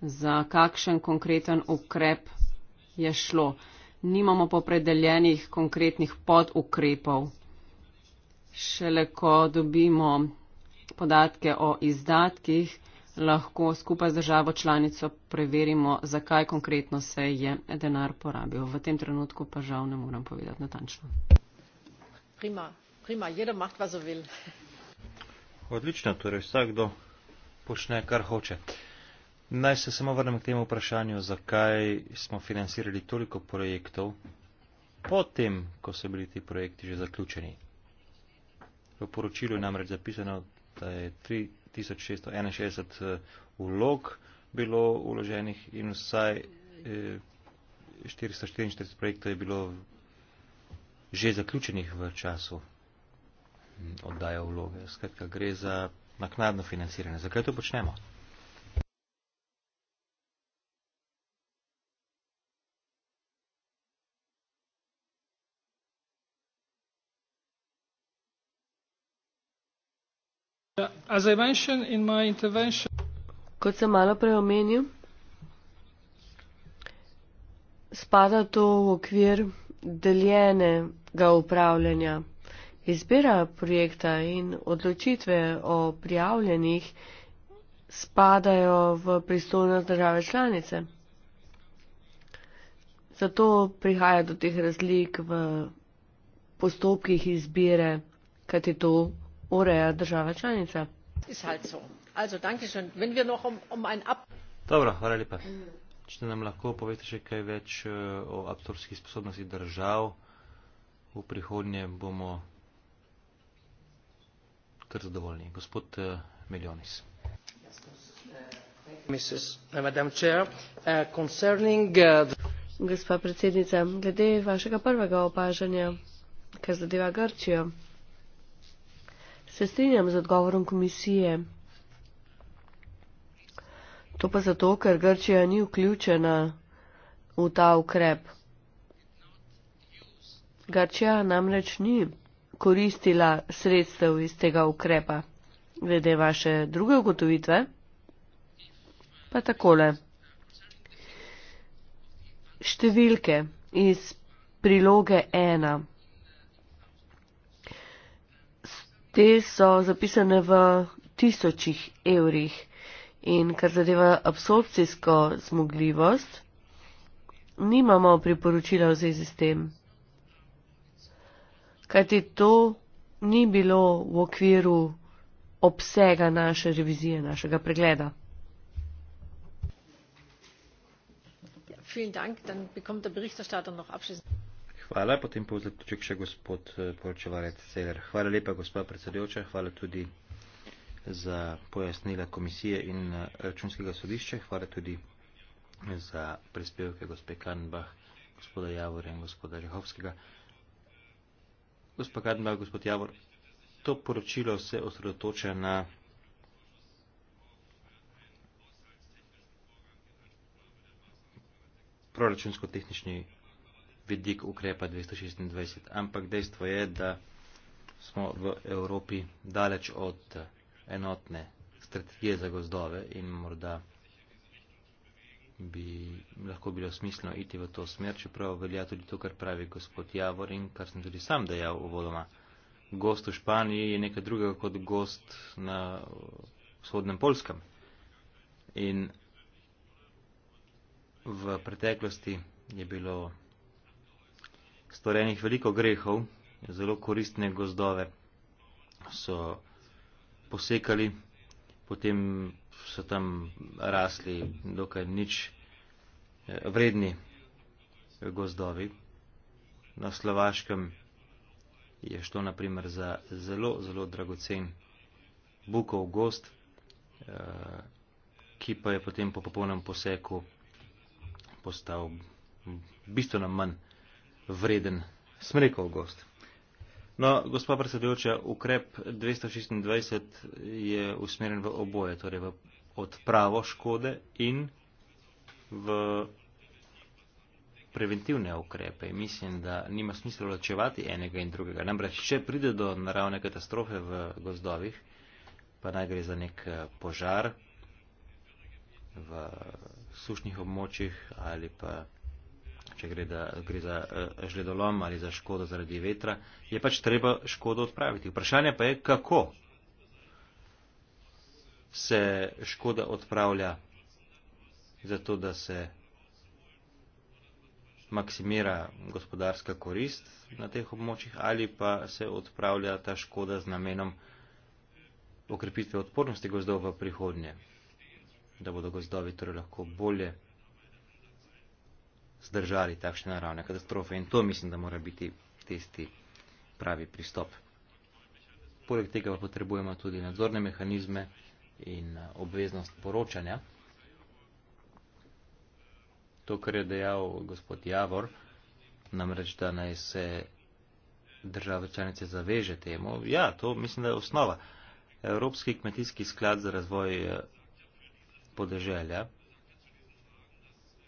za kakšen konkreten ukrep je šlo. Nimamo popredeljenih konkretnih podukrepov. Šele ko dobimo podatke o izdatkih, lahko skupaj z državo članico preverimo, zakaj konkretno se je denar porabil. V tem trenutku pa žal ne moram povedati natančno. Prima, prima, jeder macht, was er will. Odlično, torej vsakdo počne, kar hoče. Naj se samo vrnem k temu vprašanju, zakaj smo financirali toliko projektov, potem, ko so bili ti projekti že zaključeni. V poročilu je namreč zapisano, da je 1661 eh, vlog bilo uloženih in vsaj 444 eh, projektov je bilo že zaključenih v času mm, oddaje vloge. Skratka, gre za naknadno financiranje. Zakaj to počnemo? As I mentioned in my intervention, kot sem malo prej omenil, spada to v okvir deljenega upravljanja. Izbira projekta in odločitve o prijavljenih spadajo v pristojnost države članice. Zato prihaja do teh razlik v postopkih izbire, kajti to ureja država članica. Um, um dobro hvala lepa če nam lahko poveste še kaj več eh, o absorpcijskih sposobnostih držav v prihodnje bomo kar zadovoljni gospod eh, milijonis eh, gospa predsednica glede vašega prvega opažanja kar zadeva grčijo Se strinjam z odgovorom komisije. To pa zato, ker Grčija ni vključena v ta ukrep. Grčija namreč ni koristila sredstev iz tega ukrepa. Glede vaše druge ugotovitve, pa takole. Številke iz priloge 1. Te so zapisane v tisočih evrih in kar zadeva absorpcijsko zmogljivost, nimamo priporočila v zvezi s tem. Kajti to ni bilo v okviru obsega naše revizije, našega pregleda. Ja, vielen Dank, dann bekommt der Berichterstatter noch abschließend. Hvala. Potem pa v zaključek še gospod eh, poročevalec Seler. Hvala lepa, gospod predsedujoča. Hvala tudi za pojasnila komisije in eh, računskega sodišča. Hvala tudi za prispevke gospe Kanbah, gospoda Javor in gospoda Žehovskega. Gospod Kanbah, gospod Javor, to poročilo se osredotoča na proračunsko-tehnični vidik ukrepa 226. Ampak dejstvo je, da smo v Evropi daleč od enotne strategije za gozdove in morda bi lahko bilo smiselno iti v to smer, čeprav velja tudi to, kar pravi gospod Javor in kar sem tudi sam dejal v vodoma. Gost v Španiji je nekaj drugega kot gost na vzhodnem Polskem. In v preteklosti je bilo storjenih veliko grehov, zelo koristne gozdove so posekali, potem so tam rasli dokaj nič eh, vredni gozdovi. Na Slovaškem je šlo naprimer za zelo, zelo dragocen bukov gost, eh, ki pa je potem po popolnem poseku postal bistveno manj vreden smrekov gost. No, gospa predsedujoča, ukrep 226 je usmeren v oboje, torej v odpravo škode in v preventivne ukrepe. Mislim, da nima smisla ločevati enega in drugega. Namreč, če pride do naravne katastrofe v gozdovih, pa naj gre za nek eh, požar v sušnih območjih ali pa če gre, da, gre za eh, žledolom ali za škodo zaradi vetra, je pač treba škodo odpraviti. Vprašanje pa je, kako se škoda odpravlja zato, da se maksimira gospodarska korist na teh območjih ali pa se odpravlja ta škoda z namenom okrepitve odpornosti gozdov v prihodnje, da bodo gozdovi torej lahko bolje zdržali takšne naravne katastrofe. In to mislim, da mora biti tisti pravi pristop. Poleg tega pa potrebujemo tudi nadzorne mehanizme in obveznost poročanja. To, kar je dejal gospod Javor, namreč, da naj se države članice zaveže temu. Ja, to mislim, da je osnova. Evropski kmetijski sklad za razvoj podeželja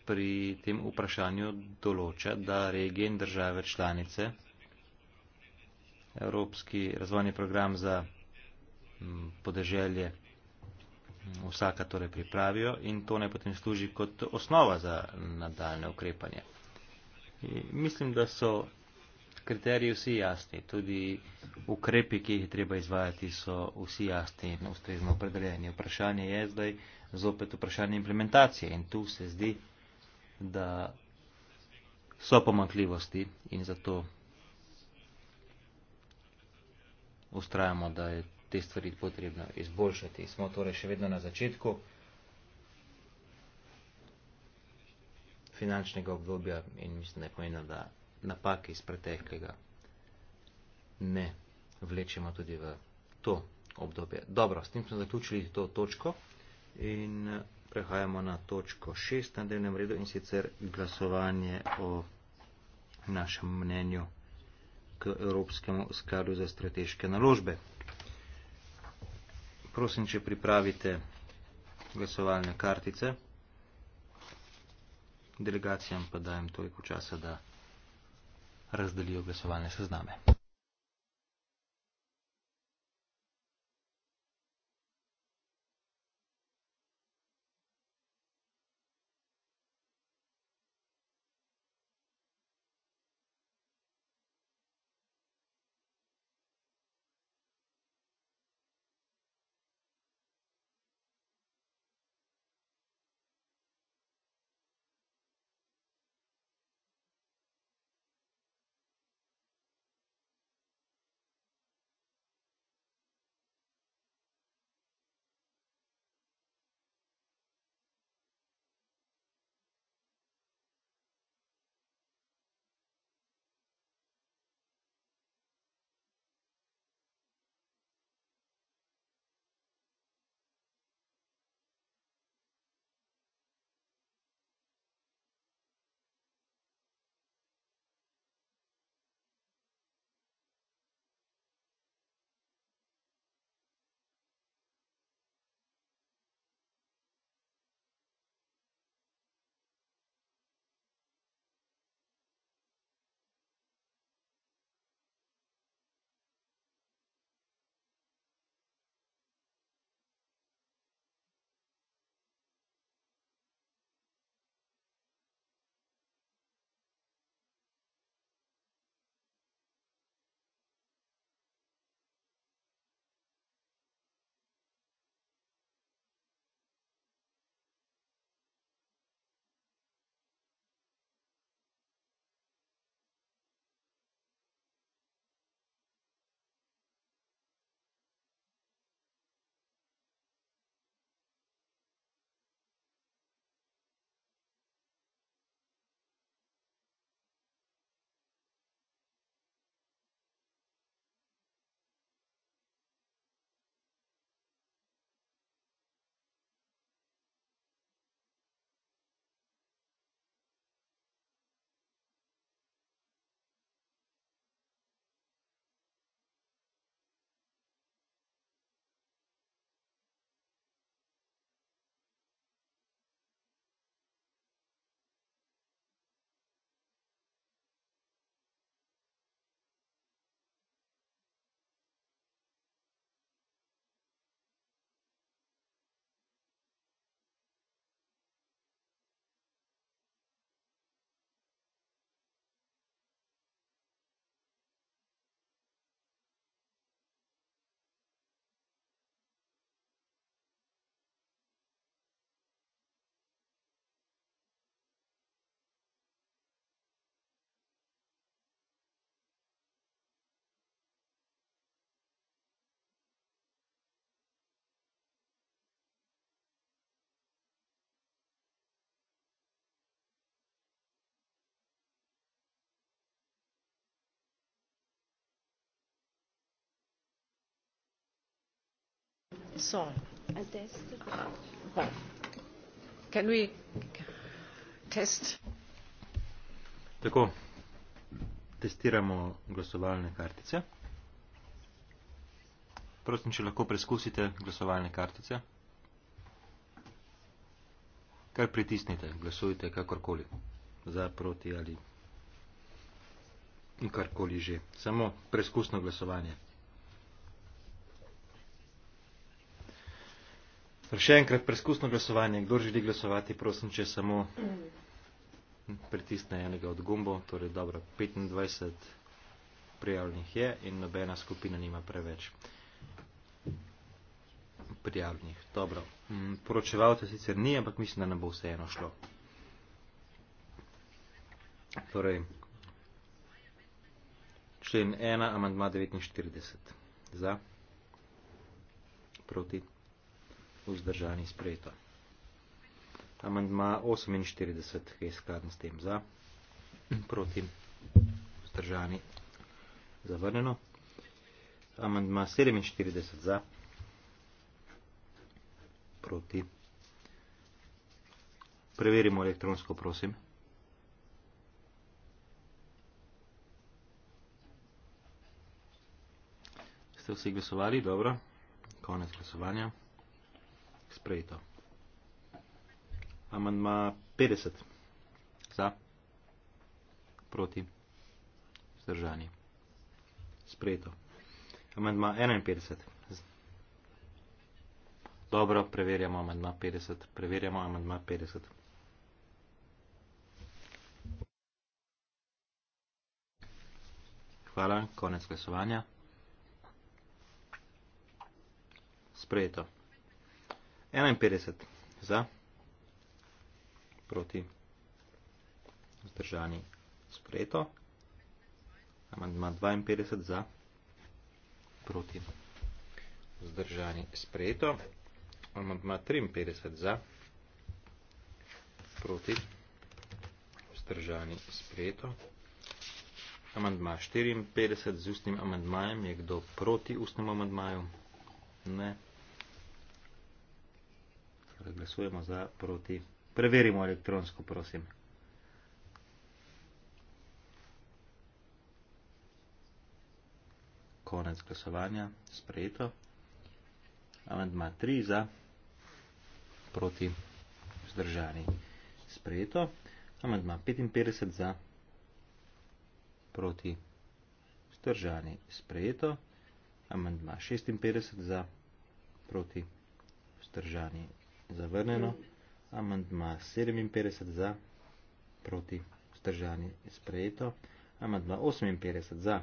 pri tem vprašanju določa, da regije in države članice Evropski razvojni program za mm, podeželje mm, vsaka torej pripravijo in to naj potem služi kot osnova za nadaljne ukrepanje. Mislim, da so kriteriji vsi jasni, tudi ukrepi, ki jih je treba izvajati, so vsi jasni in ustrezno opredeljeni. Vprašanje je zdaj zopet vprašanje implementacije in tu se zdi, da so pomankljivosti in zato ustrajamo, da je te stvari potrebno izboljšati. Smo torej še vedno na začetku finančnega obdobja in mislim, da je pomeno, da napake iz preteklega ne vlečemo tudi v to obdobje. Dobro, s tem smo zaključili to točko in prehajamo na točko 6 na dnevnem redu in sicer glasovanje o našem mnenju k Evropskemu skladu za strateške naložbe. Prosim, če pripravite glasovalne kartice. Delegacijam pa dajem toliko časa, da razdelijo glasovalne sezname. so ah, can we test tako testiramo glasovalne kartice prosim če lahko preskusite glasovalne kartice kar pritisnite glasujte kakorkoli za proti ali in karkoli že samo preskusno glasovanje Torej, še enkrat preskusno glasovanje. Kdo želi glasovati, prosim, če samo pritisne enega od gumbo. Torej, dobro, 25 prijavljenih je in nobena skupina nima preveč prijavljenih. Dobro, mm, poročevalce sicer ni, ampak mislim, da nam bo vseeno šlo. Torej, člen 1, amandma 49. Za? Proti? vzdržani sprejeto. Amandma 48 je skladen s tem za, proti vzdržani zavrneno. Amandma 47 za, proti. Preverimo elektronsko, prosim. Ste vsi glasovali? Dobro. Konec glasovanja sprejeto. Amandma 50. Za. Proti. Zdržani. Sprejeto. Amandma 51. Dobro, preverjamo amandma 50. Preverjamo amandma 50. Hvala, konec glasovanja. Sprejeto. 51 za, proti, zdržani, sprejeto. Amandma 52 za, proti, zdržani, sprejeto. Amandma 53 za, proti, zdržani, sprejeto. Amandma 54 z ustnim amandmajem. Je kdo proti ustnemu amandmaju? Ne. Razglasujemo za proti. Preverimo elektronsko, prosim. Konec glasovanja. Sprejeto. Amendma 3 za proti vzdržani. Sprejeto. Amendma 55 za proti vzdržani. Sprejeto. Amendma 56 za proti vzdržani zavrnjeno. Amandma 57 za, proti vzdržani je sprejeto. Amandma 58 za,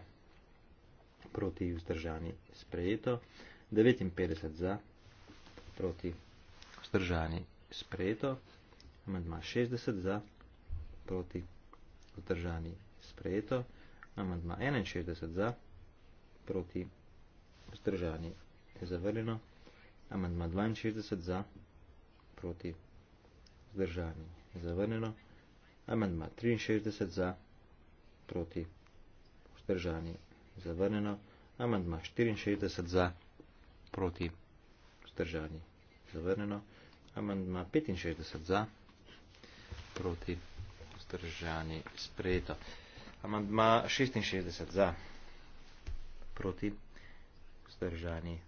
proti vzdržani je sprejeto. 59 za, proti vzdržani je sprejeto. Amandma 60 za, proti vzdržani je sprejeto. Amandma 61 za, proti vzdržani je zavrljeno. Amandma 62 za, proti vzdržani je sprejeto proti vzdržani zavrnjeno. Amendma 63 za proti vzdržani zavrnjeno. Amendma 64 za proti vzdržani zavrnjeno. Amendma 65 za proti vzdržani sprejeto. Amendma 66 za proti vzdržani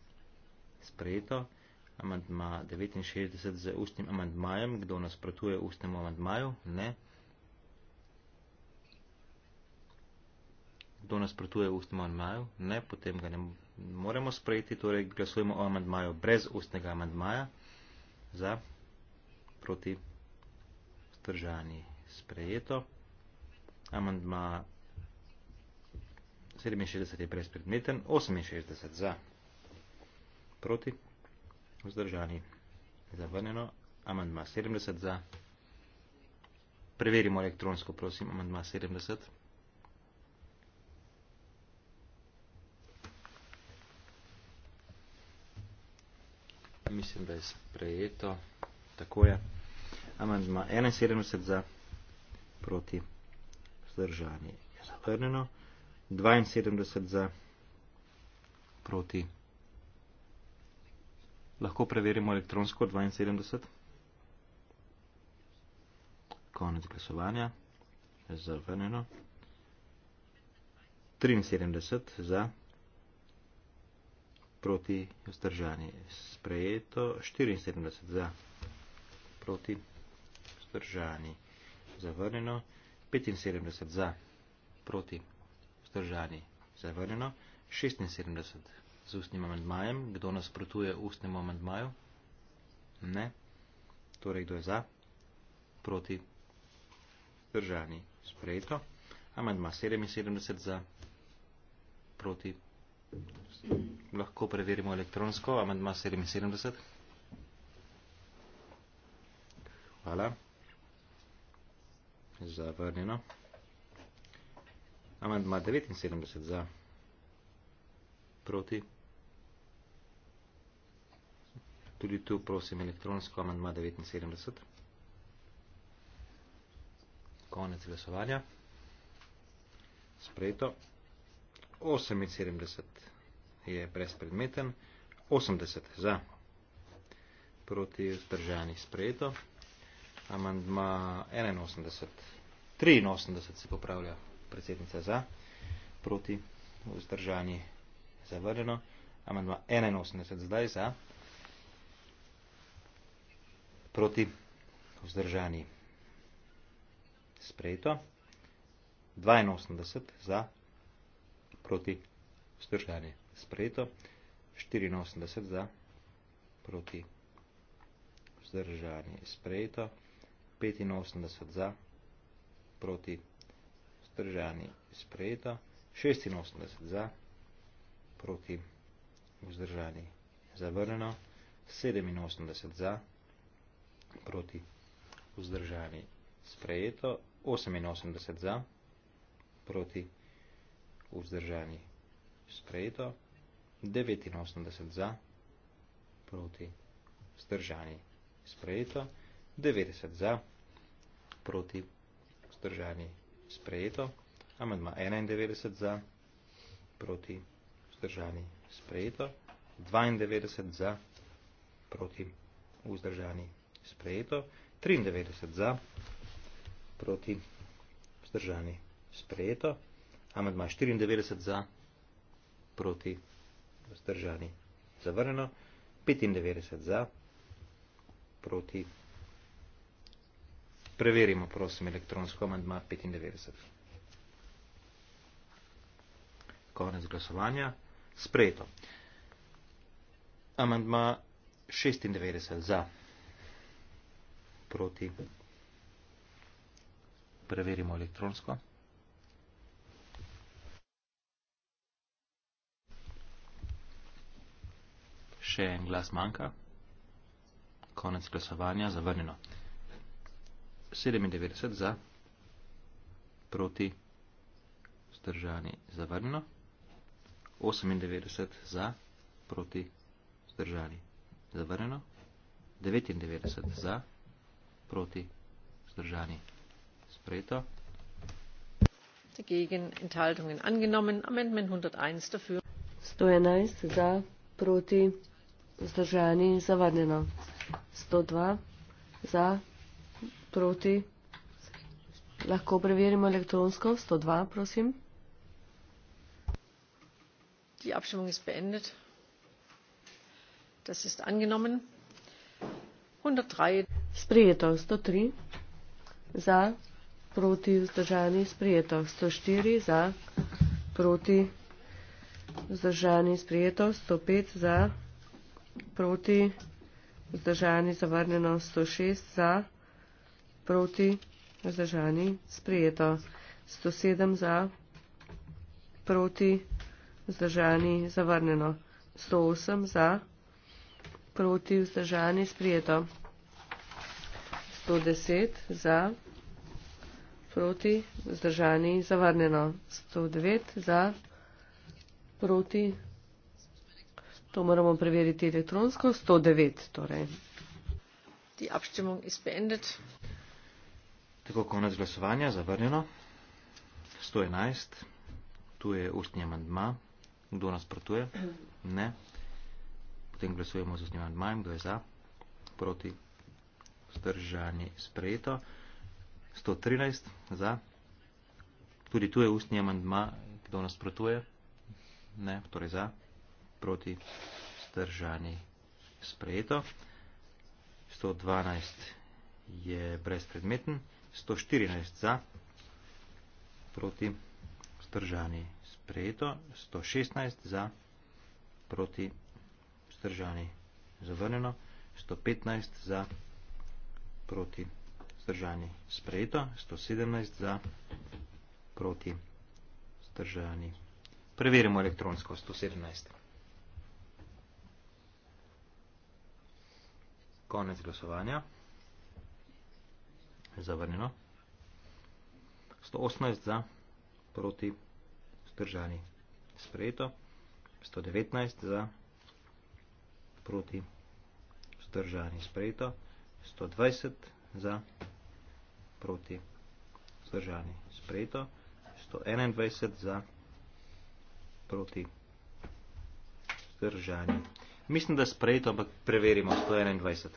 sprejeto amantma 69 z ustnim amantmajem. Kdo nasprotuje ustnemu amantmaju? Ne. Kdo nasprotuje ustnemu amantmaju? Ne, potem ga ne moremo sprejeti, torej glasujemo o amantmaju brez ustnega amantmaja. Za, proti, vzdržani, sprejeto. Amantma 67 je brezpredmeten, 68 za, proti. Vzdržani. Zavrneno. Amandma 70 za. Preverimo elektronsko, prosim. Amandma 70. Mislim, da je sprejeto. Tako je. Amandma 71 za. Proti. Vzdržani. Zavrneno. 72 za. Proti. Vzdržani lahko preverimo elektronsko 72. Konec glasovanja. Zavrnjeno. 73 za. Proti vzdržani. Sprejeto. 74 za. Proti vzdržani. Zavrnjeno. 75 za. Proti vzdržani. Zavrnjeno. 76 za z ustnim amendmajem. Kdo nasprotuje ustnemu amendmaju? Ne. Torej, kdo je za? Proti. Držani. Sprejeto. Amendma 77 za. Proti. Lahko preverimo elektronsko. Amendma 77. Hvala. Zavrnjeno. Amendma 79 za. Proti. Tudi tu prosim elektronsko amandma 79. Konec glasovanja. Sprejeto. 78 je brezpredmeten. 80 za. Proti vzdržani sprejeto. Amandma 81. 83 se popravlja predsednica za. Proti vzdržani zavrljeno. Amandma 81 zdaj za proti vzdržani. Sprejeto. 82 za proti vzdržani. Sprejeto. 84 za proti vzdržani. Sprejeto. 85 za proti vzdržani. Sprejeto. 86 za proti vzdržani. Zavrneno. 87 za proti vzdržani proti vzdržani sprejeto, 88 za proti vzdržani sprejeto, 89 za proti vzdržani sprejeto, 90 za proti vzdržani sprejeto, amedma 91 za proti vzdržani sprejeto, 92 za proti vzdržani sprejeto sprejeto, 93 za, proti vzdržani sprejeto, amandma 94 za, proti vzdržani zavrneno, 95 za, proti Preverimo, prosim, elektronsko amandma 95. Konec glasovanja. Sprejeto. Amandma 96 za proti. Preverimo elektronsko. Še en glas manjka. Konec glasovanja, zavrnjeno. 97 za, proti, zdržani, zavrnjeno. 98 za, proti, zdržani, zavrnjeno. 99 za, proti, zdržani, zavrnjeno. 99 za, proti vzdržani. Sprejeto. Gegen enthaltungen angenommen. Amendment 101 dafür. 111 za, proti, vzdržani, zavadnjeno. 102 za, proti, lahko preverimo elektronsko. 102, prosim. Die Abstimmung ist beendet. Das ist angenommen. 103 sprejeto 103, za, proti vzdržani, sprejeto 104, za, proti vzdržani, sprejeto 105, za, proti vzdržani, zavrnjeno 106, za, proti vzdržani, sprejeto 107, za, proti vzdržani, zavrnjeno 108, za, proti vzdržani, sprejeto 107. 110 za, proti, zdržani, zavarneno. 109 za, proti, to moramo preveriti elektronsko, 109 torej. Die Abstimmung ist beendet. Tako konec glasovanja, zavrnjeno. 111, tu je ustni amandma. Kdo nasprotuje? Ne. Potem glasujemo z ustnim amandmajem, kdo je za, proti vzdržani, sprejeto. 113 za. Tudi tu je ustni amandma, kdo nasprotuje. Ne, torej za, proti, vzdržani, sprejeto. 112 je brezpredmeten. 114 za, proti, vzdržani, sprejeto. 116 za, proti, vzdržani, zavrnjeno. 115 za proti zdržani sprejeto, 117 za proti zdržani. Preverimo elektronsko, 117. Konec glasovanja. Zavrnjeno. 118 za proti zdržani sprejeto, 119 za proti zdržani sprejeto, 119 za proti zdržani sprejeto, 120 za, proti, zdržani, sprejeto, 121 za, proti, zdržani. Mislim, da sprejeto, ampak preverimo, 121.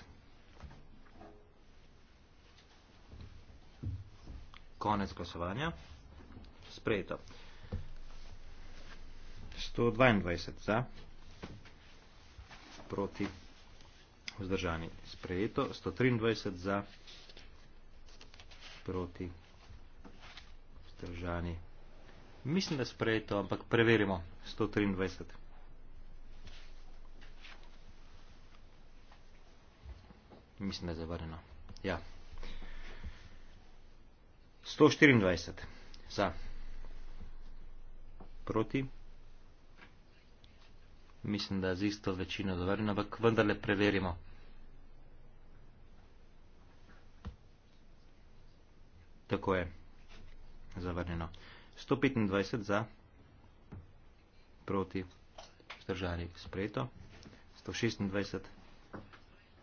Konec glasovanja, sprejeto. 122 za, proti, zdržani vzdržani. Sprejeto 123 za proti vzdržani. Mislim, da sprejeto, ampak preverimo. 123. Mislim, da je zavrjeno. Ja. 124 za proti vzdržani mislim, da je z isto večino dovoljeno, ampak vendarle preverimo. Tako je. Zavrnjeno. 125 za, proti, vzdržani sprejeto. 126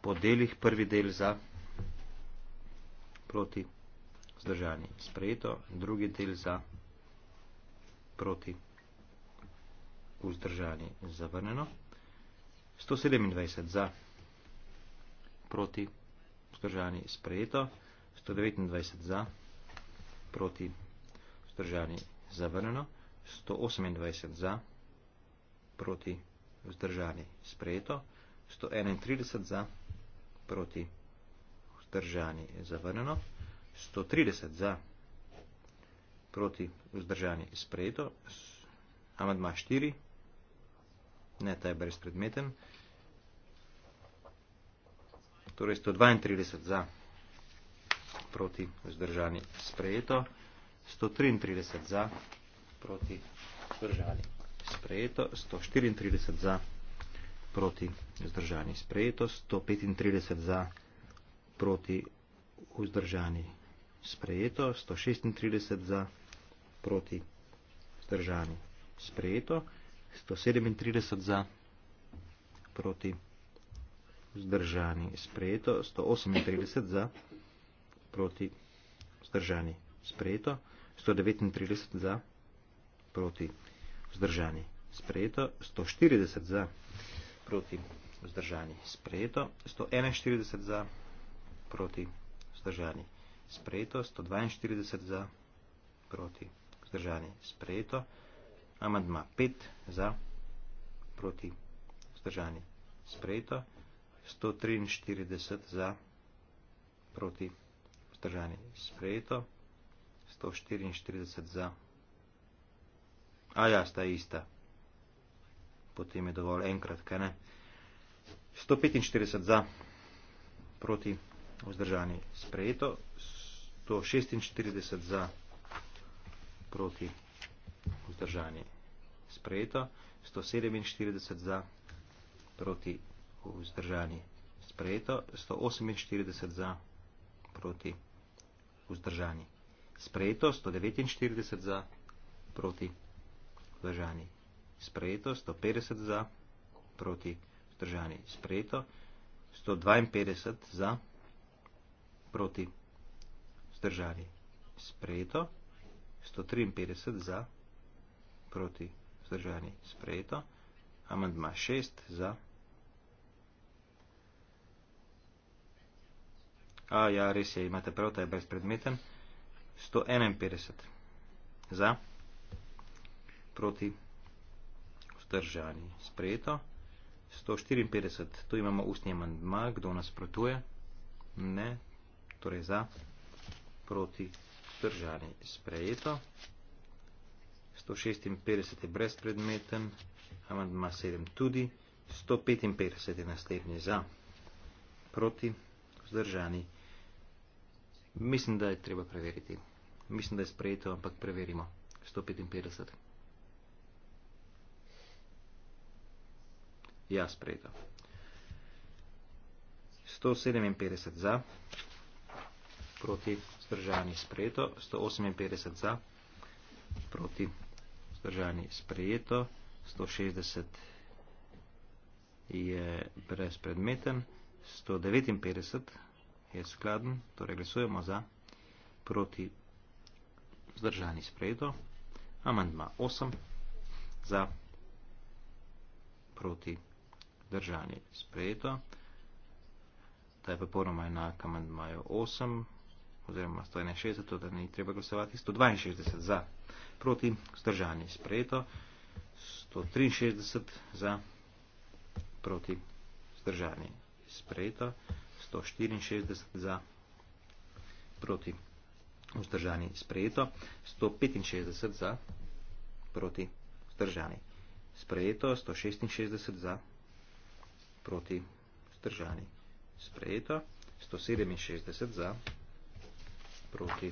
po delih, prvi del za, proti, vzdržani sprejeto. Drugi del za, proti, vzdržani sprejeto vzdržani zavrneno, 127 za, proti vzdržani sprejeto, 129 za, proti vzdržani zavrneno, 128 za, proti vzdržani sprejeto, 131 za, proti vzdržani zavrneno, 130 za, proti vzdržani sprejeto, amadma 4, Ne, ta je brezpredmeten. Torej 132 za proti vzdržani sprejeto, 133 za proti vzdržani sprejeto, 134 za proti vzdržani sprejeto, 135 za proti vzdržani sprejeto, 136 za proti vzdržani sprejeto, 137 za, proti vzdržani sprejeto, 138 za, proti vzdržani sprejeto, 139 za, proti vzdržani sprejeto, 140 za, proti vzdržani sprejeto, 141 za, proti vzdržani sprejeto, 142 za, proti vzdržani sprejeto, Amandma 5 za proti vzdržanje. Sprejeto. 143 za proti vzdržanje. Sprejeto. 144 za. A ja, sta ista. Potem je dovolj enkrat, kaj ne? 145 za proti vzdržanje. Sprejeto. 146 za proti vzdržanje vzdržanje. Sprejeto 147 za, proti vzdržanje. Sprejeto 148 za, proti vzdržanje. Sprejeto 149 za, proti vzdržanje. Sprejeto 150 za, proti vzdržanje. Sprejeto 152 za, proti vzdržanje. Sprejeto 153 za, proti vzdržanje proti vzdržani sprejeto. Amandma 6 za. A, ja, res je, imate prav, ta je brezpredmeten. 151 za. Proti vzdržani sprejeto. 154, tu imamo ustni amandma, kdo nas protuje? Ne, torej za, proti, vzdržani, sprejeto. 156 je brezpredmeten, amandma 7 tudi, 155 je naslednji za, proti, vzdržani. Mislim, da je treba preveriti. Mislim, da je sprejeto, ampak preverimo. 155. Ja, sprejeto. 157 za, proti, zdržani, sprejeto. 158 za, proti, zdržani vzdržani sprejeto, 160 je brezpredmeten, 159 je skladen, torej glasujemo za proti vzdržani sprejeto, amandma 8 za proti vzdržani sprejeto, ta je pa ponoma enak amandmaju 8, oziroma 161, to da ni treba glasovati, 162 za, proti, vzdržanje sprejeto, 163 za, proti, vzdržanje sprejeto, 164 za, proti, vzdržanje sprejeto, 165 za, proti, vzdržanje sprejeto, 166 za, proti, vzdržanje sprejeto, 167 za, proti, proti.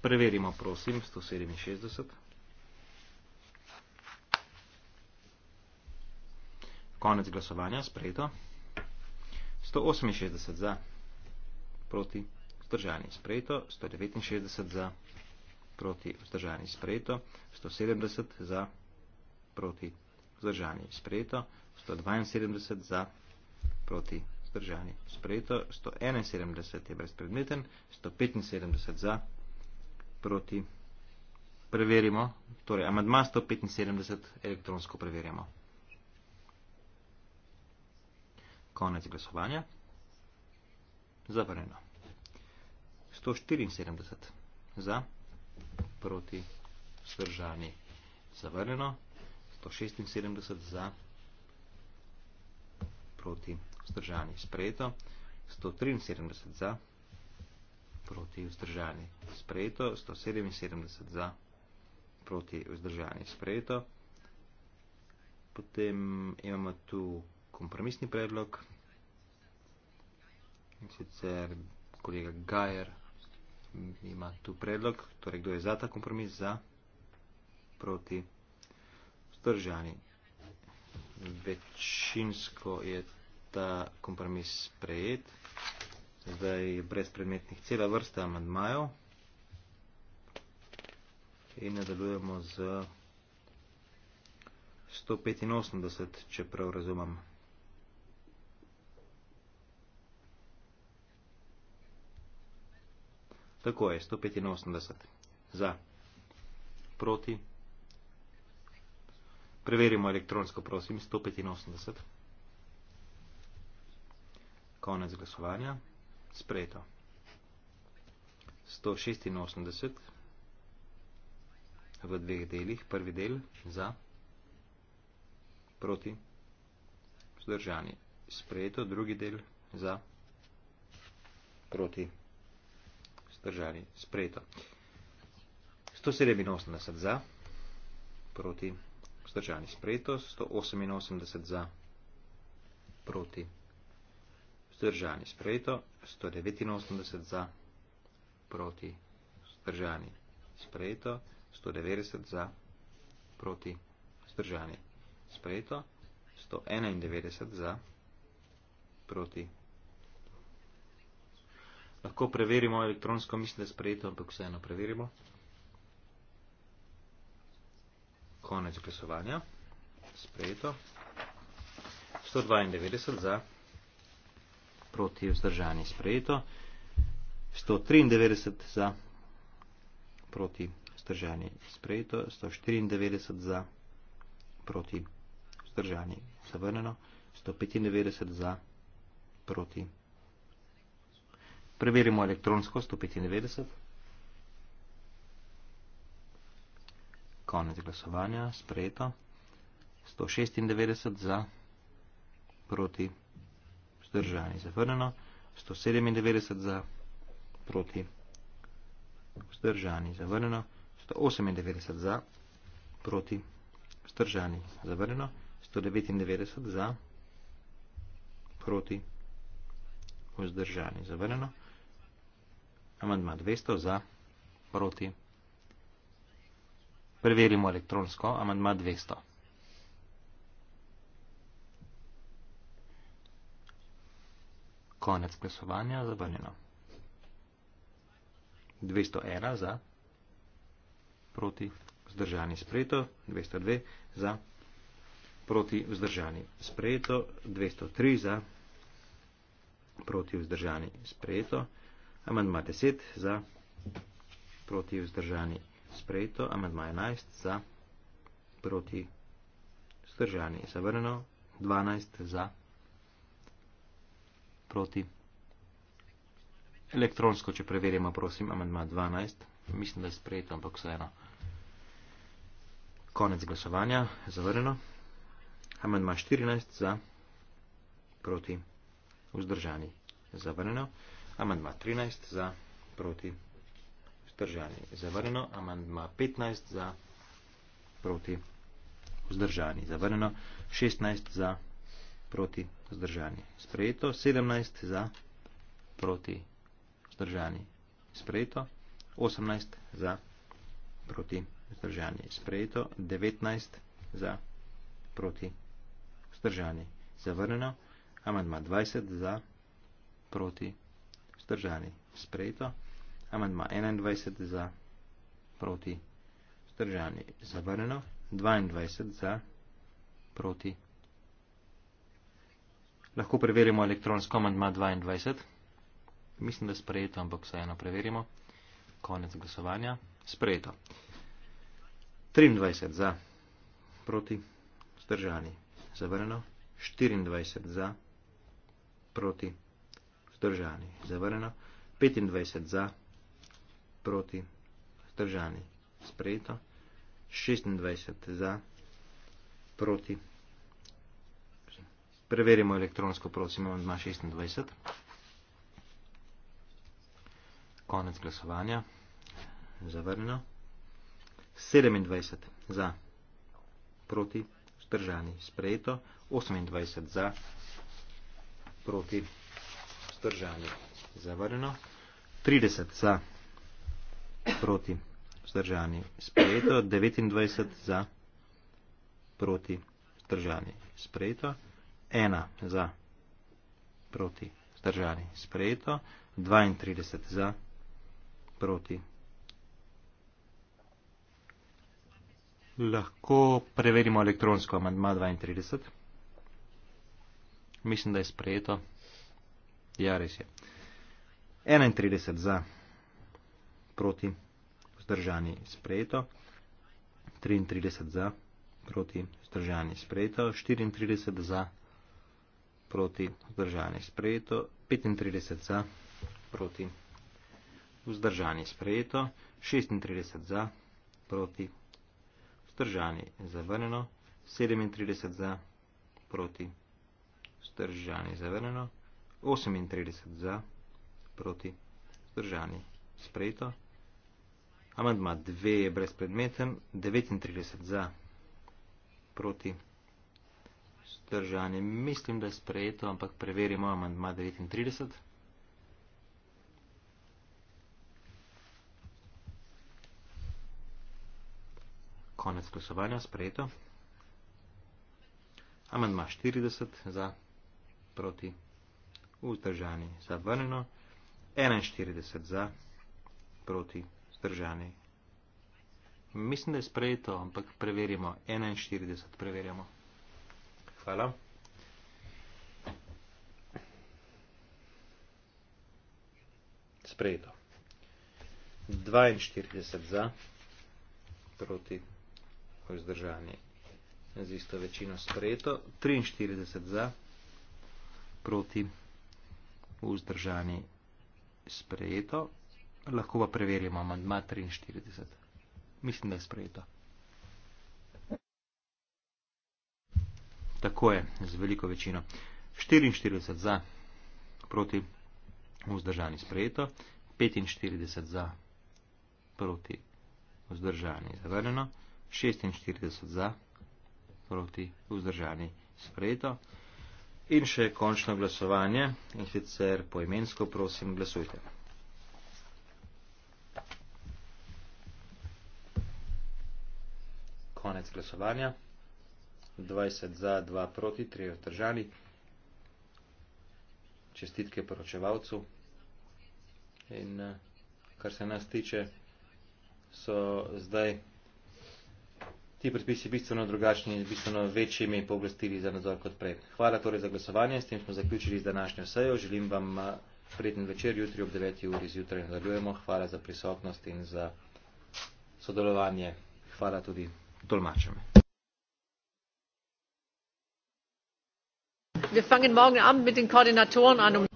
Preverimo, prosim, 167. Konec glasovanja, sprejeto. 168 za, proti, vzdržani, sprejeto. 169 za, proti, vzdržani, sprejeto. 170 za, proti, vzdržani, sprejeto. 172 za, proti, vzdržani, sprejeto vzdržani. Sprejeto 171 je brezpredmeten, 175 za, proti. Preverimo, torej amadma 175 elektronsko preverjamo. Konec glasovanja. Zavrneno. 174 za, proti, vzdržani. Zavrneno. 176 za, proti, vzdržani vzdržani sprejeto, 173 za, proti vzdržani sprejeto, 177 za, proti vzdržani sprejeto. Potem imamo tu kompromisni predlog, in sicer kolega Gajer ima tu predlog, torej kdo je za ta kompromis, za, proti vzdržani. Večinsko je to ta kompromis sprejet. Zdaj je brez predmetnih cela vrsta amandmajev in nadaljujemo z 185, če prav razumem. Tako je, 185 za, proti. Preverimo elektronsko, prosim, 185. Konec glasovanja. Sprejeto. 186 v dveh delih. Prvi del za, proti, vzdržani. Sprejeto. Drugi del za, proti, vzdržani. Sprejeto. 187 za, proti, vzdržani. Sprejeto. 188 za, proti, vzdržani vzdržani. Sprejeto 189 za, proti vzdržani. Sprejeto 190 za, proti vzdržani. Sprejeto 191 za, proti Lahko preverimo elektronsko, mislim, da je sprejeto, ampak vseeno preverimo. Konec glasovanja. Sprejeto. 192 za proti vzdržani sprejeto, 193 za proti vzdržani sprejeto, 194 za proti vzdržani zavrneno, 195 za proti. Preverimo elektronsko 195. Konec glasovanja, sprejeto. 196 za proti vzdržani sprejeto vzdržani, zavrnjeno, 197 za, proti, vzdržani, zavrnjeno, 198 za, proti, vzdržani, zavrnjeno, 199 za, proti, vzdržani, zavrnjeno, amandma 200 za, proti, preverimo elektronsko, amandma 200. Konec glasovanja zavrnjeno. 201 za, proti vzdržani sprejeto, 202 za, proti vzdržani sprejeto, 203 za, proti vzdržani sprejeto, amandma 10 za, proti vzdržani sprejeto, amandma 11 za, proti vzdržani zavrnjeno, 12 za, proti vzdržani sprejeto proti. Elektronsko, če preverimo, prosim, amendma 12. Mislim, da je sprejeto, ampak vseeno. Konec glasovanja, zavrljeno. Amendma 14 za, proti, vzdržani, zavrljeno. Amendma 13 za, proti, vzdržani, zavrljeno. Amendma 15 za, proti, vzdržani, zavrljeno. 16 za, proti proti vzdržani. Sprejeto, 17 za proti vzdržani. Sprejeto, 18 za proti vzdržani. Sprejeto, 19 za proti vzdržani. Zavrneno, amandma 20 za proti vzdržani. Sprejeto, amandma 21 za proti vzdržani. Zavrneno, 22 za proti vzdržani. Lahko preverimo elektronsko manjma 22. Mislim, da je sprejeto, ampak vseeno preverimo. Konec glasovanja. Sprejeto. 23 za. Proti. Zdržani. Zavrneno. 24 za. Proti. Zdržani. Zavrneno. 25 za. Proti. Zdržani. Sprejeto. 26 za. Proti. Preverimo elektronsko, prosim, imamo 26. Konec glasovanja. Zavrnjeno. 27 za, proti, vzdržani, sprejeto. 28 za, proti, vzdržani, zavrnjeno. 30 za, proti, vzdržani, sprejeto. 29 za, proti, vzdržani, sprejeto ena za proti zdržani sprejeto, 32 za proti. Lahko preverimo elektronsko amandma 32. Mislim, da je sprejeto. Ja, res je. 31 za proti zdržani sprejeto, 33 za proti zdržani sprejeto, 34 za proti proti vzdržani sprejeto, 35 za proti vzdržani sprejeto, 36 za proti vzdržani zavrneno, 37 za proti vzdržani zavrneno, 38 za proti vzdržani sprejeto, amandma 2 je brezpredmeten, 39 za proti vzdržani sprejeto, Zdržanje. Mislim, da je sprejeto, ampak preverimo amandma 39. Konec glasovanja, sprejeto. Amandma 40 za proti vzdržani zavrnjeno. 41 za proti vzdržani. Mislim, da je sprejeto, ampak preverimo. 41 preverjamo. Hvala. Sprejeto. 42 za, proti vzdržanje. Z isto večino sprejeto. 43 za, proti vzdržanje sprejeto. Lahko pa preverimo amandma 43. Mislim, da je sprejeto. Tako je, z veliko večino. 44 za, proti vzdržani sprejeto, 45 za, proti vzdržani zavrneno, 46 za, proti vzdržani sprejeto. In še končno glasovanje, in sicer poimensko prosim glasujte. Konec glasovanja. 20 za, 2 proti, 3 vzdržani. Čestitke poročevalcu. In eh, kar se nas tiče, so zdaj ti predpisi bistveno drugačni in bistveno večjimi pooblastili za nadzor kot prej. Hvala torej za glasovanje, s tem smo zaključili z današnjo sejo. Želim vam eh, prijeten večer, jutri ob 9. uri zjutraj nadaljujemo. Hvala za prisotnost in za sodelovanje. Hvala tudi tolmačem. wir fangen morgen abend mit den koordinatoren an. Um